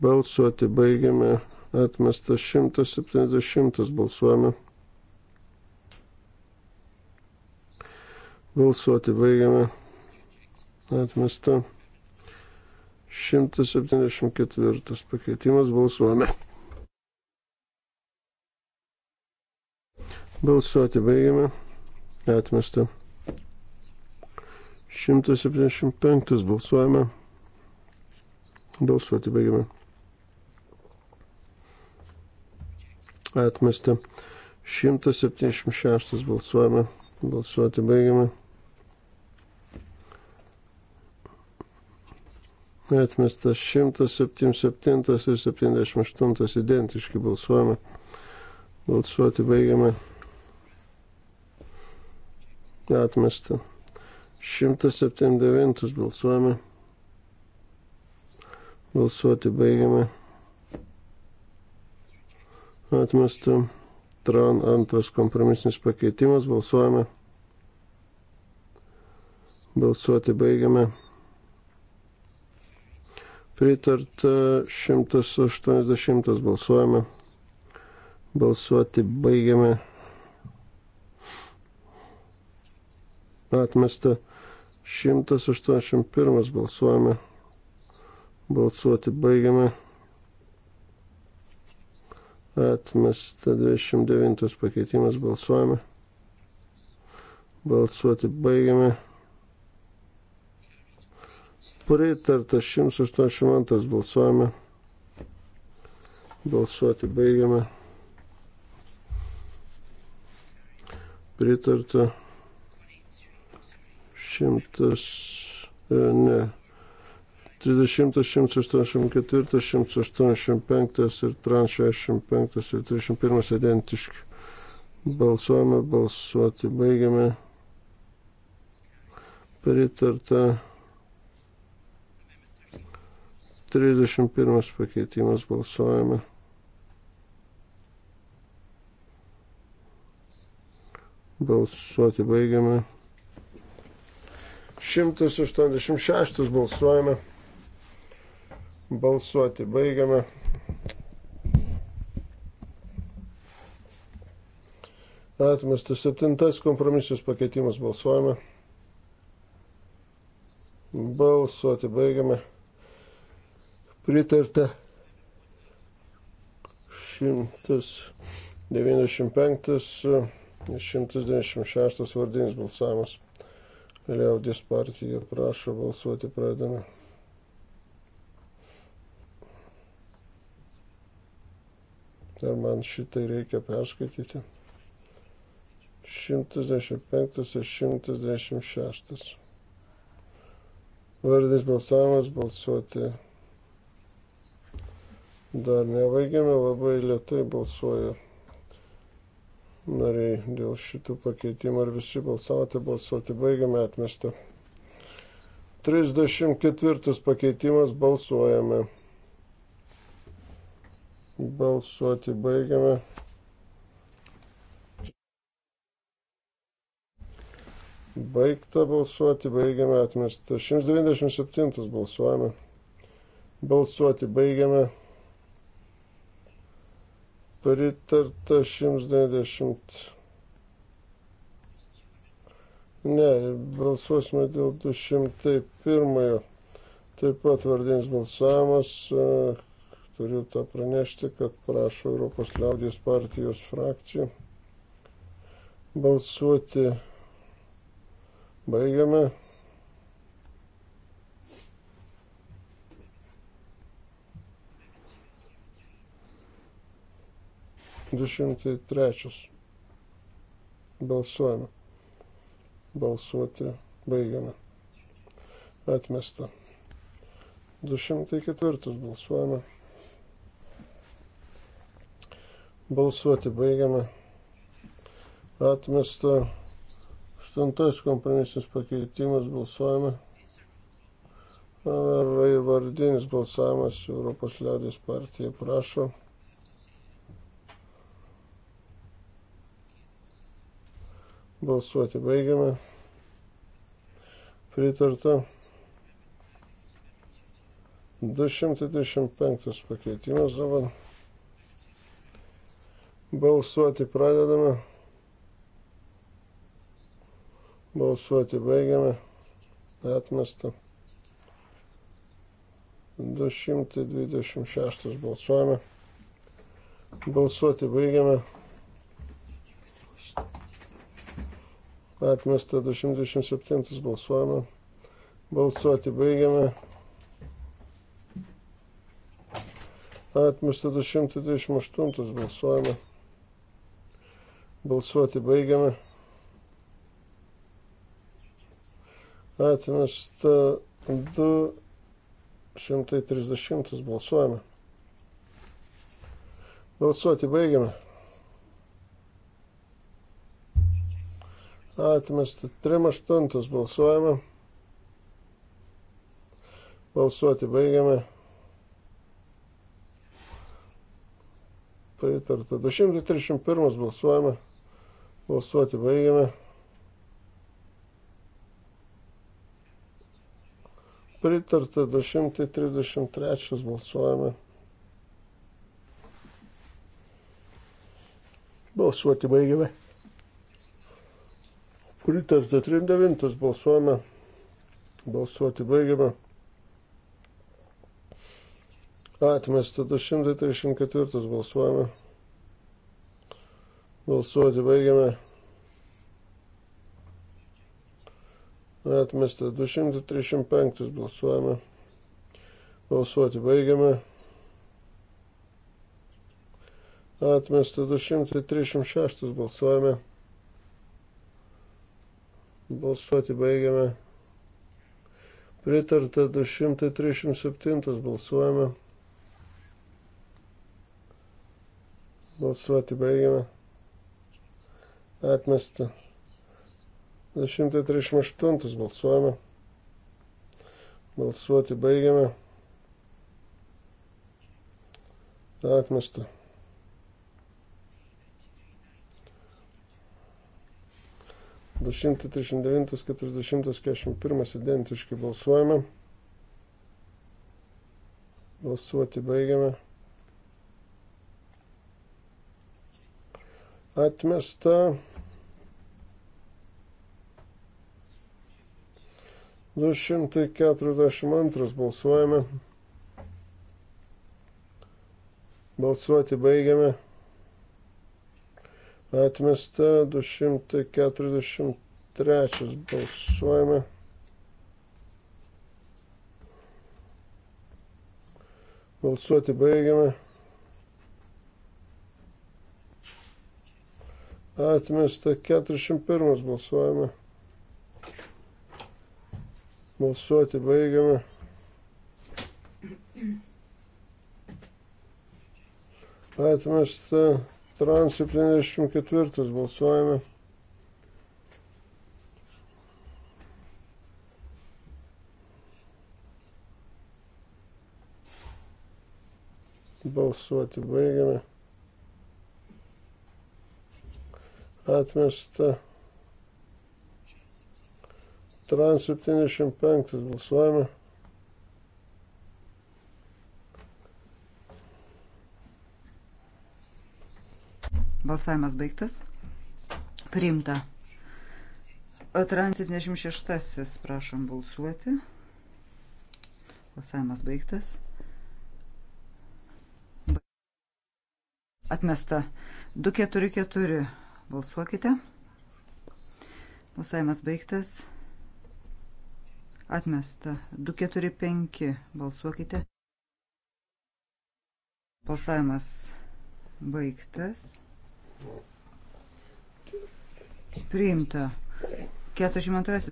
Speaker 2: Balsuoti baigiame. Atmestas 170 balsuojame. Balsuoti baigiame. Atmesta. 174 pakeitimas balsuojame. Balsuoti baigiame. Atmesta. 175 balsuojame. Balsuoti baigiame. atmesta. 176 balsuojame. Balsuoti baigiame. Atmestas 177 ir 78 identiški balsuojame. Balsuoti baigiame. Atmesta. 179 balsuojame. Balsuoti baigiame atmesta. Tran antras kompromisinis pakeitimas. Balsuojame. Balsuoti baigiame. Pritarta 180 balsuojame. Balsuoti baigiame. Atmesta 181 balsuojame. Balsuoti baigiame. Atmesta 29 pakeitimas balsuojame. Balsuoti baigiame. Pritarta 182 balsuojame. Balsuoti baigiame. Pritarta 100. E, ne. 30, 184, 185 ir trans 65 ir 31 identiški. Balsuojame, balsuoti baigiame. Pritarta 31 pakeitimas balsuojame. Balsuoti baigiame. 186 balsuojame. Balsuoti baigiame. Atmestas septintas kompromisus pakeitimas balsuojame. Balsuoti baigiame. Pritarta 195 196 vardinis balsavimas. Liaudės partija prašo balsuoti pradame. Dar man šitai reikia perskaityti. 115 ir 116. Vardinis balsavimas balsuoti. Dar nebaigėme, labai lietai balsuoja nariai dėl šitų pakeitimų. Ar visi balsavote balsuoti? Baigėme atmestą. 34 pakeitimas balsuojame. Balsuoti baigiame. Baigta balsuoti, baigiame atmestą. 197 balsuojame. Balsuoti baigiame. Pritarta 190. Ne, balsuosime dėl 201. Taip pat vardinis balsavimas. Turiu tą pranešti, kad prašo Europos liaudės partijos frakcija balsuoti. Baigiame. Du šimtai trečias. Balsuojame. Balsuoti. Baigiame. Atmesta. 204 balsuojame. Balsuoti baigiame. Atmesta. Aštuntas kompromisinis pakeitimas. Balsuojame. Ar vardinis balsavimas Europos liaudės partija prašo. Balsuoti baigiame. Pritarta. 225 pakeitimas dabar. Balsuoti pradedame. Balsuoti baigiame. Atmesta. 226 balsuojame. Balsuoti baigiame. Atmesta 227 balsuojame. Balsuoti baigiame. Atmesta 228 balsuojame. Balsuoti baigiame. Atmesta 230 balsuojame. Balsuoti baigiame. Atmesta 38 balsuojame. Balsuoti baigiame. Pritarta 231 balsuojame. Balsuoti baigiame. Pritarta 233 balsuojame. Balsuoti baigiame. Pritarta 39 balsuojame. Balsuoti baigiame. Atmesta 234 balsuojame. Balsuoti baigiame. Atmesta 235 balsuojame. Balsuoti baigiame. Atmesta 236 balsuojame. Balsuoti baigiame. Pritarta 237 balsuojame. Balsuoti baigiame atmesta. 138 balsuojame. Balsuoti baigiame. Atmesta. Du šimtai trisdešimt devintas, keturiasdešimtas, keturiasdešimt pirmas identiškai balsuojame. Balsuoti baigiame. atmesta. 242 balsuojame. Balsuoti baigiame. Atmesta 243 balsuojame. Balsuoti baigiame. Atmesta 41 balsuojame. Balsuoti baigiame. Atmesta trans 74 balsuojame. Balsuoti baigiame. atmesta. Trans 75 balsuojame.
Speaker 3: Balsavimas baigtas. Priimta. Trans 76, prašom balsuoti. Balsavimas baigtas. Atmesta. 244. Balsuokite. Balsavimas baigtas. Atmesta. 245. Balsuokite. Balsavimas baigtas. Priimta. 42.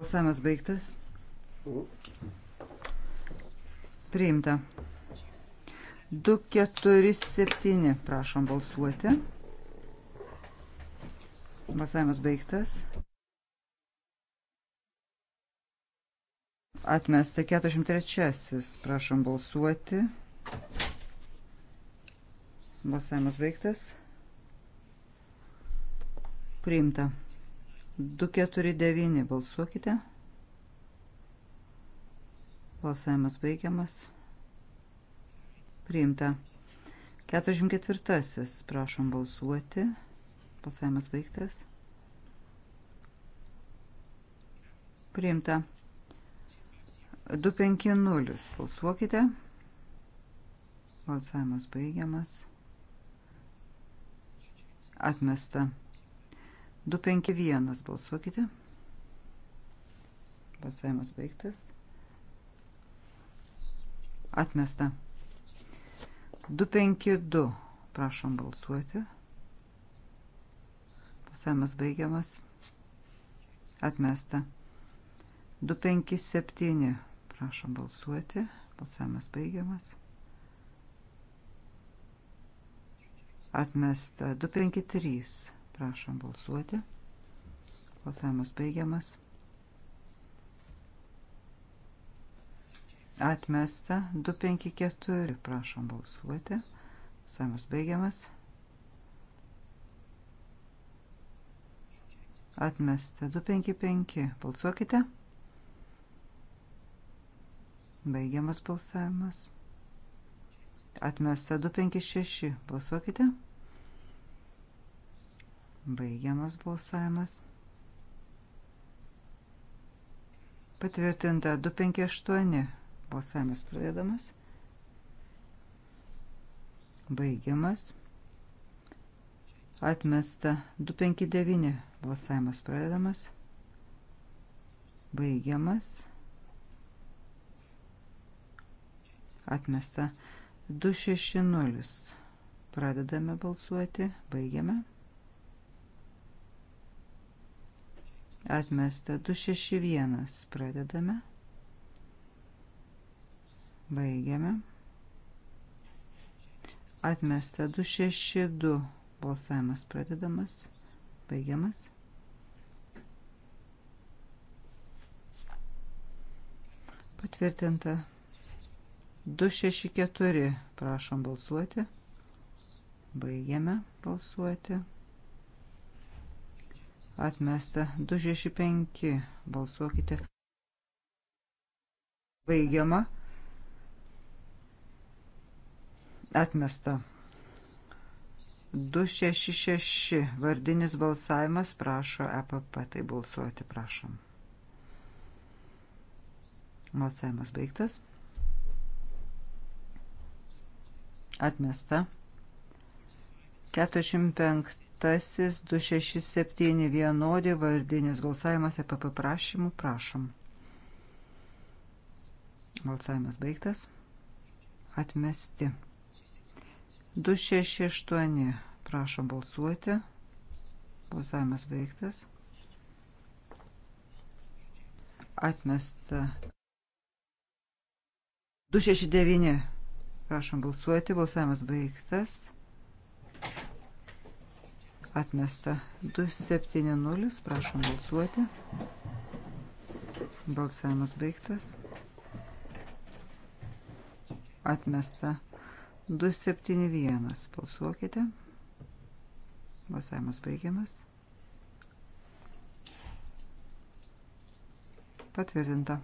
Speaker 3: Balsavimas baigtas. Priimta. 247. Prašom balsuoti. Balsavimas baigtas. Atmesta 403. Prašom balsuoti. Balsavimas baigtas. Priimta. 249. Balsuokite. Balsavimas baigiamas. Priimta. 44. Prašom balsuoti. Balsavimas baigtas. Priimta. 250. Balsuokite. Balsavimas baigiamas. Atmesta. 251. Balsuokite. Balsavimas baigtas. Atmesta. 252. Prašom balsuoti. Balsavimas baigiamas. Atmesta. 257. Prašom balsuoti. Balsavimas baigiamas. Atmesta. 253. Prašom balsuoti. Balsavimas baigiamas. Atmesta 254. Prašom balsuoti. Samas baigiamas. Atmesta 255. Balsuokite. Baigiamas balsavimas. Atmesta 256. Balsuokite. Baigiamas balsavimas. Patvirtinta 258. Balsavimas pradedamas. Baigiamas. Atmesta 259. Balsavimas pradedamas. Baigiamas. Atmesta 260. Pradedame balsuoti. Baigiame. Atmesta 261. Pradedame. Baigiame. Atmesta 262. Balsavimas pradedamas. Baigiamas. Patvirtinta 264. Prašom balsuoti. Baigiame balsuoti. Atmesta 265. Balsuokite. Baigiama. Atmesta. 266 vardinis balsavimas prašo EPP, tai balsuoti prašom. Balsavimas baigtas. Atmesta. 45 penktasis, 267 vienodė, vardinis balsavimas apie paprašymų, prašom. Balsavimas baigtas. Atmesti. 268. Prašom balsuoti. Balsavimas baigtas. Atmesta. 269. Prašom balsuoti. Balsavimas baigtas. Atmesta. 270. Prašom balsuoti. Balsavimas baigtas. Atmesta. 271. Balsuokite. Balsavimas baigiamas. Patvirtinta.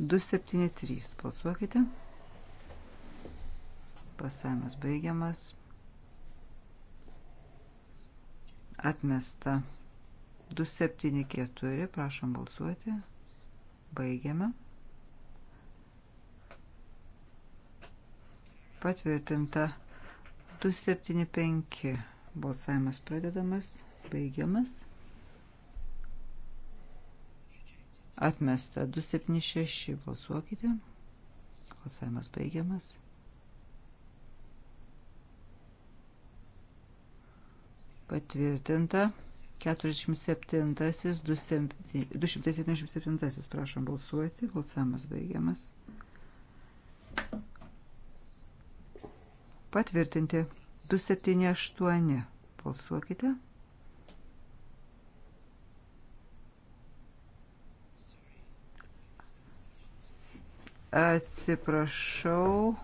Speaker 3: 273. Balsuokite. Balsavimas baigiamas. Atmesta. 274. Prašom balsuoti. Baigiame. patvirtinta 275. Balsavimas pradedamas, baigiamas. Atmesta 276. Balsuokite. Balsavimas baigiamas. Patvirtinta 47. 277. Prašom balsuoti. Balsavimas baigiamas. Patvirtinti. 278. Balsuokite. Atsiprašau.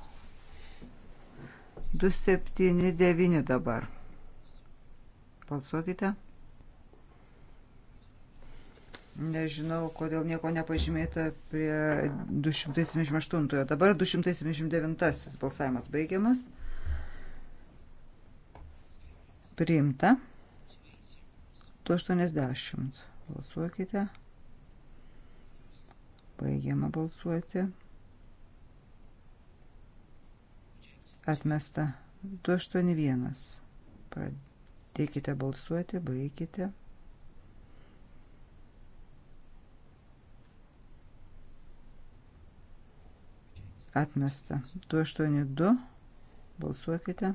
Speaker 3: 279 dabar. Balsuokite. Nežinau, kodėl nieko nepažymėta prie 278. Dabar 279 balsavimas baigiamas. Priimta. 180. Balsuokite. Baigiama balsuoti. Atmesta. 281. Pradėkite balsuoti, baigite. Atmesta. 282. Balsuokite. Balsuokite.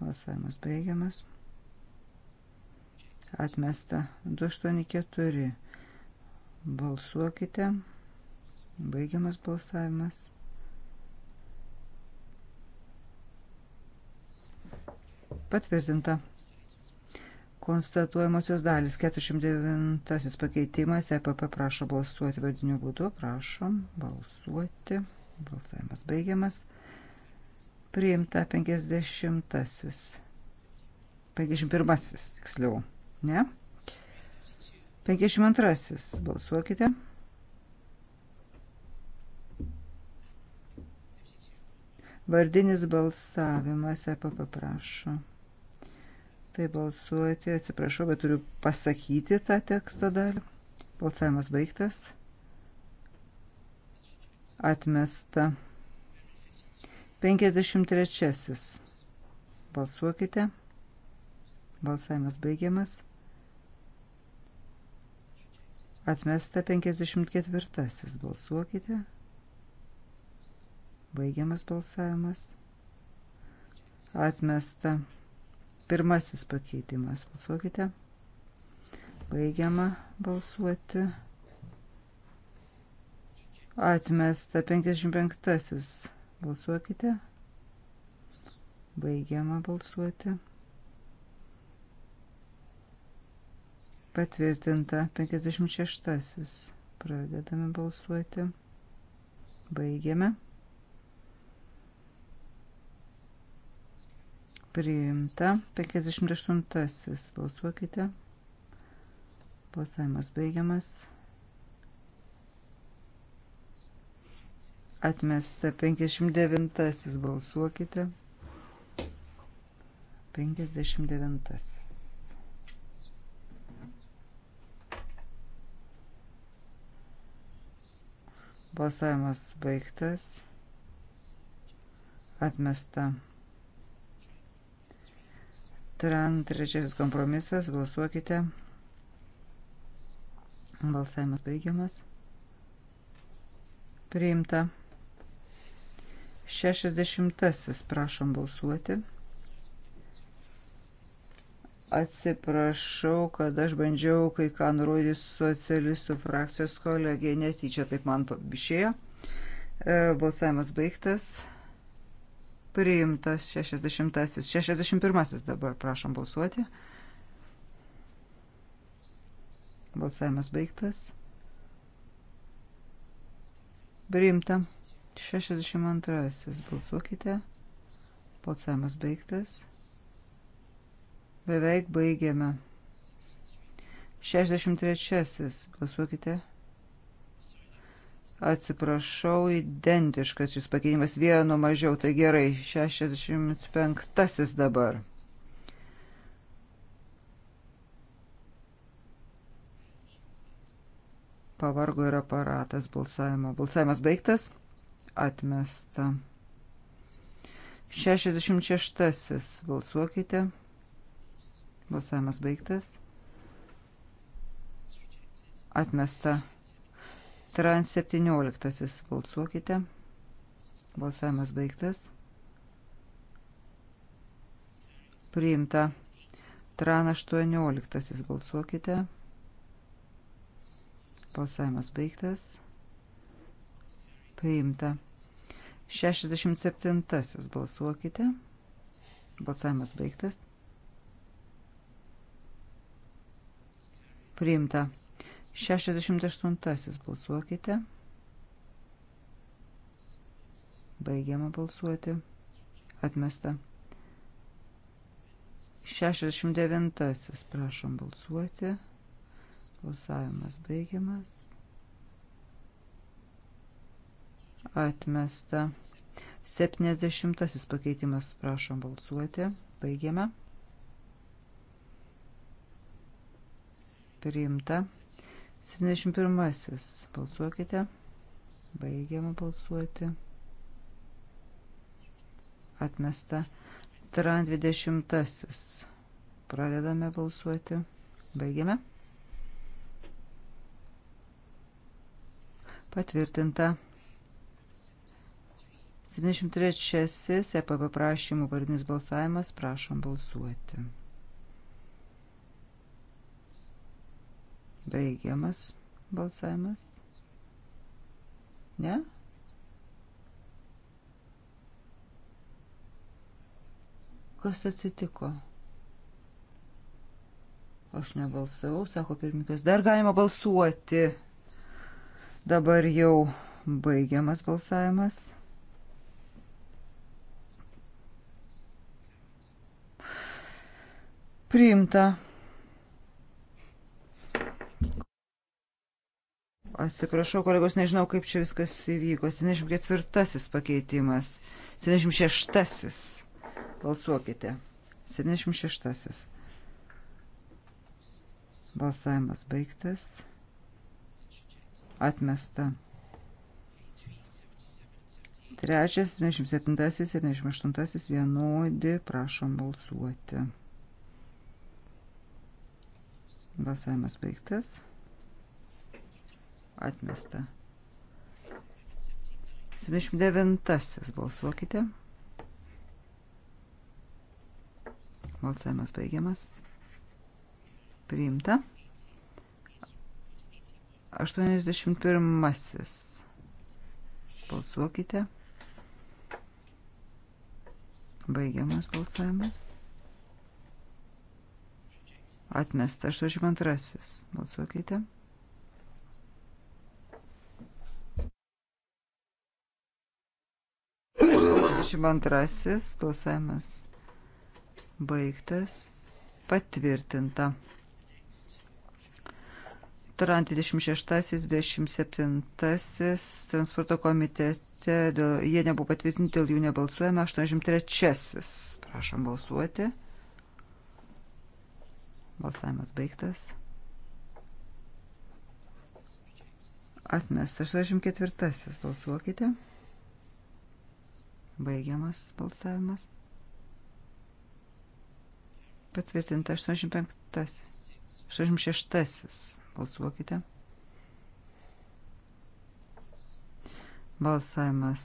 Speaker 3: Balsavimas baigiamas. Atmesta 284. Balsuokite. Baigiamas balsavimas. Patvirtinta. Konstatuojamosios dalis 409 pakeitimas. EPP prašo balsuoti vardiniu būdu. Prašom balsuoti. Balsavimas baigiamas. Priimta 50-asis. 51-asis, tiksliau. Ne? 52-asis. Balsuokite. Vardinis balsavimas EPP prašo. Tai balsuoti, atsiprašau, bet turiu pasakyti tą teksto dalį. Balsavimas baigtas. Atmesta. Atmesta. 53. Balsuokite. Balsavimas baigiamas. Atmesta 54. Balsuokite. Baigiamas balsavimas. Atmesta. Pirmasis pakeitimas. Balsuokite. Baigiama balsuoti. Atmesta 55. Balsuokite. Baigiama balsuoti. Patvirtinta 56. Pradedame balsuoti. Baigiame. Priimta 58. Balsuokite. Balsavimas baigiamas. Atmesta 59. Balsuokite. 59. Balsavimas baigtas. Atmesta. Tran trečiasis kompromisas. Balsuokite. Balsavimas baigiamas. Priimta. 60. Prašom balsuoti. Atsiprašau, kad aš bandžiau kai ką nurodyti socialistų frakcijos kolegiją, netyčia taip man pabišėjo. E, balsavimas baigtas. Priimtas 60. 61. dabar prašom balsuoti. Balsavimas baigtas. Priimta. 62. Balsuokite. Balsavimas baigtas. Beveik baigiame. 63. Balsuokite. Atsiprašau, identiškas šis pakeitimas vienu mažiau, tai gerai, 65 dabar. Pavargo ir aparatas balsavimo. Balsavimas baigtas atmesta. 66. Balsuokite. Balsavimas baigtas. Atmesta. Trans 17. Balsuokite. Balsavimas baigtas. Priimta. Tran 18. Balsuokite. Balsavimas baigtas. Priimta. 67. Balsuokite. Balsavimas baigtas. Priimta. 68. Balsuokite. Baigiama balsuoti. Atmesta. 69. Prašom balsuoti. Balsavimas baigiamas. Atmesta. 70 pakeitimas. Prašom balsuoti. Baigiame. Priimta. 71. Balsuokite. Baigiame balsuoti. Atmesta. Tran 20. Pradedame balsuoti. Baigiame. Patvirtinta. 73 EPP prašymų vardinis balsavimas, prašom balsuoti. Baigiamas balsavimas. Ne? Kas atsitiko? Aš nebalsavau, sako pirmininkas. Dar galima balsuoti. Dabar jau baigiamas balsavimas. Priimta. Atsiprašau, kolegos, nežinau, kaip čia viskas įvyko. 74 pakeitimas. 76. Balsuokite. 76. Balsavimas baigtas. Atmesta. Trečias, 77, 78 vienodi, prašom balsuoti. Balsavimas baigtas. Atmesta. 79 balsuokite. Balsavimas baigiamas. Priimta. 81. Balsuokite. Baigiamas balsavimas. Atmesta 82. Balsuokite. antrasis balsavimas baigtas, patvirtinta. Tarant 26-27 transporto komitete, dėl, jie nebuvo patvirtinti, dėl jų nebalsuojame, 83-asis. Prašom balsuoti. 83-asis. Balsavimas baigtas. Atmes 64. Balsuokite. Baigiamas balsavimas. Patvirtinta 85. 66. Balsuokite. Balsavimas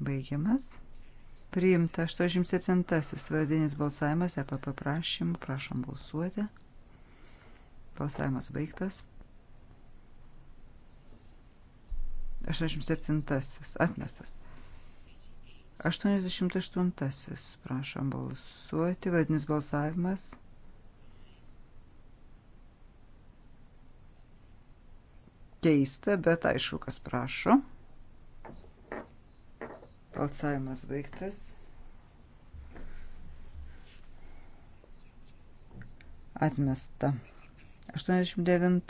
Speaker 3: baigiamas. Priimta 87. Vardinis balsavimas apie paprašymą. Prašom balsuoti. Balsavimas baigtas. 87. Atmestas. 88. Prašom balsuoti. Vadinis balsavimas. Keista, bet aišku, kas prašo. Balsavimas baigtas. Atmesta. 89.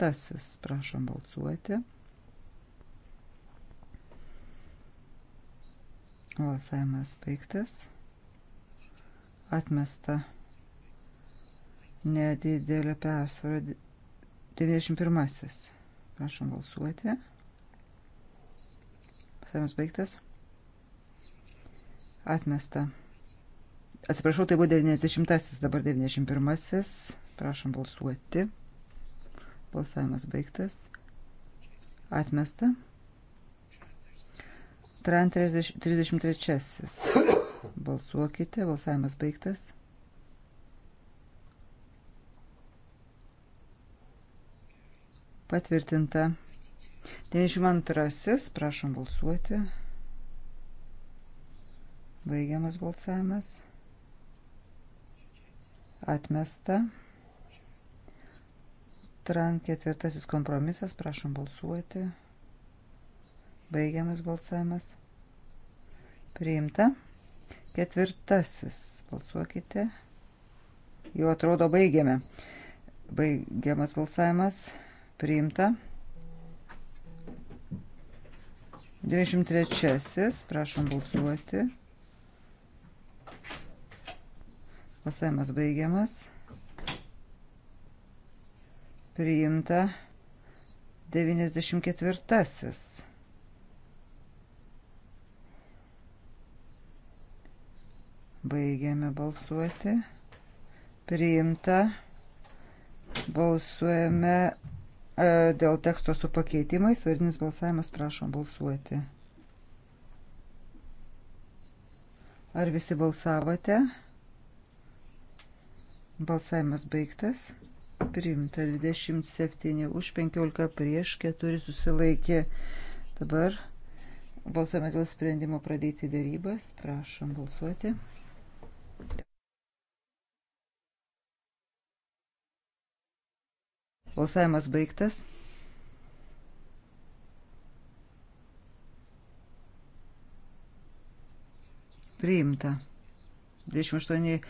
Speaker 3: Prašom balsuoti. Balsavimas baigtas. Atmesta nedidelė persvara 91. Prašom balsuoti. Balsavimas baigtas. Atmesta. Atsiprašau, tai buvo 90, dabar 91. Prašom balsuoti. Balsavimas baigtas. Atmesta. Tran 33. Balsuokite. Balsavimas baigtas. Patvirtinta. 92. Prašom balsuoti. Baigiamas balsavimas. Atmesta. Tran ketvirtasis kompromisas, prašom balsuoti. Baigiamas balsavimas. Priimta. Ketvirtasis, balsuokite. Jau atrodo baigiame. Baigiamas balsavimas. Priimta. 23. Prašom balsuoti. Balsavimas baigiamas priimta 94. Baigėme balsuoti. Priimta. Balsuojame e, dėl teksto su pakeitimais. Vardinis balsavimas prašom balsuoti. Ar visi balsavote? Balsavimas baigtas. Primta 27 už 15 prieš 4 susilaikė. Dabar balsuojame dėl sprendimo pradėti dėrybas. Prašom balsuoti. Balsavimas baigtas. Priimta. 28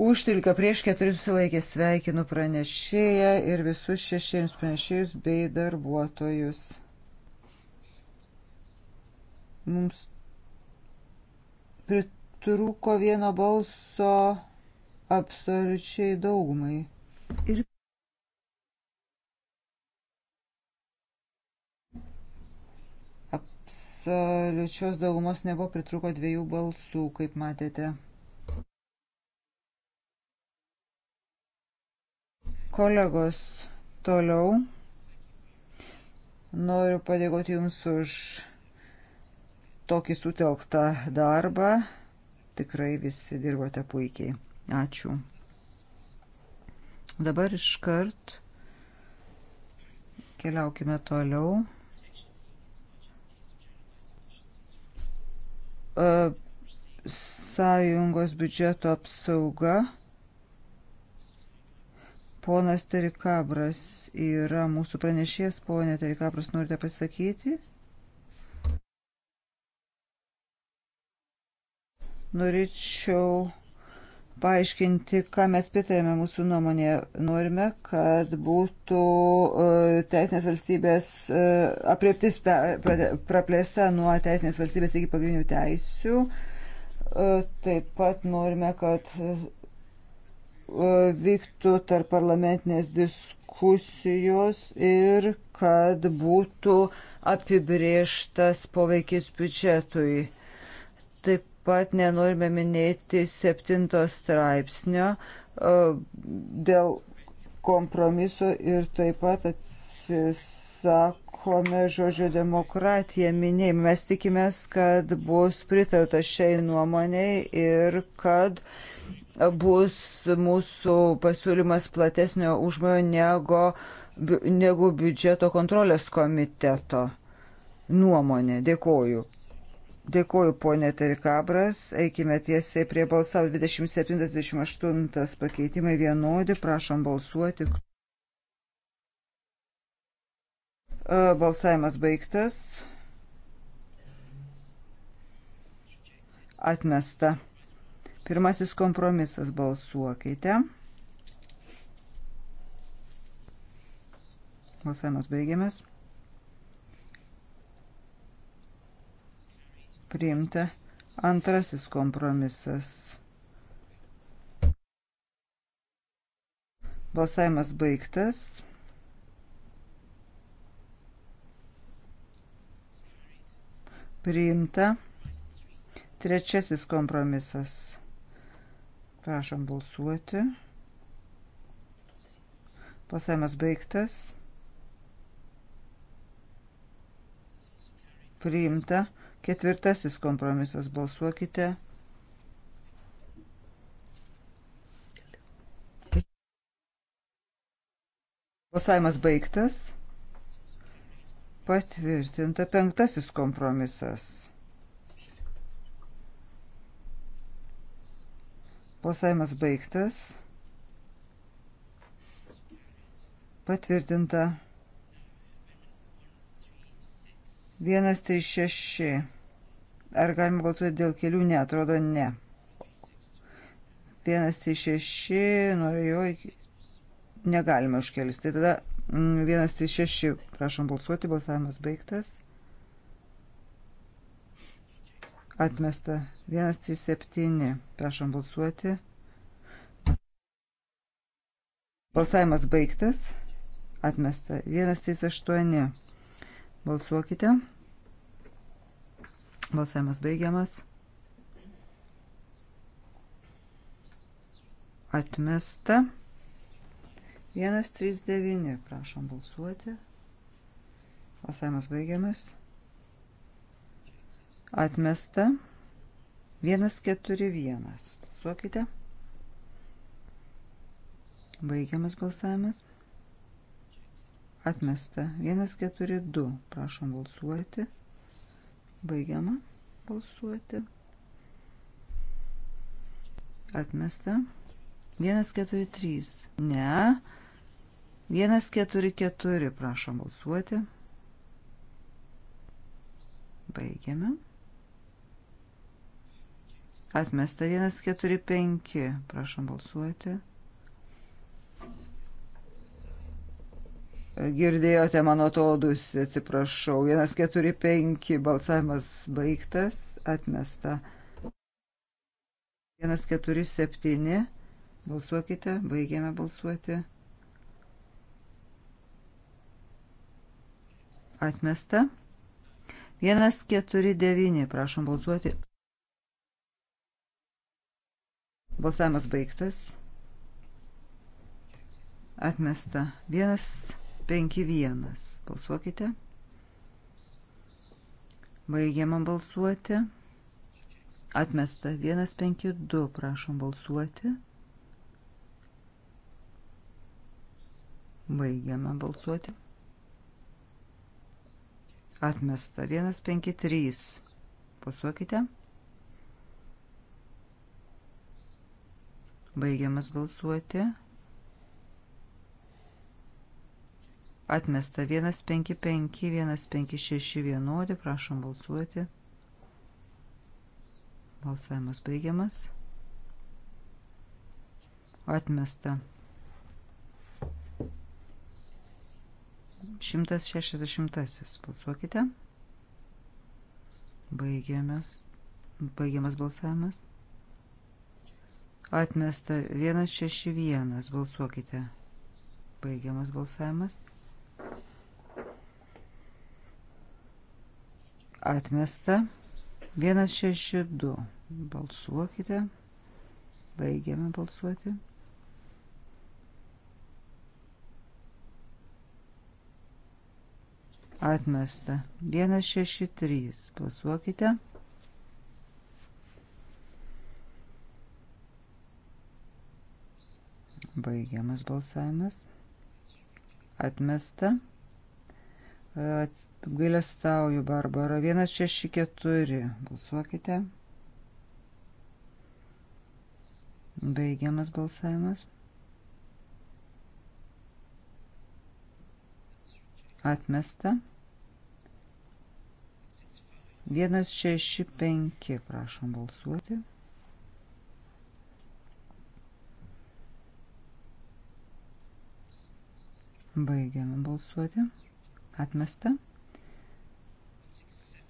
Speaker 3: už 13 prieš 4 susilaikė sveikinu pranešėją ir visus šešėlius pranešėjus bei darbuotojus. Mums pritrūko vieno balso absoliučiai daugumai. Ir absoliučios daugumos nebuvo pritrūko dviejų balsų, kaip matėte. Kolegos, toliau noriu padėkoti Jums už tokį sutelktą darbą. Tikrai visi dirbote puikiai. Ačiū. Dabar iškart keliaukime toliau. E, Sąjungos biudžeto apsauga. Ponas Terikabras yra mūsų pranešėjas. Pone Terikabras, norite pasakyti? Norėčiau paaiškinti, ką mes pritarėme mūsų nuomonėje. Norime, kad būtų e, teisinės valstybės e, apriptis praplėsta nuo teisinės valstybės iki pagrindinių teisių. E, taip pat norime, kad vyktų tarp parlamentinės diskusijos ir kad būtų apibrieštas poveikis biudžetui. Taip pat nenorime minėti septinto straipsnio e, dėl kompromiso ir taip pat atsisakome žodžio demokratiją minėjimą. Mes tikimės, kad bus pritarta šiai nuomoniai ir kad uh, bus mūsų pasiūlymas platesnio užmojo negu, negu biudžeto kontrolės komiteto nuomonė. Dėkoju. Dėkoju, ponė Terikabras. Eikime tiesiai prie balsavo 27-28 pakeitimai vienodi. Prašom balsuoti. E, balsavimas baigtas. Atmesta. Pirmasis kompromisas balsuokite. Balsavimas baigiamas. Priimta antrasis kompromisas. Balsavimas baigtas. Priimta trečiasis kompromisas. Prašom balsuoti. Balsavimas baigtas. Priimta. Ketvirtasis kompromisas. Balsuokite. Balsavimas baigtas. Patvirtinta penktasis kompromisas. Balsavimas baigtas. Patvirtinta. 136. Tai Ar galima balsuoti dėl kelių? Ne, atrodo ne. 136, tai norėjo, negalima už kelis. Mm, tai tada 136, prašom balsuoti, balsavimas baigtas. Atmesta. 137. Prašom balsuoti. Balsavimas baigtas. Atmesta. 138. Balsuokite. Balsavimas baigiamas. Atmesta. 139. Prašom balsuoti. Balsavimas baigiamas. Atmesta. 141. Balsuokite. Baigiamas balsavimas. Atmesta. 142. Prašom balsuoti. Baigiama balsuoti. Atmesta. 143. Ne. 144. Prašom balsuoti. Baigiame. Atmesta 145. Prašom balsuoti. Girdėjote mano todus, atsiprašau. 145 balsavimas baigtas, atmesta. 147 balsuokite, baigėme balsuoti. Atmesta. 149, prašom balsuoti. Balsavimas baigtas. Atmesta. 151. Balsuokite. Baigiama balsuoti. Atmesta. 152. Prašom balsuoti. Baigiama balsuoti. Atmesta. 153. Balsuokite. Baigiamas balsuoti. Atmesta 155, 156 vienodi, prašom balsuoti. Balsavimas baigiamas. Atmesta. 160. Balsuokite. Baigiamas, baigiamas balsavimas. Atmesta 161. Balsuokite. Baigiamas balsavimas. Atmesta 162. Balsuokite. Baigiame balsuoti. Atmesta 163. Balsuokite. Baigiamas balsavimas. Atmesta. Gailestauju, Barbara. 164. Balsuokite. Baigiamas balsavimas. Atmesta. 165. Prašom balsuoti. Baigiame balsuoti. Atmesta.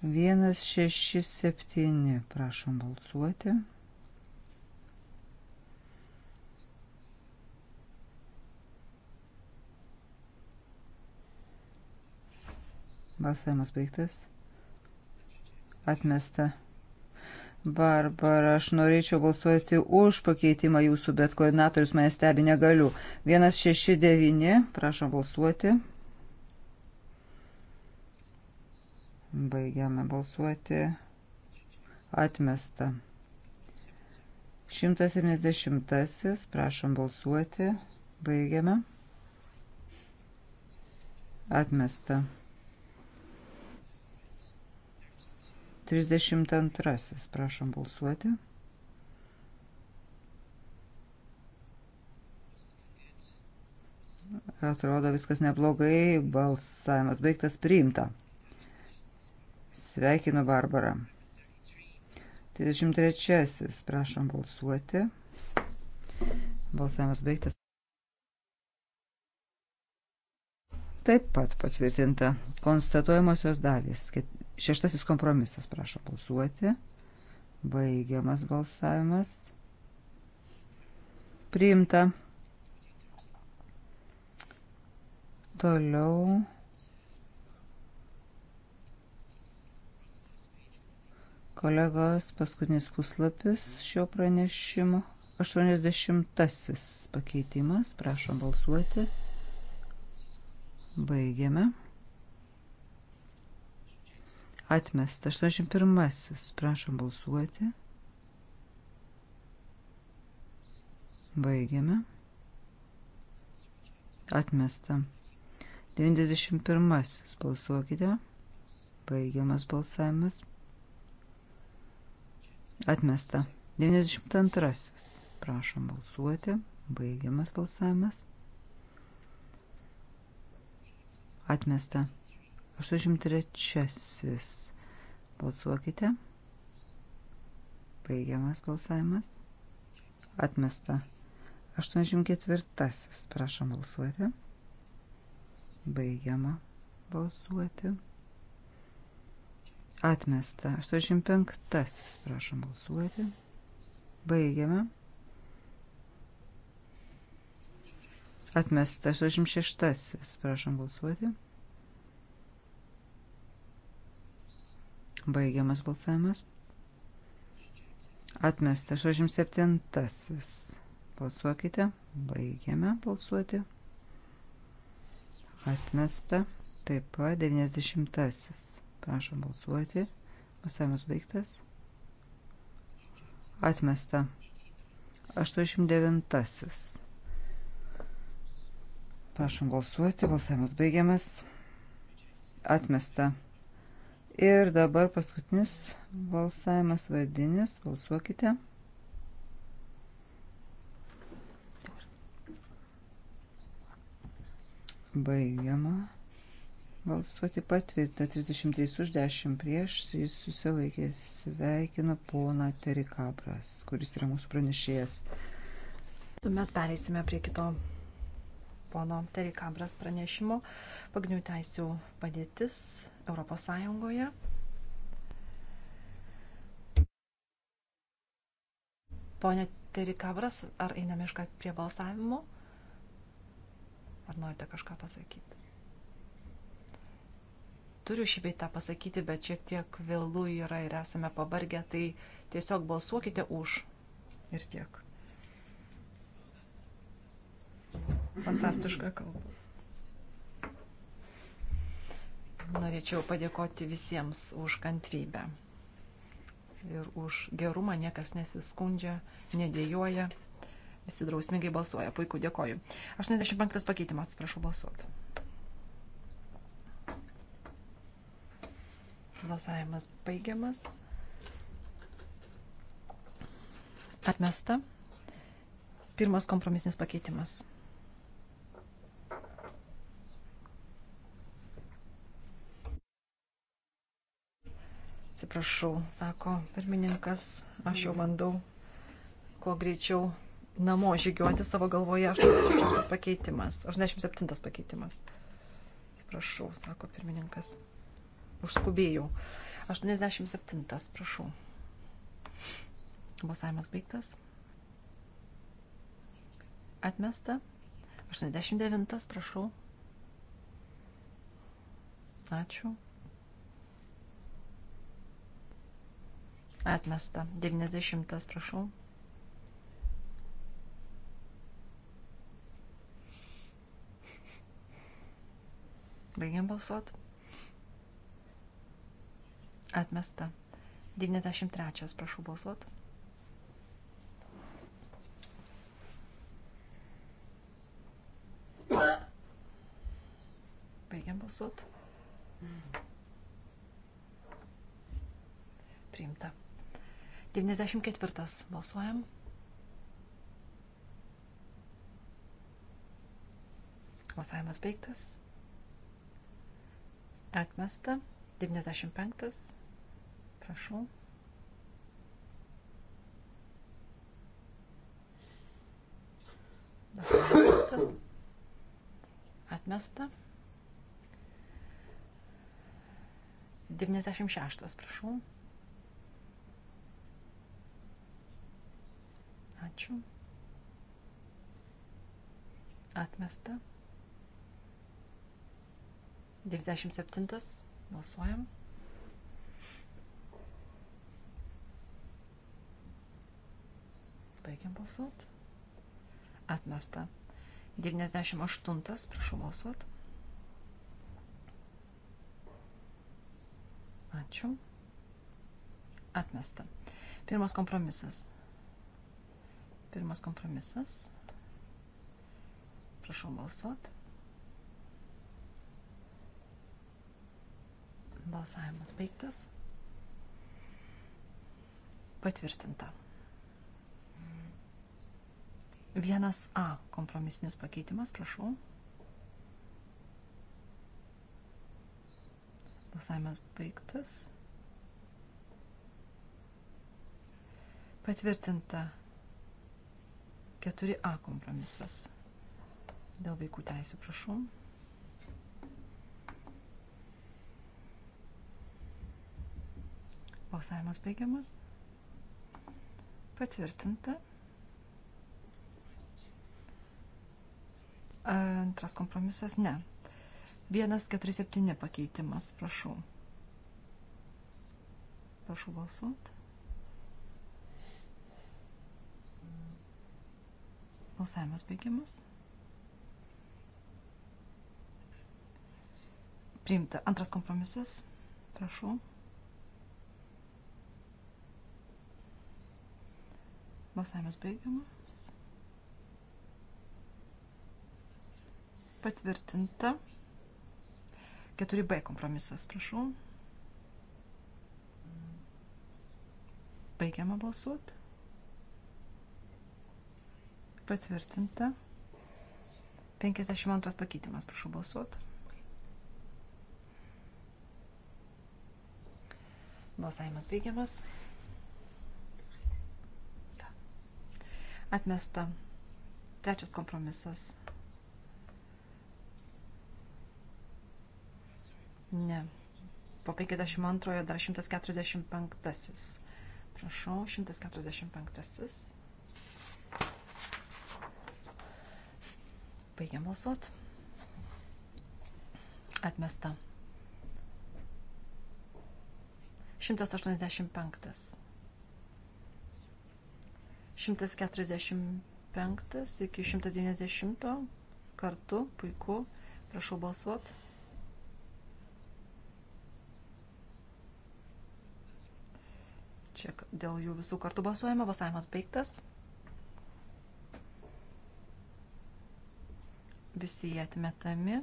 Speaker 3: 167. Prašom balsuoti. Balsavimas baigtas. Atmesta. Barbara, aš norėčiau balsuoti už pakeitimą jūsų, bet koordinatorius mane stebi negaliu. 169, prašom balsuoti. Baigiame balsuoti. Atmesta. 170, prašom balsuoti. Baigiame. Atmesta. 32. Prašom balsuoti. Atrodo viskas neblogai, balsavimas baigtas priimta. Sveikinu Barbarą. 33. Prašom balsuoti. Balsavimas baigtas. Taip pat patvirtinta konstatuojamosios dalys. Šeštasis kompromisas, prašom balsuoti. Baigiamas balsavimas. Priimta. Toliau. Kolegos, paskutinis puslapis šio pranešimo. 80 pakeitimas. Prašom balsuoti. Baigiame. Atmesta. 81. Prašom balsuoti. Baigiame. Atmesta. 91. Balsuokite. Baigiamas balsavimas. Atmesta. 92. Prašom balsuoti. Baigiamas balsavimas. Atmesta. 83. Balsuokite. Baigiamas balsavimas. Atmesta. 84. Prašom balsuoti. Baigiama balsuoti. Atmesta. 85. Prašom balsuoti. Baigiame. Atmesta. 86. Prašom balsuoti. Baigiamas balsavimas. Atmesta 67. Balsuokite. Baigiame balsuoti. Atmesta. Taip pat 90. Prašom balsuoti. Balsavimas baigtas. Atmesta. 89. Prašom balsuoti. Balsavimas baigiamas. Atmesta. Ir dabar paskutinis balsavimas vardinis. Balsuokite. Baigiama. Balsuoti patvirtina 33 už 10 prieš, jis susilaikė sveikino poną Terikabras, kuris yra mūsų pranešėjas.
Speaker 4: Tuomet pereisime prie kito pono Terikabras pranešimo pagrindinių teisių padėtis ES. Pone Terikabras, ar einame iš karto prie balsavimo? Ar norite kažką pasakyti? Turiu šį beitą pasakyti, bet šiek tiek vėlų yra ir esame pavargę, tai tiesiog balsuokite už ir tiek. fantastišką kalbą. Norėčiau padėkoti visiems už kantrybę ir už gerumą. Niekas nesiskundžia, nedėjoja, visi drausmingai balsuoja. Puiku, dėkoju. 85 pakeitimas, prašau balsuoti. Balsavimas baigiamas. Atmesta. Pirmas kompromisinis pakeitimas. Atsiprašau, sako pirmininkas, aš jau bandau kuo greičiau namo žygiuoti savo galvoje. 83 pakeitimas, 87 pakeitimas. Atsiprašau, sako pirmininkas. Užskubėjau. 87, prašau. Balsavimas baigtas. Atmesta. 89, prašau. Ačiū. Atmesta. 90, prašau. Baigiam balsuot. Atmesta. 93, prašau balsuot. Baigiam balsuot. Priimta. 94 balsuojam. Balsavimas baigtas. Atmesta. 95. Prašau. Baigtas. Atmesta. 96. Prašau. Ačiū. Atmesta. 97. Balsuojam. Baigiam balsuot. Atmesta. 98. Prašau balsuot. Ačiū. Atmesta. Pirmas kompromisas. Pirmas kompromisas. Prašau balsuot. Balsavimas baigtas. Patvirtinta. Vienas A kompromisinis pakeitimas, prašau. Balsavimas baigtas. Patvirtinta 4A kompromisas. Dėl vaikų teisų prašau. Balsavimas baigiamas. Patvirtinta. Antras kompromisas ne. 147 pakeitimas, prašau. Prašau balsuoti. Balsavimas baigiamas. Priimta. Antras kompromisas. Prašau. Balsavimas baigiamas. Patvirtinta. 4B kompromisas, prašau. Baigiama balsuoti. Patvirtinta. 52 pakeitimas, prašau balsuoti. Balsavimas baigiamas. Atmesta. Trečias kompromisas. Ne. Po 52 dar 145. Prašau, 145. Baigiam balsuot. Atmesta. 185. 145 iki 190 kartu, puiku, prašau balsuot. Čia dėl jų visų kartų balsuojama, balsavimas baigtas. visi jie atmetami.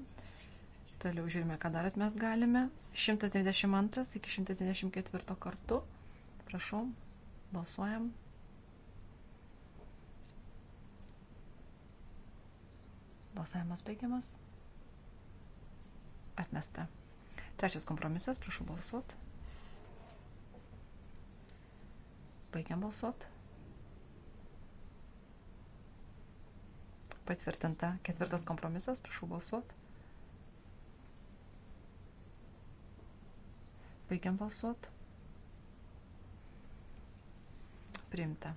Speaker 4: Toliau žiūrime, ką dar mes galime. 192 iki 194 kartų. Prašau, balsuojam. Balsavimas baigiamas. Atmesta. Trečias kompromisas, prašau balsuot. Baigiam balsuot. Patvirtinta. Ketvirtas kompromisas. Prašau balsuoti. Baigiam balsuoti. Priimta.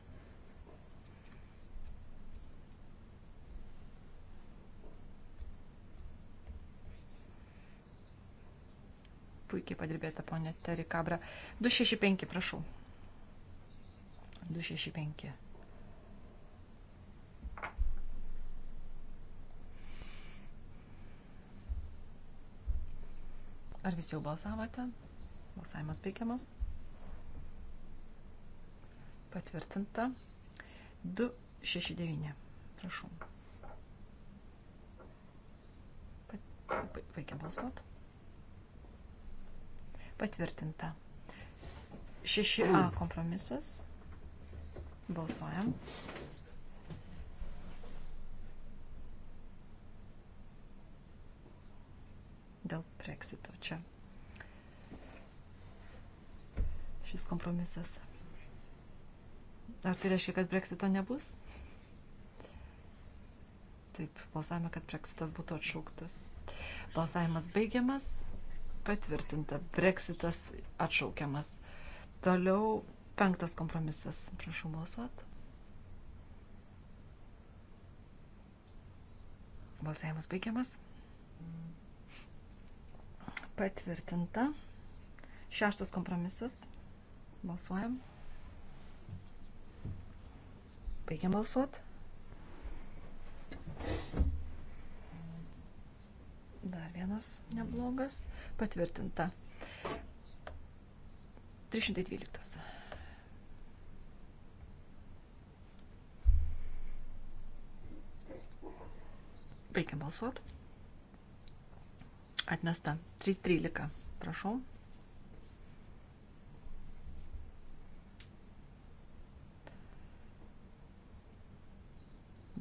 Speaker 4: puikiai padirbėta, ponė Terikabra. 265, prašau. 265. Ar visi jau balsavote? Balsavimas baigiamas. Patvirtinta. 269. Prašau. Baigia balsuot. Patvirtinta. 6A kompromisas. Balsuojam. Balsuojam. Brexito čia. Šis kompromisas. Ar tai reiškia, kad Brexito nebus? Taip, balsavime, kad Brexitas būtų atšauktas. Balsavimas baigiamas, patvirtinta, Brexitas atšaukiamas. Toliau penktas kompromisas. Prašau balsuoti. Balsavimas baigiamas. Mm. Patvirtinta. Šeštas kompromisas. Balsuojam. Baigiam balsuot. Dar vienas neblogas. Patvirtinta. 312. Baigiam balsuot. Atmesta. 3.13. Prašau.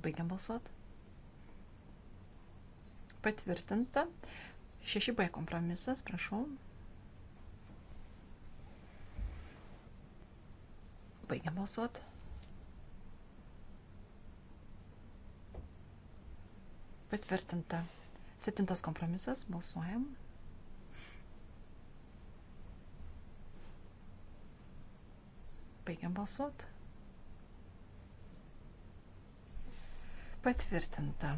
Speaker 4: Baigiam balsuoti. Patvirtinta. 6b kompromisas, prašau. Baigiam balsuoti. Patvirtinta. Septintas kompromisas. Balsuojam. Baigiam balsuot. Patvirtinta.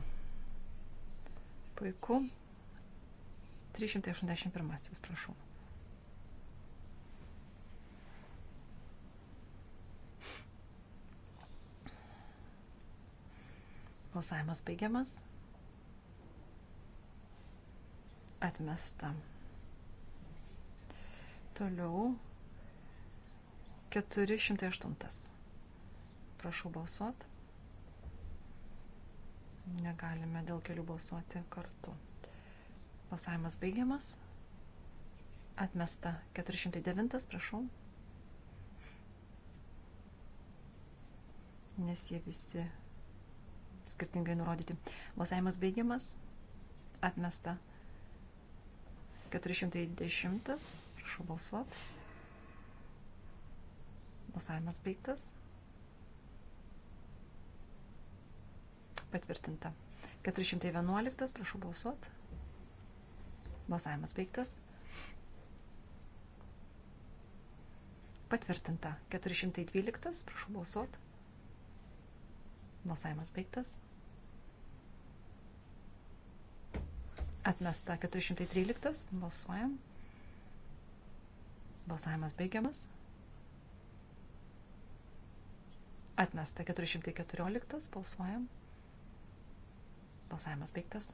Speaker 4: Puiku. 381, prašau. Balsavimas baigiamas. Atmesta. Toliau 408. Prašau balsuoti. Negalime dėl kelių balsuoti kartu. Balsavimas baigiamas. Atmesta 409, prašau. Nes jie visi skirtingai nurodyti. Balsavimas baigiamas. Atmesta 409. 410. Prašau balsuoti. Balsavimas baigtas. Patvirtinta. 411. Prašau balsuoti. Balsavimas baigtas. Patvirtinta. 412. Prašau balsuoti. Balsavimas baigtas. Atmesta 413. Balsuojam. Balsavimas baigiamas. Atmesta 414. Balsuojam. Balsavimas baigtas.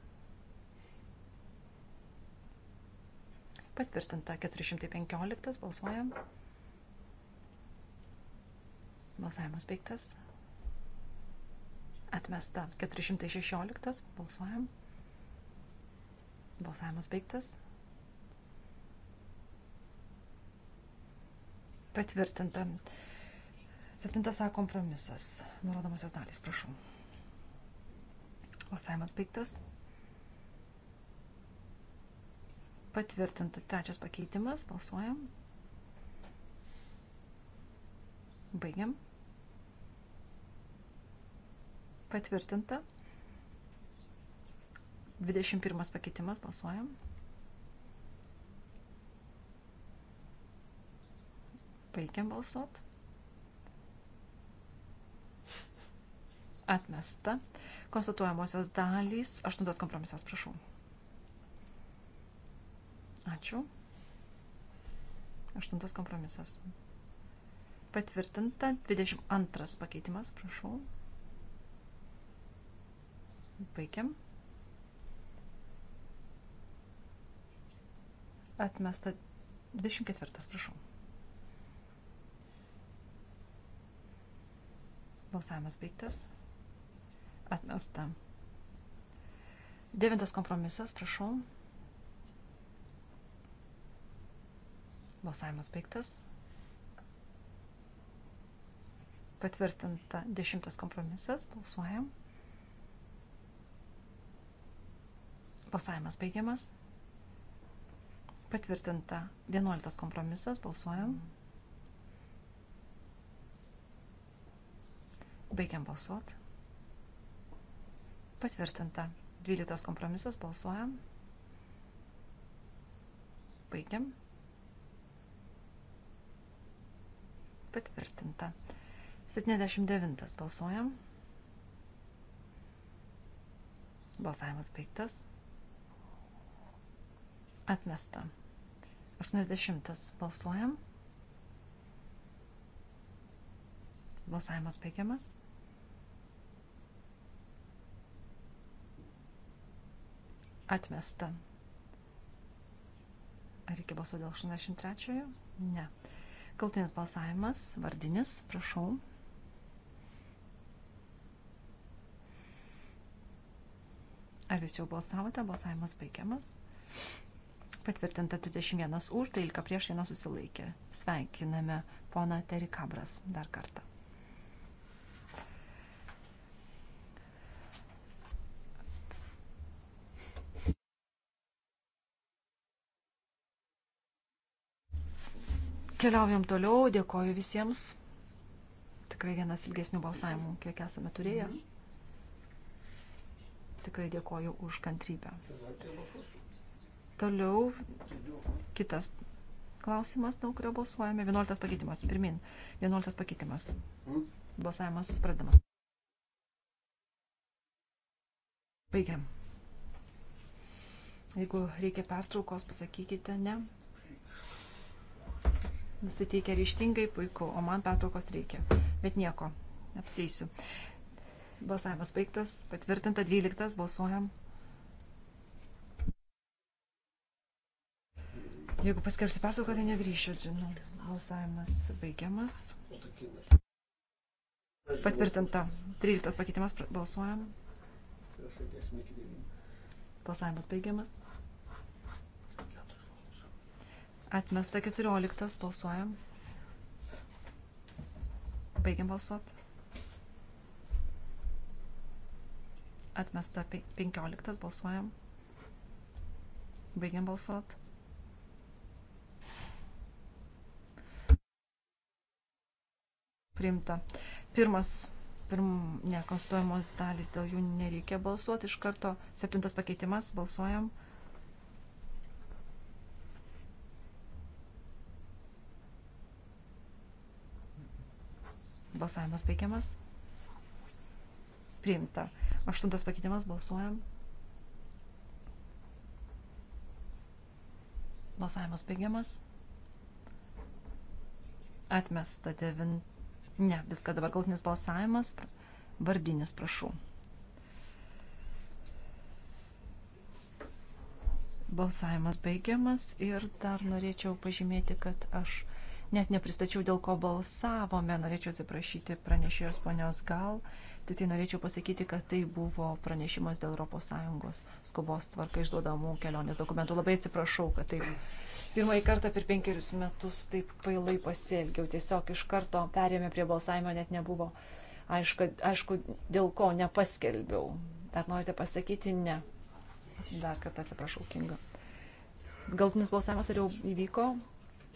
Speaker 4: Patvirtinta 415. Balsuojam. Balsavimas baigtas. Atmesta 416. Balsuojam. Balsavimas baigtas. Patvirtinta. Septintas A kompromisas. Nurodomosios dalys, prašau. Balsavimas baigtas. Patvirtinta. Trečias pakeitimas. Balsuojam. Baigiam. Patvirtinta. Patvirtinta. 21 pakeitimas, balsuojam. Baigiam balsuot. Atmesta. Konstatuojamosios dalys. Aštuntas kompromisas, prašau. Ačiū. Aštuntas kompromisas. Patvirtinta. 22 pakeitimas, prašau. Baigiam. Baigiam. Atmesta 24, prašau. Balsavimas baigtas. Atmesta. Devintas kompromisas, prašau. Balsavimas baigtas. Patvirtinta dešimtas kompromisas. Balsuojam. Balsavimas baigiamas. Patvirtinta. 11 kompromisas. Balsuojam. Baigiam balsuot. Patvirtinta. 12 kompromisas. Balsuojam. Baigiam. Patvirtinta. 79 balsuojam. Balsavimas baigtas. Atmesta. 80 balsuojam. Balsavimas baigiamas. Atmesta. Ar reikia balsuoti dėl 83? Ne. Kaltinis balsavimas, vardinis, prašau. Ar visi jau balsavote? Balsavimas baigiamas. Patvirtinta 31 už, 13 prieš, 1 susilaikė. Sveikiname poną Terikabras dar kartą. Keliaujam toliau, dėkoju visiems. Tikrai vienas ilgesnių balsavimų, kiek esame turėję. Tikrai dėkoju už kantrybę. Toliau kitas klausimas, dėl kurio balsuojame. 11 pakeitimas. Pirmin. 11 pakeitimas. Balsavimas pradedamas. Baigiam. Jeigu reikia pertraukos, pasakykite ne. Nusiteikia ryštingai, puiku, o man pertraukos reikia. Bet nieko, apsteisiu. Balsavimas baigtas, patvirtinta 12, balsuojam Jeigu paskelbsiu pertrauką, tai negrįšiu, žinau. Balsavimas baigiamas. Patvirtinta. 13 pakeitimas balsuojam. Balsavimas baigiamas. Atmesta 14, balsuojam. Baigiam balsuoti. Atmesta 15, balsuojam. Baigiam balsuoti. primta. Pirmas, pirm, ne, konstituojamos dalys, dėl jų nereikia balsuoti iš karto. Septintas pakeitimas, balsuojam. Balsavimas baigiamas. Priimta. Aštuntas pakeitimas, balsuojam. Balsavimas baigiamas. Atmesta devinta Ne, viskas dabar gautinis balsavimas. Vardinis, prašau. Balsavimas baigiamas ir dar norėčiau pažymėti, kad aš net nepristačiau, dėl ko balsavome. Norėčiau atsiprašyti pranešėjos ponios gal. Uh, Tai tai norėčiau pasakyti, kad tai buvo pranešimas dėl ES skubos tvarka išduodamų kelionės dokumentų. Labai atsiprašau, kad taip. Pirmąjį kartą per penkerius metus taip pailai pasielgiau. Tiesiog iš karto perėmė prie balsavimo, net nebuvo aišku, aišku dėl ko nepaskelbiau. Dar norite pasakyti? Ne. Dar kartą atsiprašau, Kinga. Galtinis balsavimas ar jau įvyko?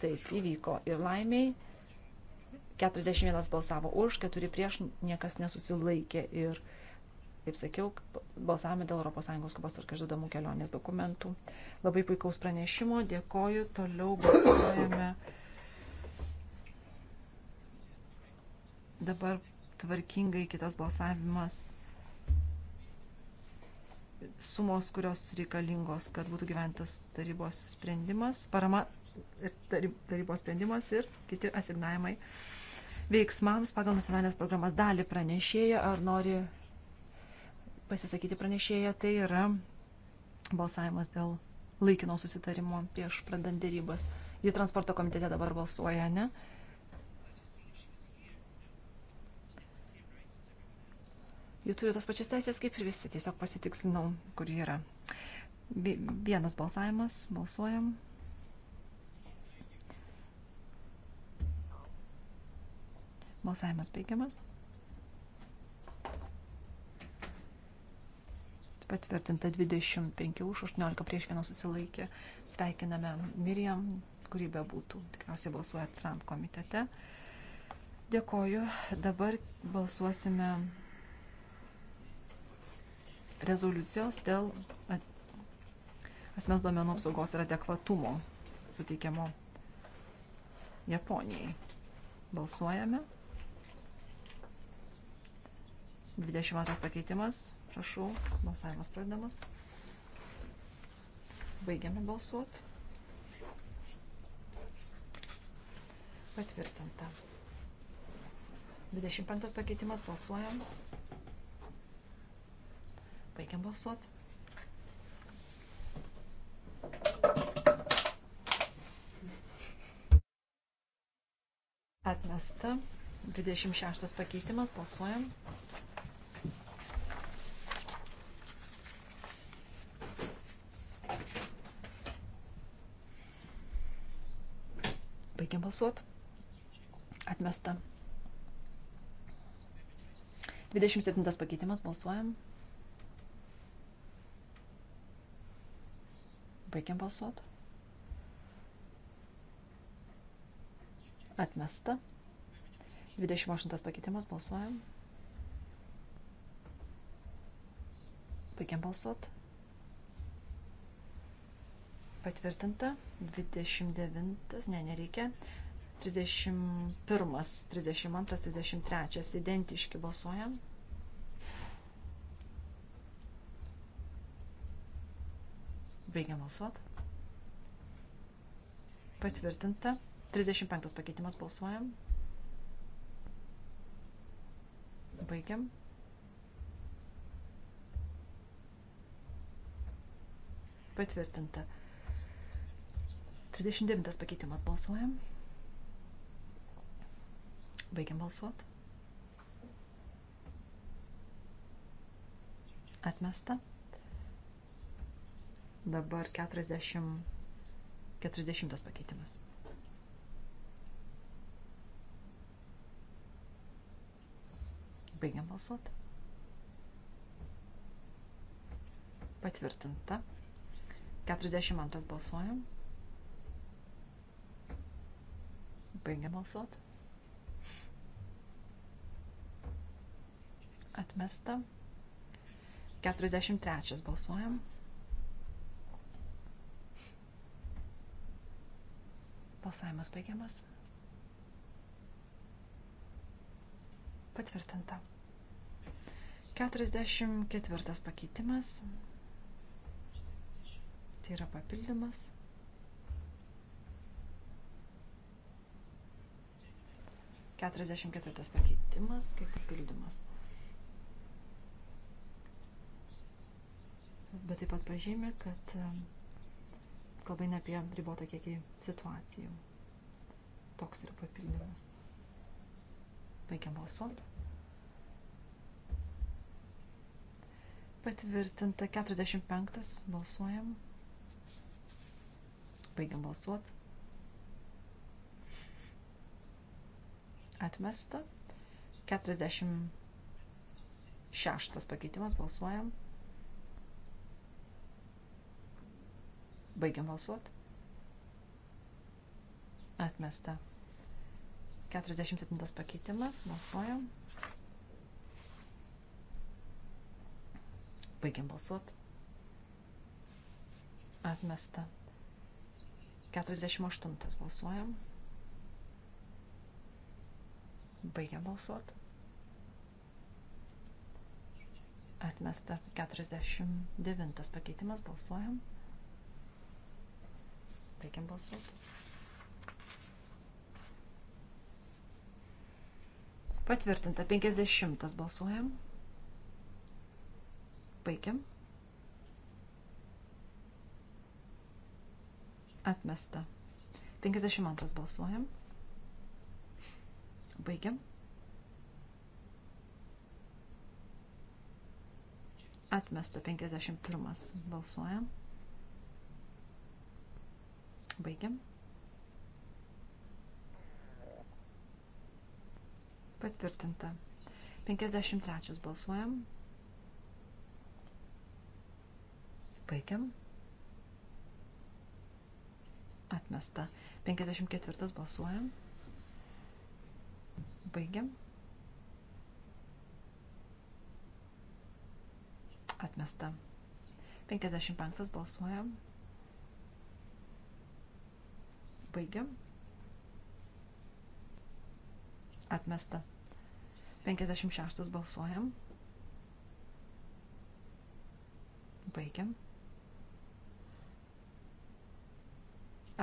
Speaker 4: Taip, įvyko. Ir laimiai 41 balsavo už, 4 prieš, niekas nesusilaikė ir, kaip sakiau, balsavome dėl ES skubos ar každodamų kelionės dokumentų. Labai puikaus pranešimo, dėkoju, toliau balsuojame. Dabar tvarkingai kitas balsavimas sumos, kurios reikalingos, kad būtų gyventas tarybos sprendimas, parama tarybos sprendimas ir kiti asignavimai veiksmams pagal nacionalinės programas dalį pranešėja, ar nori pasisakyti pranešėja, tai yra balsavimas dėl laikino susitarimo prieš pradant dėrybas. Ji transporto komitete dabar balsuoja, ne? Ji turi tas pačias teisės kaip ir visi, tiesiog pasitikslinau, kur ji yra. Vienas balsavimas, balsuojam. Balsavimas baigiamas. Patvirtinta 25 už 18 prieš vieną susilaikė. Sveikiname Miriam, kurį be būtų. Tikriausiai balsuoja Trump komitete. Dėkoju. Dabar balsuosime rezoliucijos dėl asmens duomenų apsaugos ir adekvatumo suteikiamo Japonijai. Balsuojame. 22 pakeitimas. Prašau, balsavimas pradedamas. Baigiame balsuoti. Patvirtinta. 25 pakeitimas balsuojam. Baigiam balsuoti. Atmesta. 26 pakeitimas balsuojam. balsuot. Atmesta. 27 pakeitimas, balsuojam. Baigiam balsuot. Atmesta. 28 pakeitimas, balsuojam. Baigiam balsuot. Patvirtinta. 29. Ne, nereikia. 31, 32, 33 identiški balsuojam. Baigiam balsuot. Patvirtinta. 35 pakeitimas balsuojam. Baigiam. Patvirtinta. 39 pakeitimas balsuojam. Baigiam balsuoti. Atmesta. Dabar 40, 40 pakeitimas. Baigiam balsuoti. Patvirtinta. 42 balsuojam. Baigiam balsuoti. Atmesta. 43 balsuojam. Balsavimas baigiamas. Patvirtinta. 44 pakeitimas. Tai yra papildymas. Keturiasdešimt ketvirtas pakeitimas kaip papildymas. bet taip pat pažymė, kad kalba eina apie ribotą kiekį situacijų. Toks yra papildymas. Baigiam balsuoti. Patvirtinta 45. Balsuojam. Baigiam balsuoti. Atmesta. 46 pakeitimas. Balsuojam. Baigiam balsuoti. Atmesta. 47 pakeitimas. Balsuojam. Baigiam balsuoti. Atmesta. 48 balsuojam. Baigiam balsuoti. Atmesta. 49 pakeitimas. Balsuojam. Baigiam balsuoti. Patvirtinta 50 balsuojam. Baigiam. Atmesta. 52 balsuojam. Baigiam. Atmesta 51 balsuojam. Baigiam. Patvirtinta. 53 balsuojam. Baigiam. Atmesta. 54 balsuojam. Baigiam. Atmesta. 55 balsuojam. Baigiam. Atmesta. 56 balsuojam. Baigiam.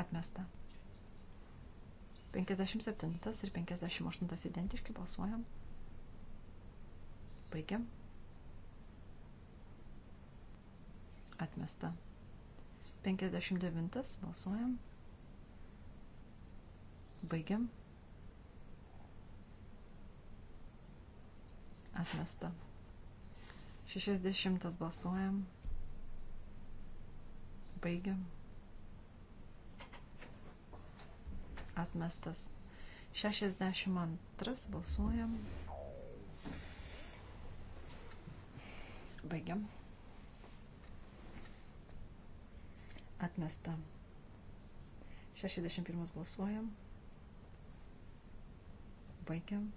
Speaker 4: Atmesta. 57 ir 58 identiški balsuojam. Baigiam. Atmesta. 59 balsuojam. Baigiam. Atmesta. 60 balsuojam. Baigiam. Atmestas. 62 balsuojam. Baigiam. Atmesta. 61 balsuojam. Baigiam.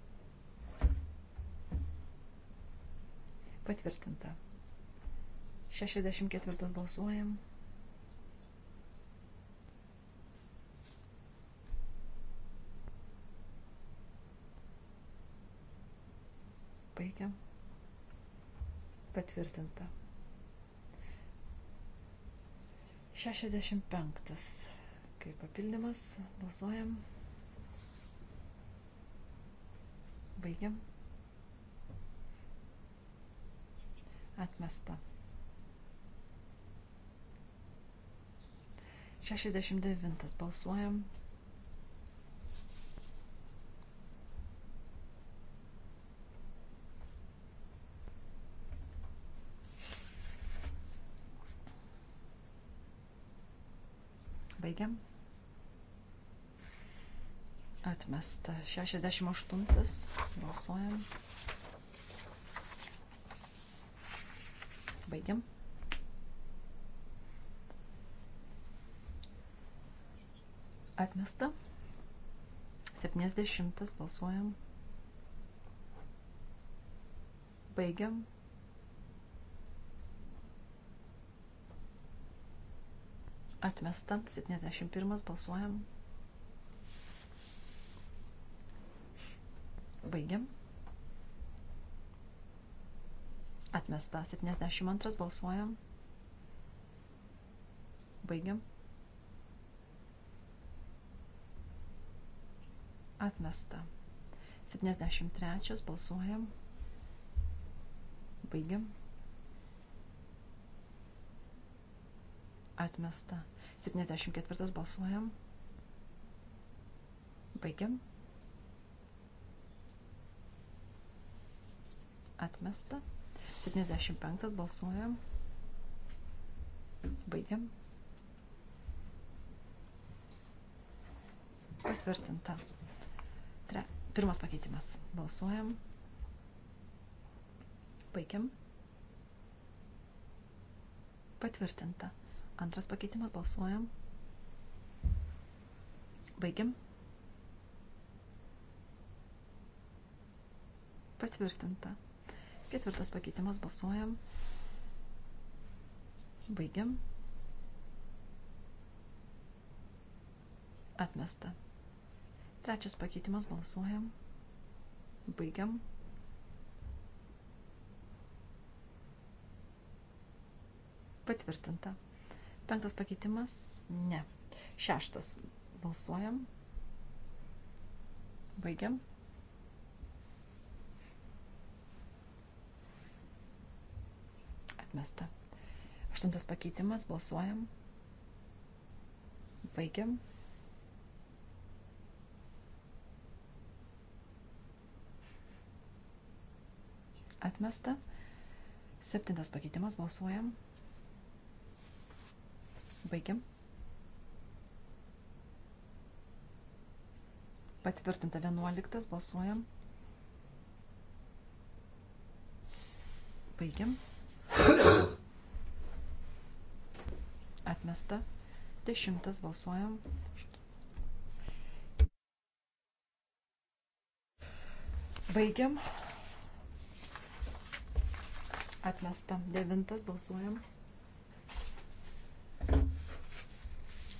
Speaker 4: Patvirtinta. 64 balsuojam. Baigiam. Patvirtinta. 65. Kaip papildymas, balsuojam. Baigiam. Atmesta. 69 balsuojam. Baigiam. Atmesta. 68. Balsuojam. Baigiam. Atmesta. 70. Balsuojam. Baigiam. Atmesta. 71. Balsuojam. Baigiam. Atmesta 72 balsuojam. Baigiam. Atmesta. 73 balsuojam. Baigiam. Atmesta. 74 balsuojam. Baigiam. atmesta. 75 balsuojam. Baigiam. Patvirtinta. Tre. Pirmas pakeitimas. Balsuojam. Baigiam. Patvirtinta. Antras pakeitimas. Balsuojam. Baigiam. Patvirtinta. Ketvirtas pakeitimas balsuojam. Baigiam. Atmesta. Trečias pakeitimas balsuojam. Baigiam. Patvirtinta. Penktas pakeitimas? Ne. Šeštas. Balsuojam. Baigiam. atmesta. Aštuntas pakeitimas, balsuojam. Baigiam. Atmesta. Septintas pakeitimas, balsuojam. Baigiam. Patvirtinta 11, balsuojam. Baigiam. atmesta. Dešimtas balsuojam. Baigiam. Atmesta. Devintas balsuojam.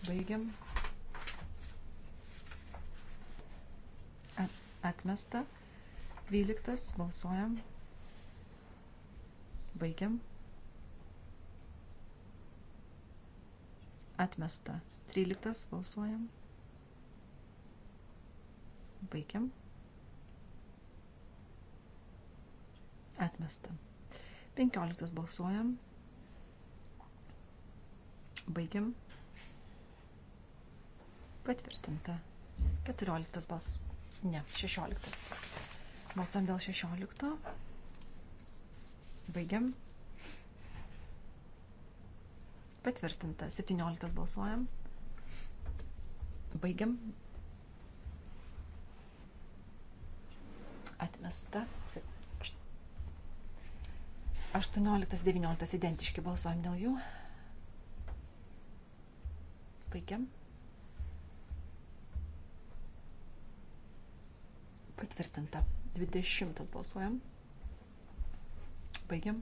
Speaker 4: Baigiam. Atmesta. Dvyliktas balsuojam. Baigiam. Atmesta. 13 balsuojam. Baigiam. Atmesta. 15 balsuojam. Baigiam. Patvirtinta. 14 balsuojam. Ne, 16. Balsuojam dėl 16. Baigiam. Patvirtinta. 17 balsuojam. Baigiam. Atmesta. 18-19 identiški balsuojam dėl jų. Baigiam. Patvirtinta. 20 balsuojam. Baigiam.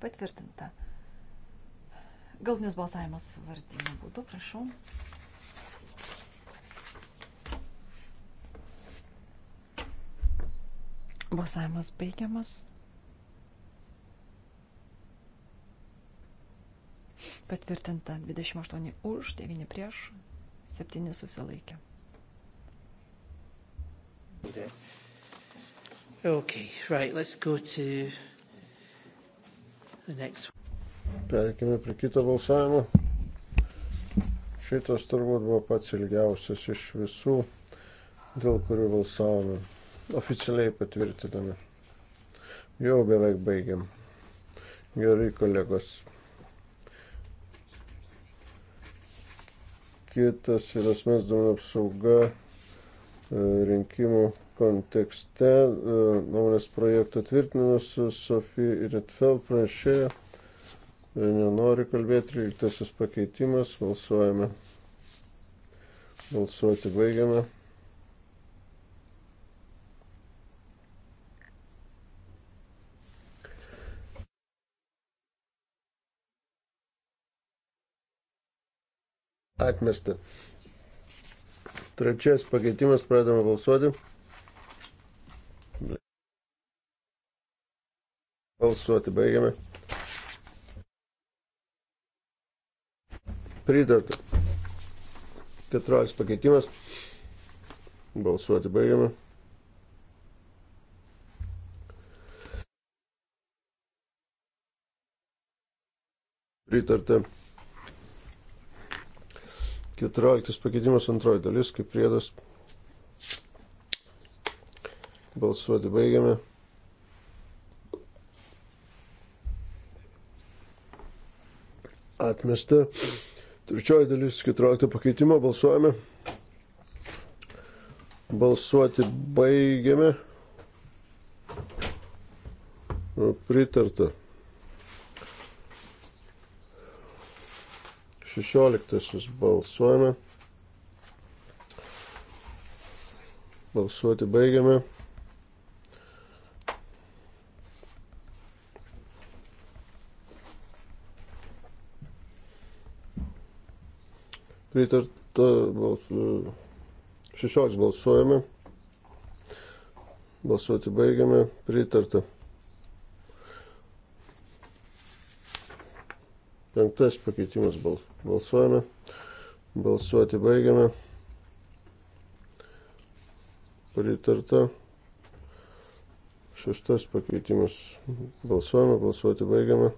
Speaker 4: Patvirtinta. Galtinis balsavimas vardiniu būdu, prašau. Balsavimas baigiamas. Patvirtinta 28 už, 9 prieš, 7 susilaikė.
Speaker 1: Okay, right, let's go to Next...
Speaker 2: Perkime prie kito balsavimo. Šitas turbūt buvo pats ilgiausias iš visų, dėl kurių balsavome. Oficialiai patvirtiname. Jau beveik baigiam. Gerai, kolegos. Kitas yra asmens duomenų apsauga E, rinkimų kontekste e, nuomonės projektų tvirtinimas Sofija ir Etfel pranešėjo. Nenori kalbėti, 13 pakeitimas, balsuojame. Balsuoti baigiame. Atmesta. Trečias pakeitimas, pradame balsuoti. Balsuoti baigiame. Pritarta. 14 pakeitimas. Balsuoti baigiame. Pritarta. 14 pakeitimas antroji dalis, kaip priedas. Balsuoti baigiame. Atmesta. Trečioji dalis 14 pakeitimo balsuojame. Balsuoti baigiame. Pritarta. 16 balsuojame. Balsuoti baigiame. Pritarta balsu. 16 balsuojame. Balsuoti baigiame. Pritarta. Penktas pakeitimas balsuojame. Balsuoti baigiame. Pritarta. Šeštas pakeitimas balsuojame. Balsuoti baigiame.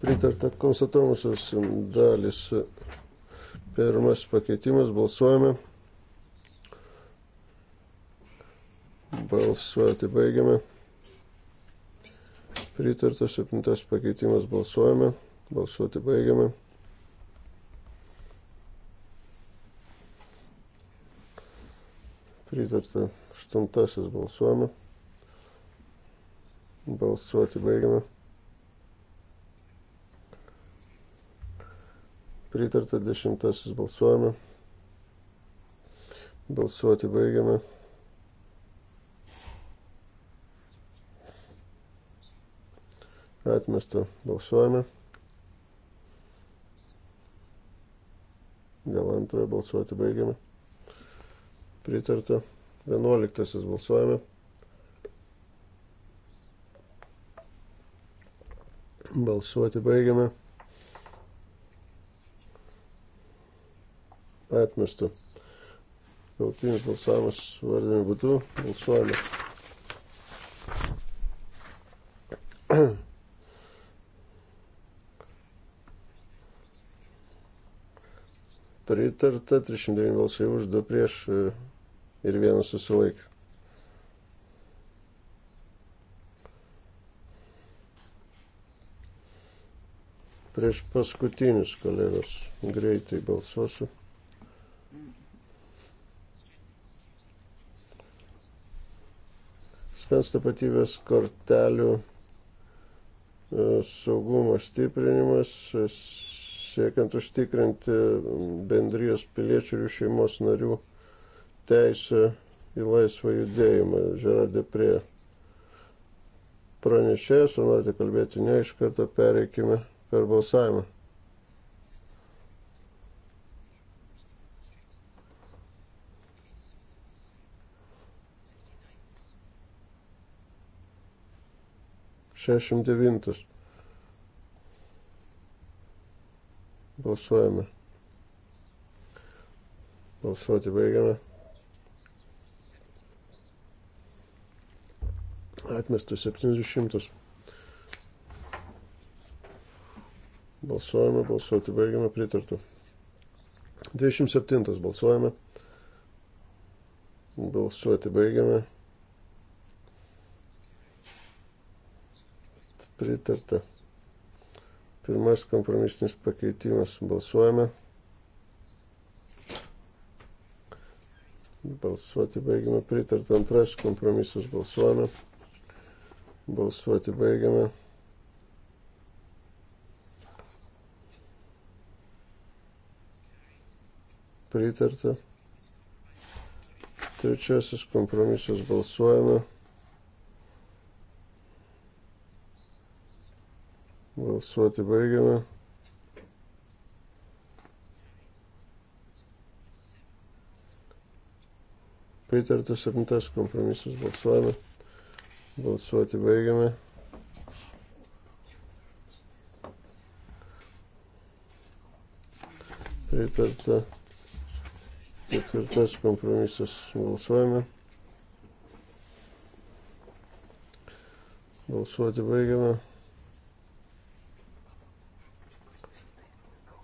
Speaker 2: Pritarta konstatuomusios dalis. Pirmas pakeitimas balsuojame. Balsuoti baigiame. Pritartas septintas pakeitimas balsuojame. Balsuoti baigiame. Pritarta aštuntasis balsuojame. Balsuoti baigiame. Pritarta dešimtasis balsuojame. Balsuoti baigiame. Atmesta. Balsuojame. Dėl antrojo balsuoti baigiame. Pritarta. Vienuoliktasis balsuojame. Balsuoti baigiame. Atmesta. Galtinis balsavimas vardiniu būdu. Balsuojame. Pritarta 309 balsai už, 2 prieš e, ir 1 susilaikė. Prieš paskutinius kolegos greitai balsuosiu. Spens tapatybės kortelių e, saugumo stiprinimas siekiant užtikrinti bendrijos piliečių ir jų šeimos narių teisę į laisvą judėjimą. Žeradė prie pranešėjas, ar norite kalbėti ne iš karto, pereikime per balsavimą. Šešim devintas. Balsuojame. Balsuoti baigiame. Atmestas 700. Balsuojame, balsuoti baigiame, pritarta. 27 balsuojame. Balsuoti baigiame. Pritarta. Pirmas kompromisinis pakeitimas. Balsuojame. Balsuoti baigiame. Pritarta antras kompromisas. Balsuojame. Balsuoti baigiame. Pritarta. Trečiasis kompromisas. Balsuojame. Balsuoti baigiame. Pritartas septintas kompromisas balsuojame. Balsuoti baigiame. Pritarta ketvirtas kompromisas balsuojame. Balsuoti baigiame.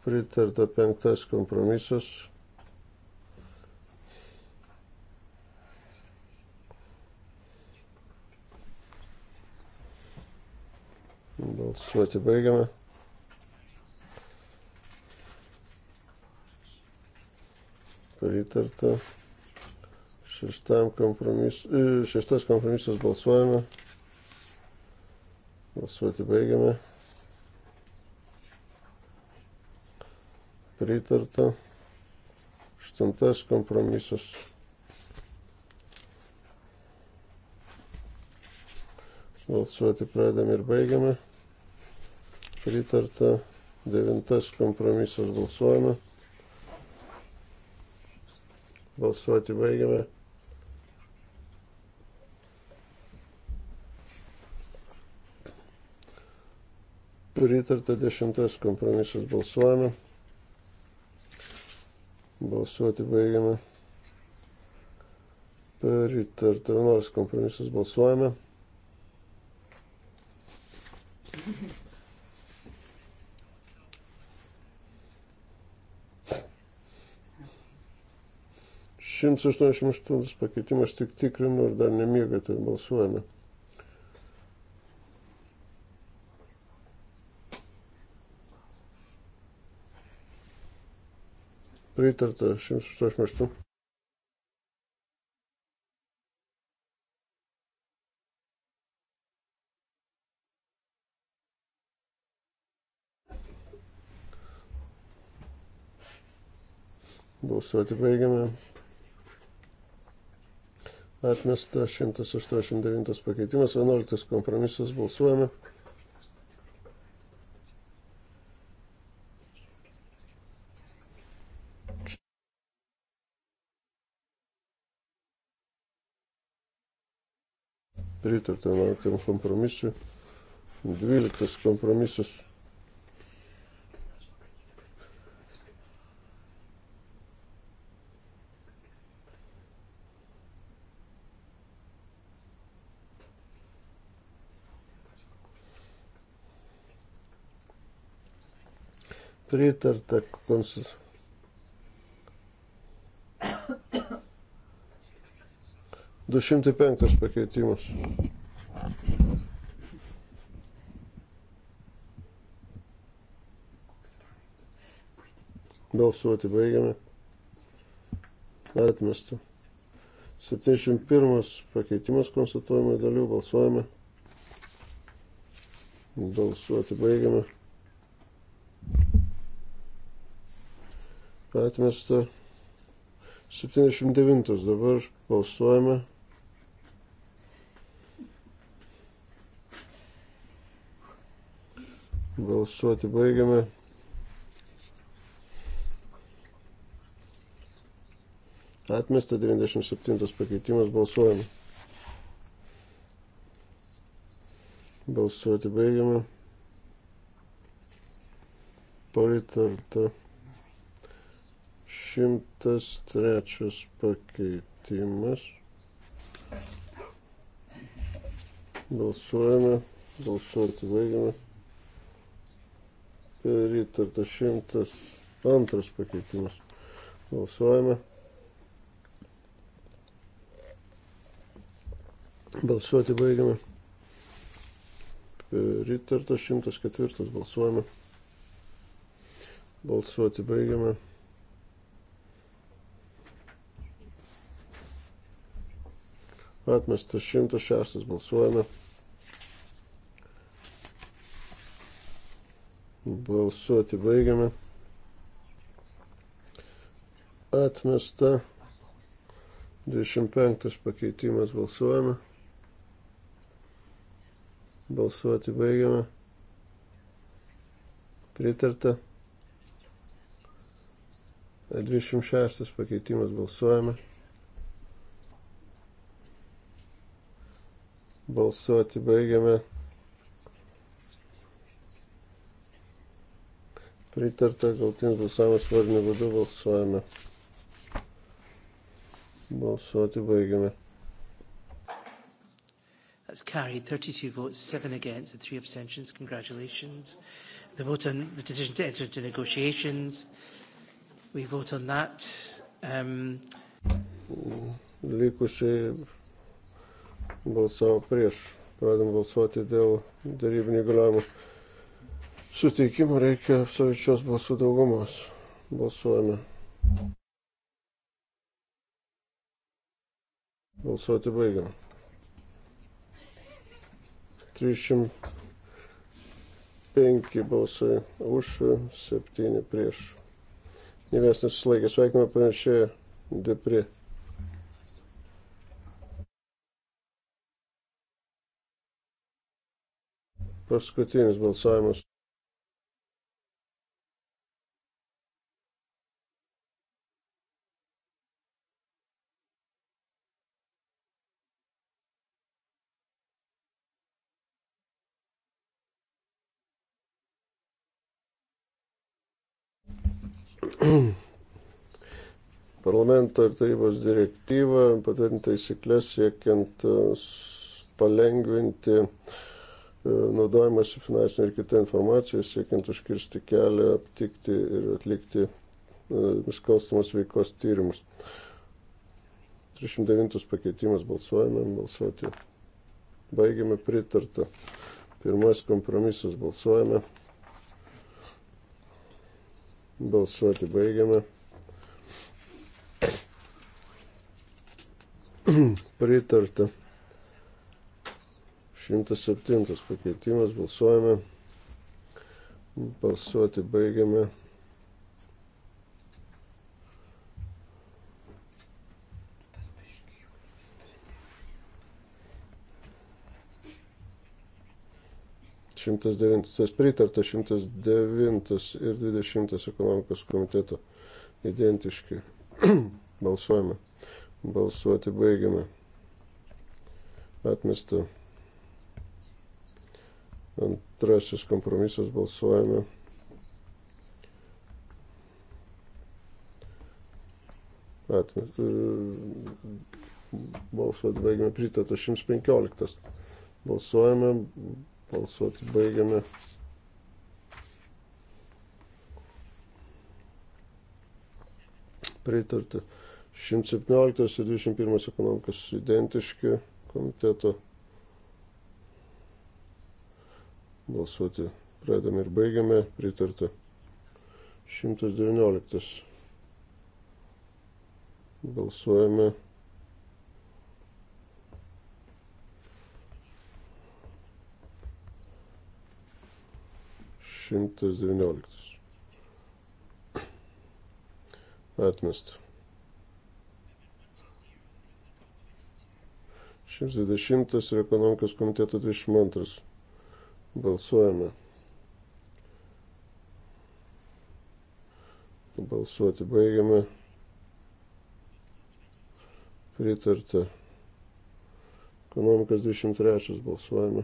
Speaker 2: pritarta penktas kompromisas. Balsuoti baigiame. Pritarta. Šeštam kompromis, e, šeštas kompromisas balsuojame. Balsuoti baigiame. pritarta. Aštuntas kompromisas. Balsuoti pradame ir baigiame. Pritarta. Devintas kompromisas balsuojame. Balsuoti baigiame. Pritarta dešimtas kompromisas balsuojame. Balsuoti baigiame. Pritarta 11 kompromisas balsuojame. Šimtas aštuoniasdešimt aštuntas pakeitimas tik tikrinu ir dar nemiegate, balsuojame. Pritarta 188. Balsuoti baigiame. Atmesta 189 pakeitimas, 11 kompromisas, balsuojame. pritarta 11 kompromisui. 12 kompromisas. Pritarta konstitucija. 205 pakeitimas. Balsuoti baigiame. Atmesta. 71 pakeitimas konstatuojama dalių. Balsuojame. Balsuoti baigiame. Atmesta. 79 dabar balsuojame. Balsuoti baigiame. Atmesta 97 pakeitimas balsuojame. Balsuoti baigiame. Pritarta. 103 pakeitimas. Balsuojame. Balsuoti baigiame pritarta 102 pakeitimas. Balsuojame. Balsuoti baigiame. Pritarta 104 balsuojame. Balsuoti baigiame. Atmestas 106 balsuojame. Balsuoti baigiame. Atmesta. 25 pakeitimas balsuojame. Balsuoti baigiame. Pritarta. 26 pakeitimas balsuojame. Balsuoti baigiame. Pritarta galtinis balsavimas varnių būdu balsuojame. Balsuoti baigiame.
Speaker 1: That's carried. 32 votes, 7 against and 3 abstentions. Congratulations. The vote on the decision to enter into negotiations. We vote on that. Um,
Speaker 2: Likusiai balsavo prieš. Pradėm balsuoti dėl darybinių galiojimų suteikimų reikia absoliučios balsų daugumos. Balsuojame. Balsuoti baigiam. 305 balsai už, 7 prieš. Niekas nesusilaikė. Sveikiname panašiai Depri. Paskutinis balsavimas. parlamento ir tarybos direktyvą, patvirtinti taisyklės siekiant e, palengvinti e, naudojimąsi finansinė ir kita informacija, siekiant užkirsti kelią, aptikti ir atlikti e, nusikalstamos veikos tyrimus. 309 pakeitimas balsuojame, balsuoti. Baigiame pritartą. Pirmas kompromisas balsuojame. Balsuoti baigiame. pritarta. 107 pakeitimas, balsuojame. Balsuoti baigiame. Šimtas devintas pritarta, šimtas devintas ir dvidešimtas ekonomikos komiteto identiški. Balsuojame. Balsuoti baigiame. Atmesta. Antrasis kompromisas balsuojame. Atmesta. Balsuoti baigiame. Pritata 115. Balsuojame. Balsuoti baigiame. Pritarta. 117 ir 21 ekonomikos identiški komiteto. Balsuoti pradame ir baigiame. Pritarta. 119. Balsuojame. Šimtas devynioliktas. Atmestas. 120 ir ekonomikos komiteto 22. Balsuojame. Balsuoti baigiame. Pritarta. Ekonomikos 23 balsuojame.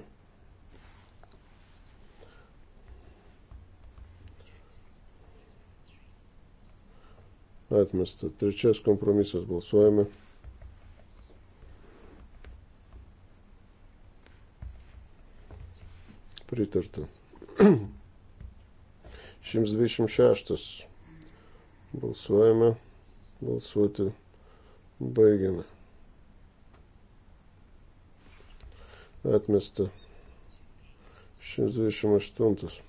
Speaker 2: Atmesta. Trečias kompromisas balsuojame. pritarta. 126. Balsuojame. Balsuoti. Baigiame. Atmesta. 128.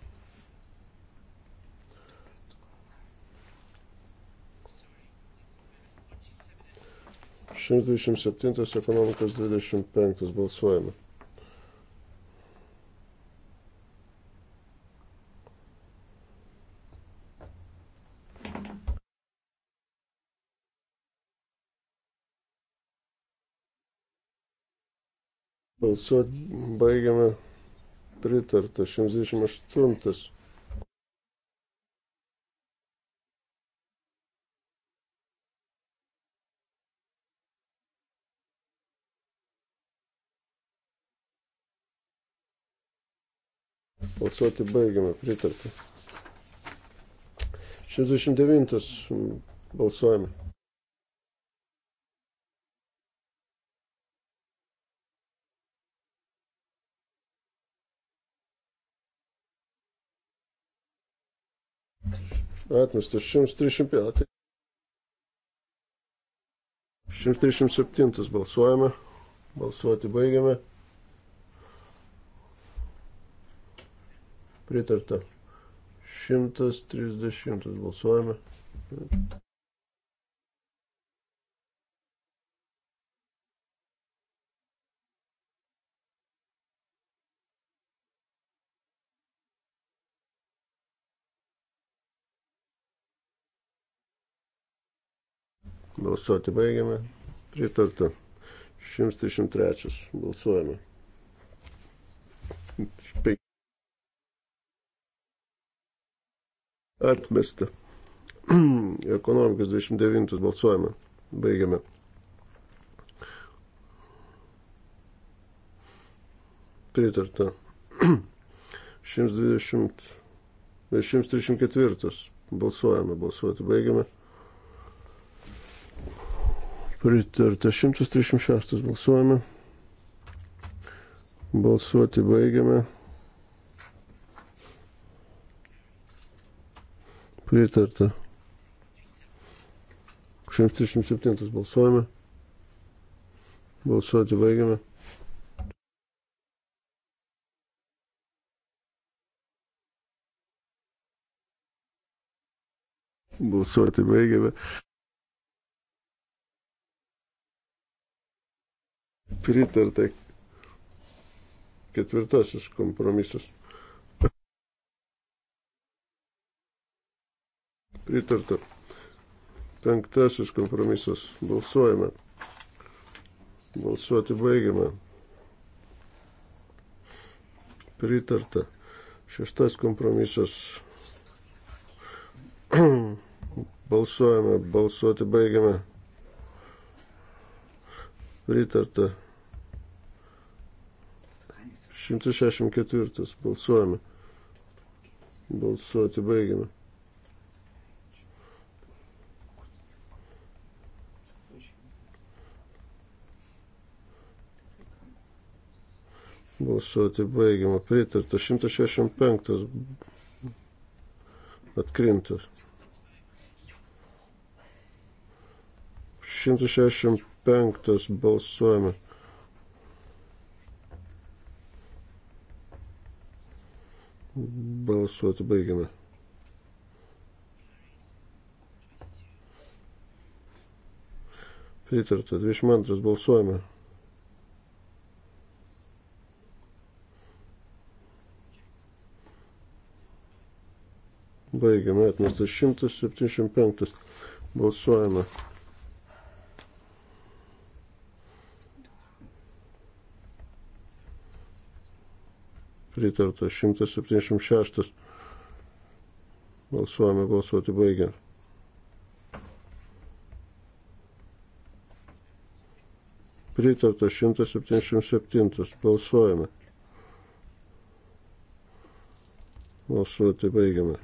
Speaker 2: Šimtas dvidešimt septintas ekonomikos dvidešimt penktas balsuojame. Balsuoti baigiame pritarta 128. Balsuoti baigiame pritarta. 69 balsuojame. Atmestas 135. 137 balsuojame. Balsuoti baigiame. Pritarta. 130 balsuojame. Balsuoti baigiame. Pritarta. 133. Balsuojame. Atmesta. Ekonomikas 29. Balsuojame. Baigiame. Pritarta. 120. 134. Balsuojame. Balsuoti baigiame. Pritarta 136 balsuojame. Balsuoti baigiame. Pritarta. 137 balsuojame. Balsuoti baigiame. Balsuoti baigiame. pritarta ketvirtasis kompromisas. Pritarta. Penktasis kompromisas. Balsuojame. Balsuoti baigiame. Pritarta. Šeštas kompromisas. Balsuojame. Balsuoti baigiame. Pritarta. 164 balsuojame. Balsuoti baigiame. Balsuoti baigiama. Pritarta 165. Atkrintas. 165 balsuojame. Balsuoti baigiame. Pritarta. 22 balsuojame. Baigiame. Atmestas 175. Balsuojame. pritarta 176. Balsuojame, balsuoti baigiam. Pritarta 177. Balsuojame. Balsuoti baigiame.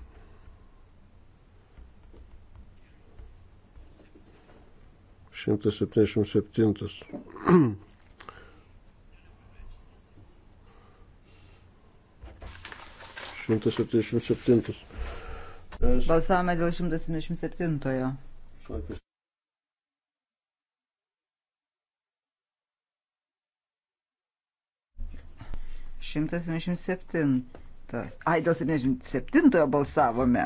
Speaker 2: Šimtas septyniasdešimt septintas. 177.
Speaker 3: Balsavome dėl 177. Šimtas septyniasdešimt septintas. Ai, dėl septyniasdešimt septintojo balsavome.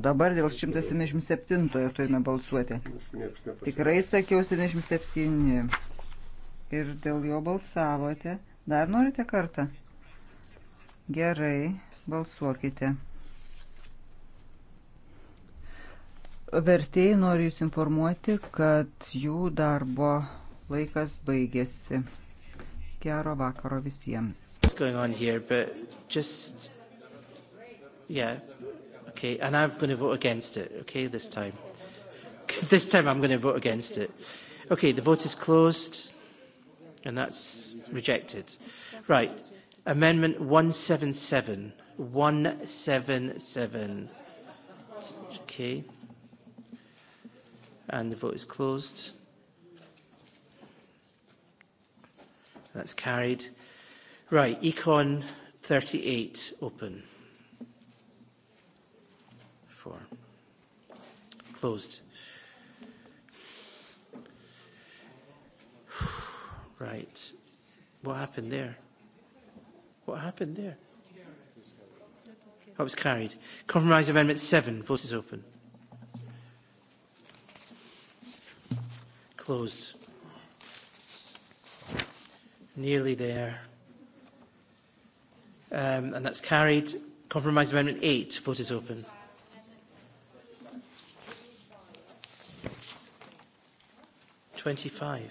Speaker 3: Dabar dėl 177 turime balsuoti. Tikrai sakiau 77 ir dėl jo balsavote. Dar norite kartą? Gerai, balsuokite. Vertėjai noriu Jūs informuoti, kad jų darbo laikas baigėsi. Gero vakaro visiems.
Speaker 1: Here, just... yeah. okay. And I'm going to vote against it, okay, this time. this time I'm going to vote against it. Okay, the vote is closed. And that's rejected. Right. Amendment 177. 177. Okay. And the vote is closed. That's carried. Right. Econ 38 open. Four. Closed. Right. What happened there? What happened there? That oh, was carried. Compromise Amendment 7. Vote is open. Closed. Nearly there. Um, and that's carried. Compromise Amendment 8. Vote is open. Twenty-five.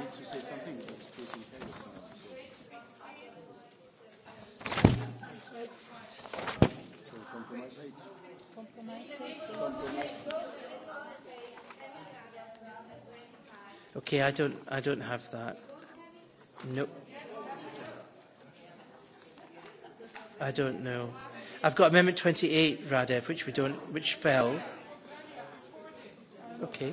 Speaker 2: needs to say something, it's creating chaos now. So. so
Speaker 1: compromise 8. Compromise 8. Compromise. Okay, I don't, I don't have that. No. I don't know. I've got Amendment 28, Radev, which we don't, which fell. Okay.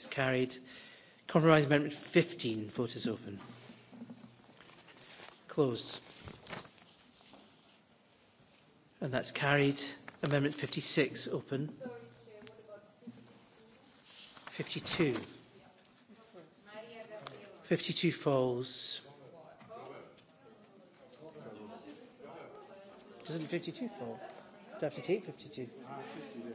Speaker 1: It's carried. Compromise Amendment 15. Vote is open. Close. And that's carried. Amendment 56. Open. Sorry, Chair, what about 52? 52. 52 falls. Doesn't 52 fall? Do I have to take 52? Ah, 50, yeah.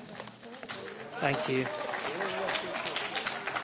Speaker 1: Thank
Speaker 3: you.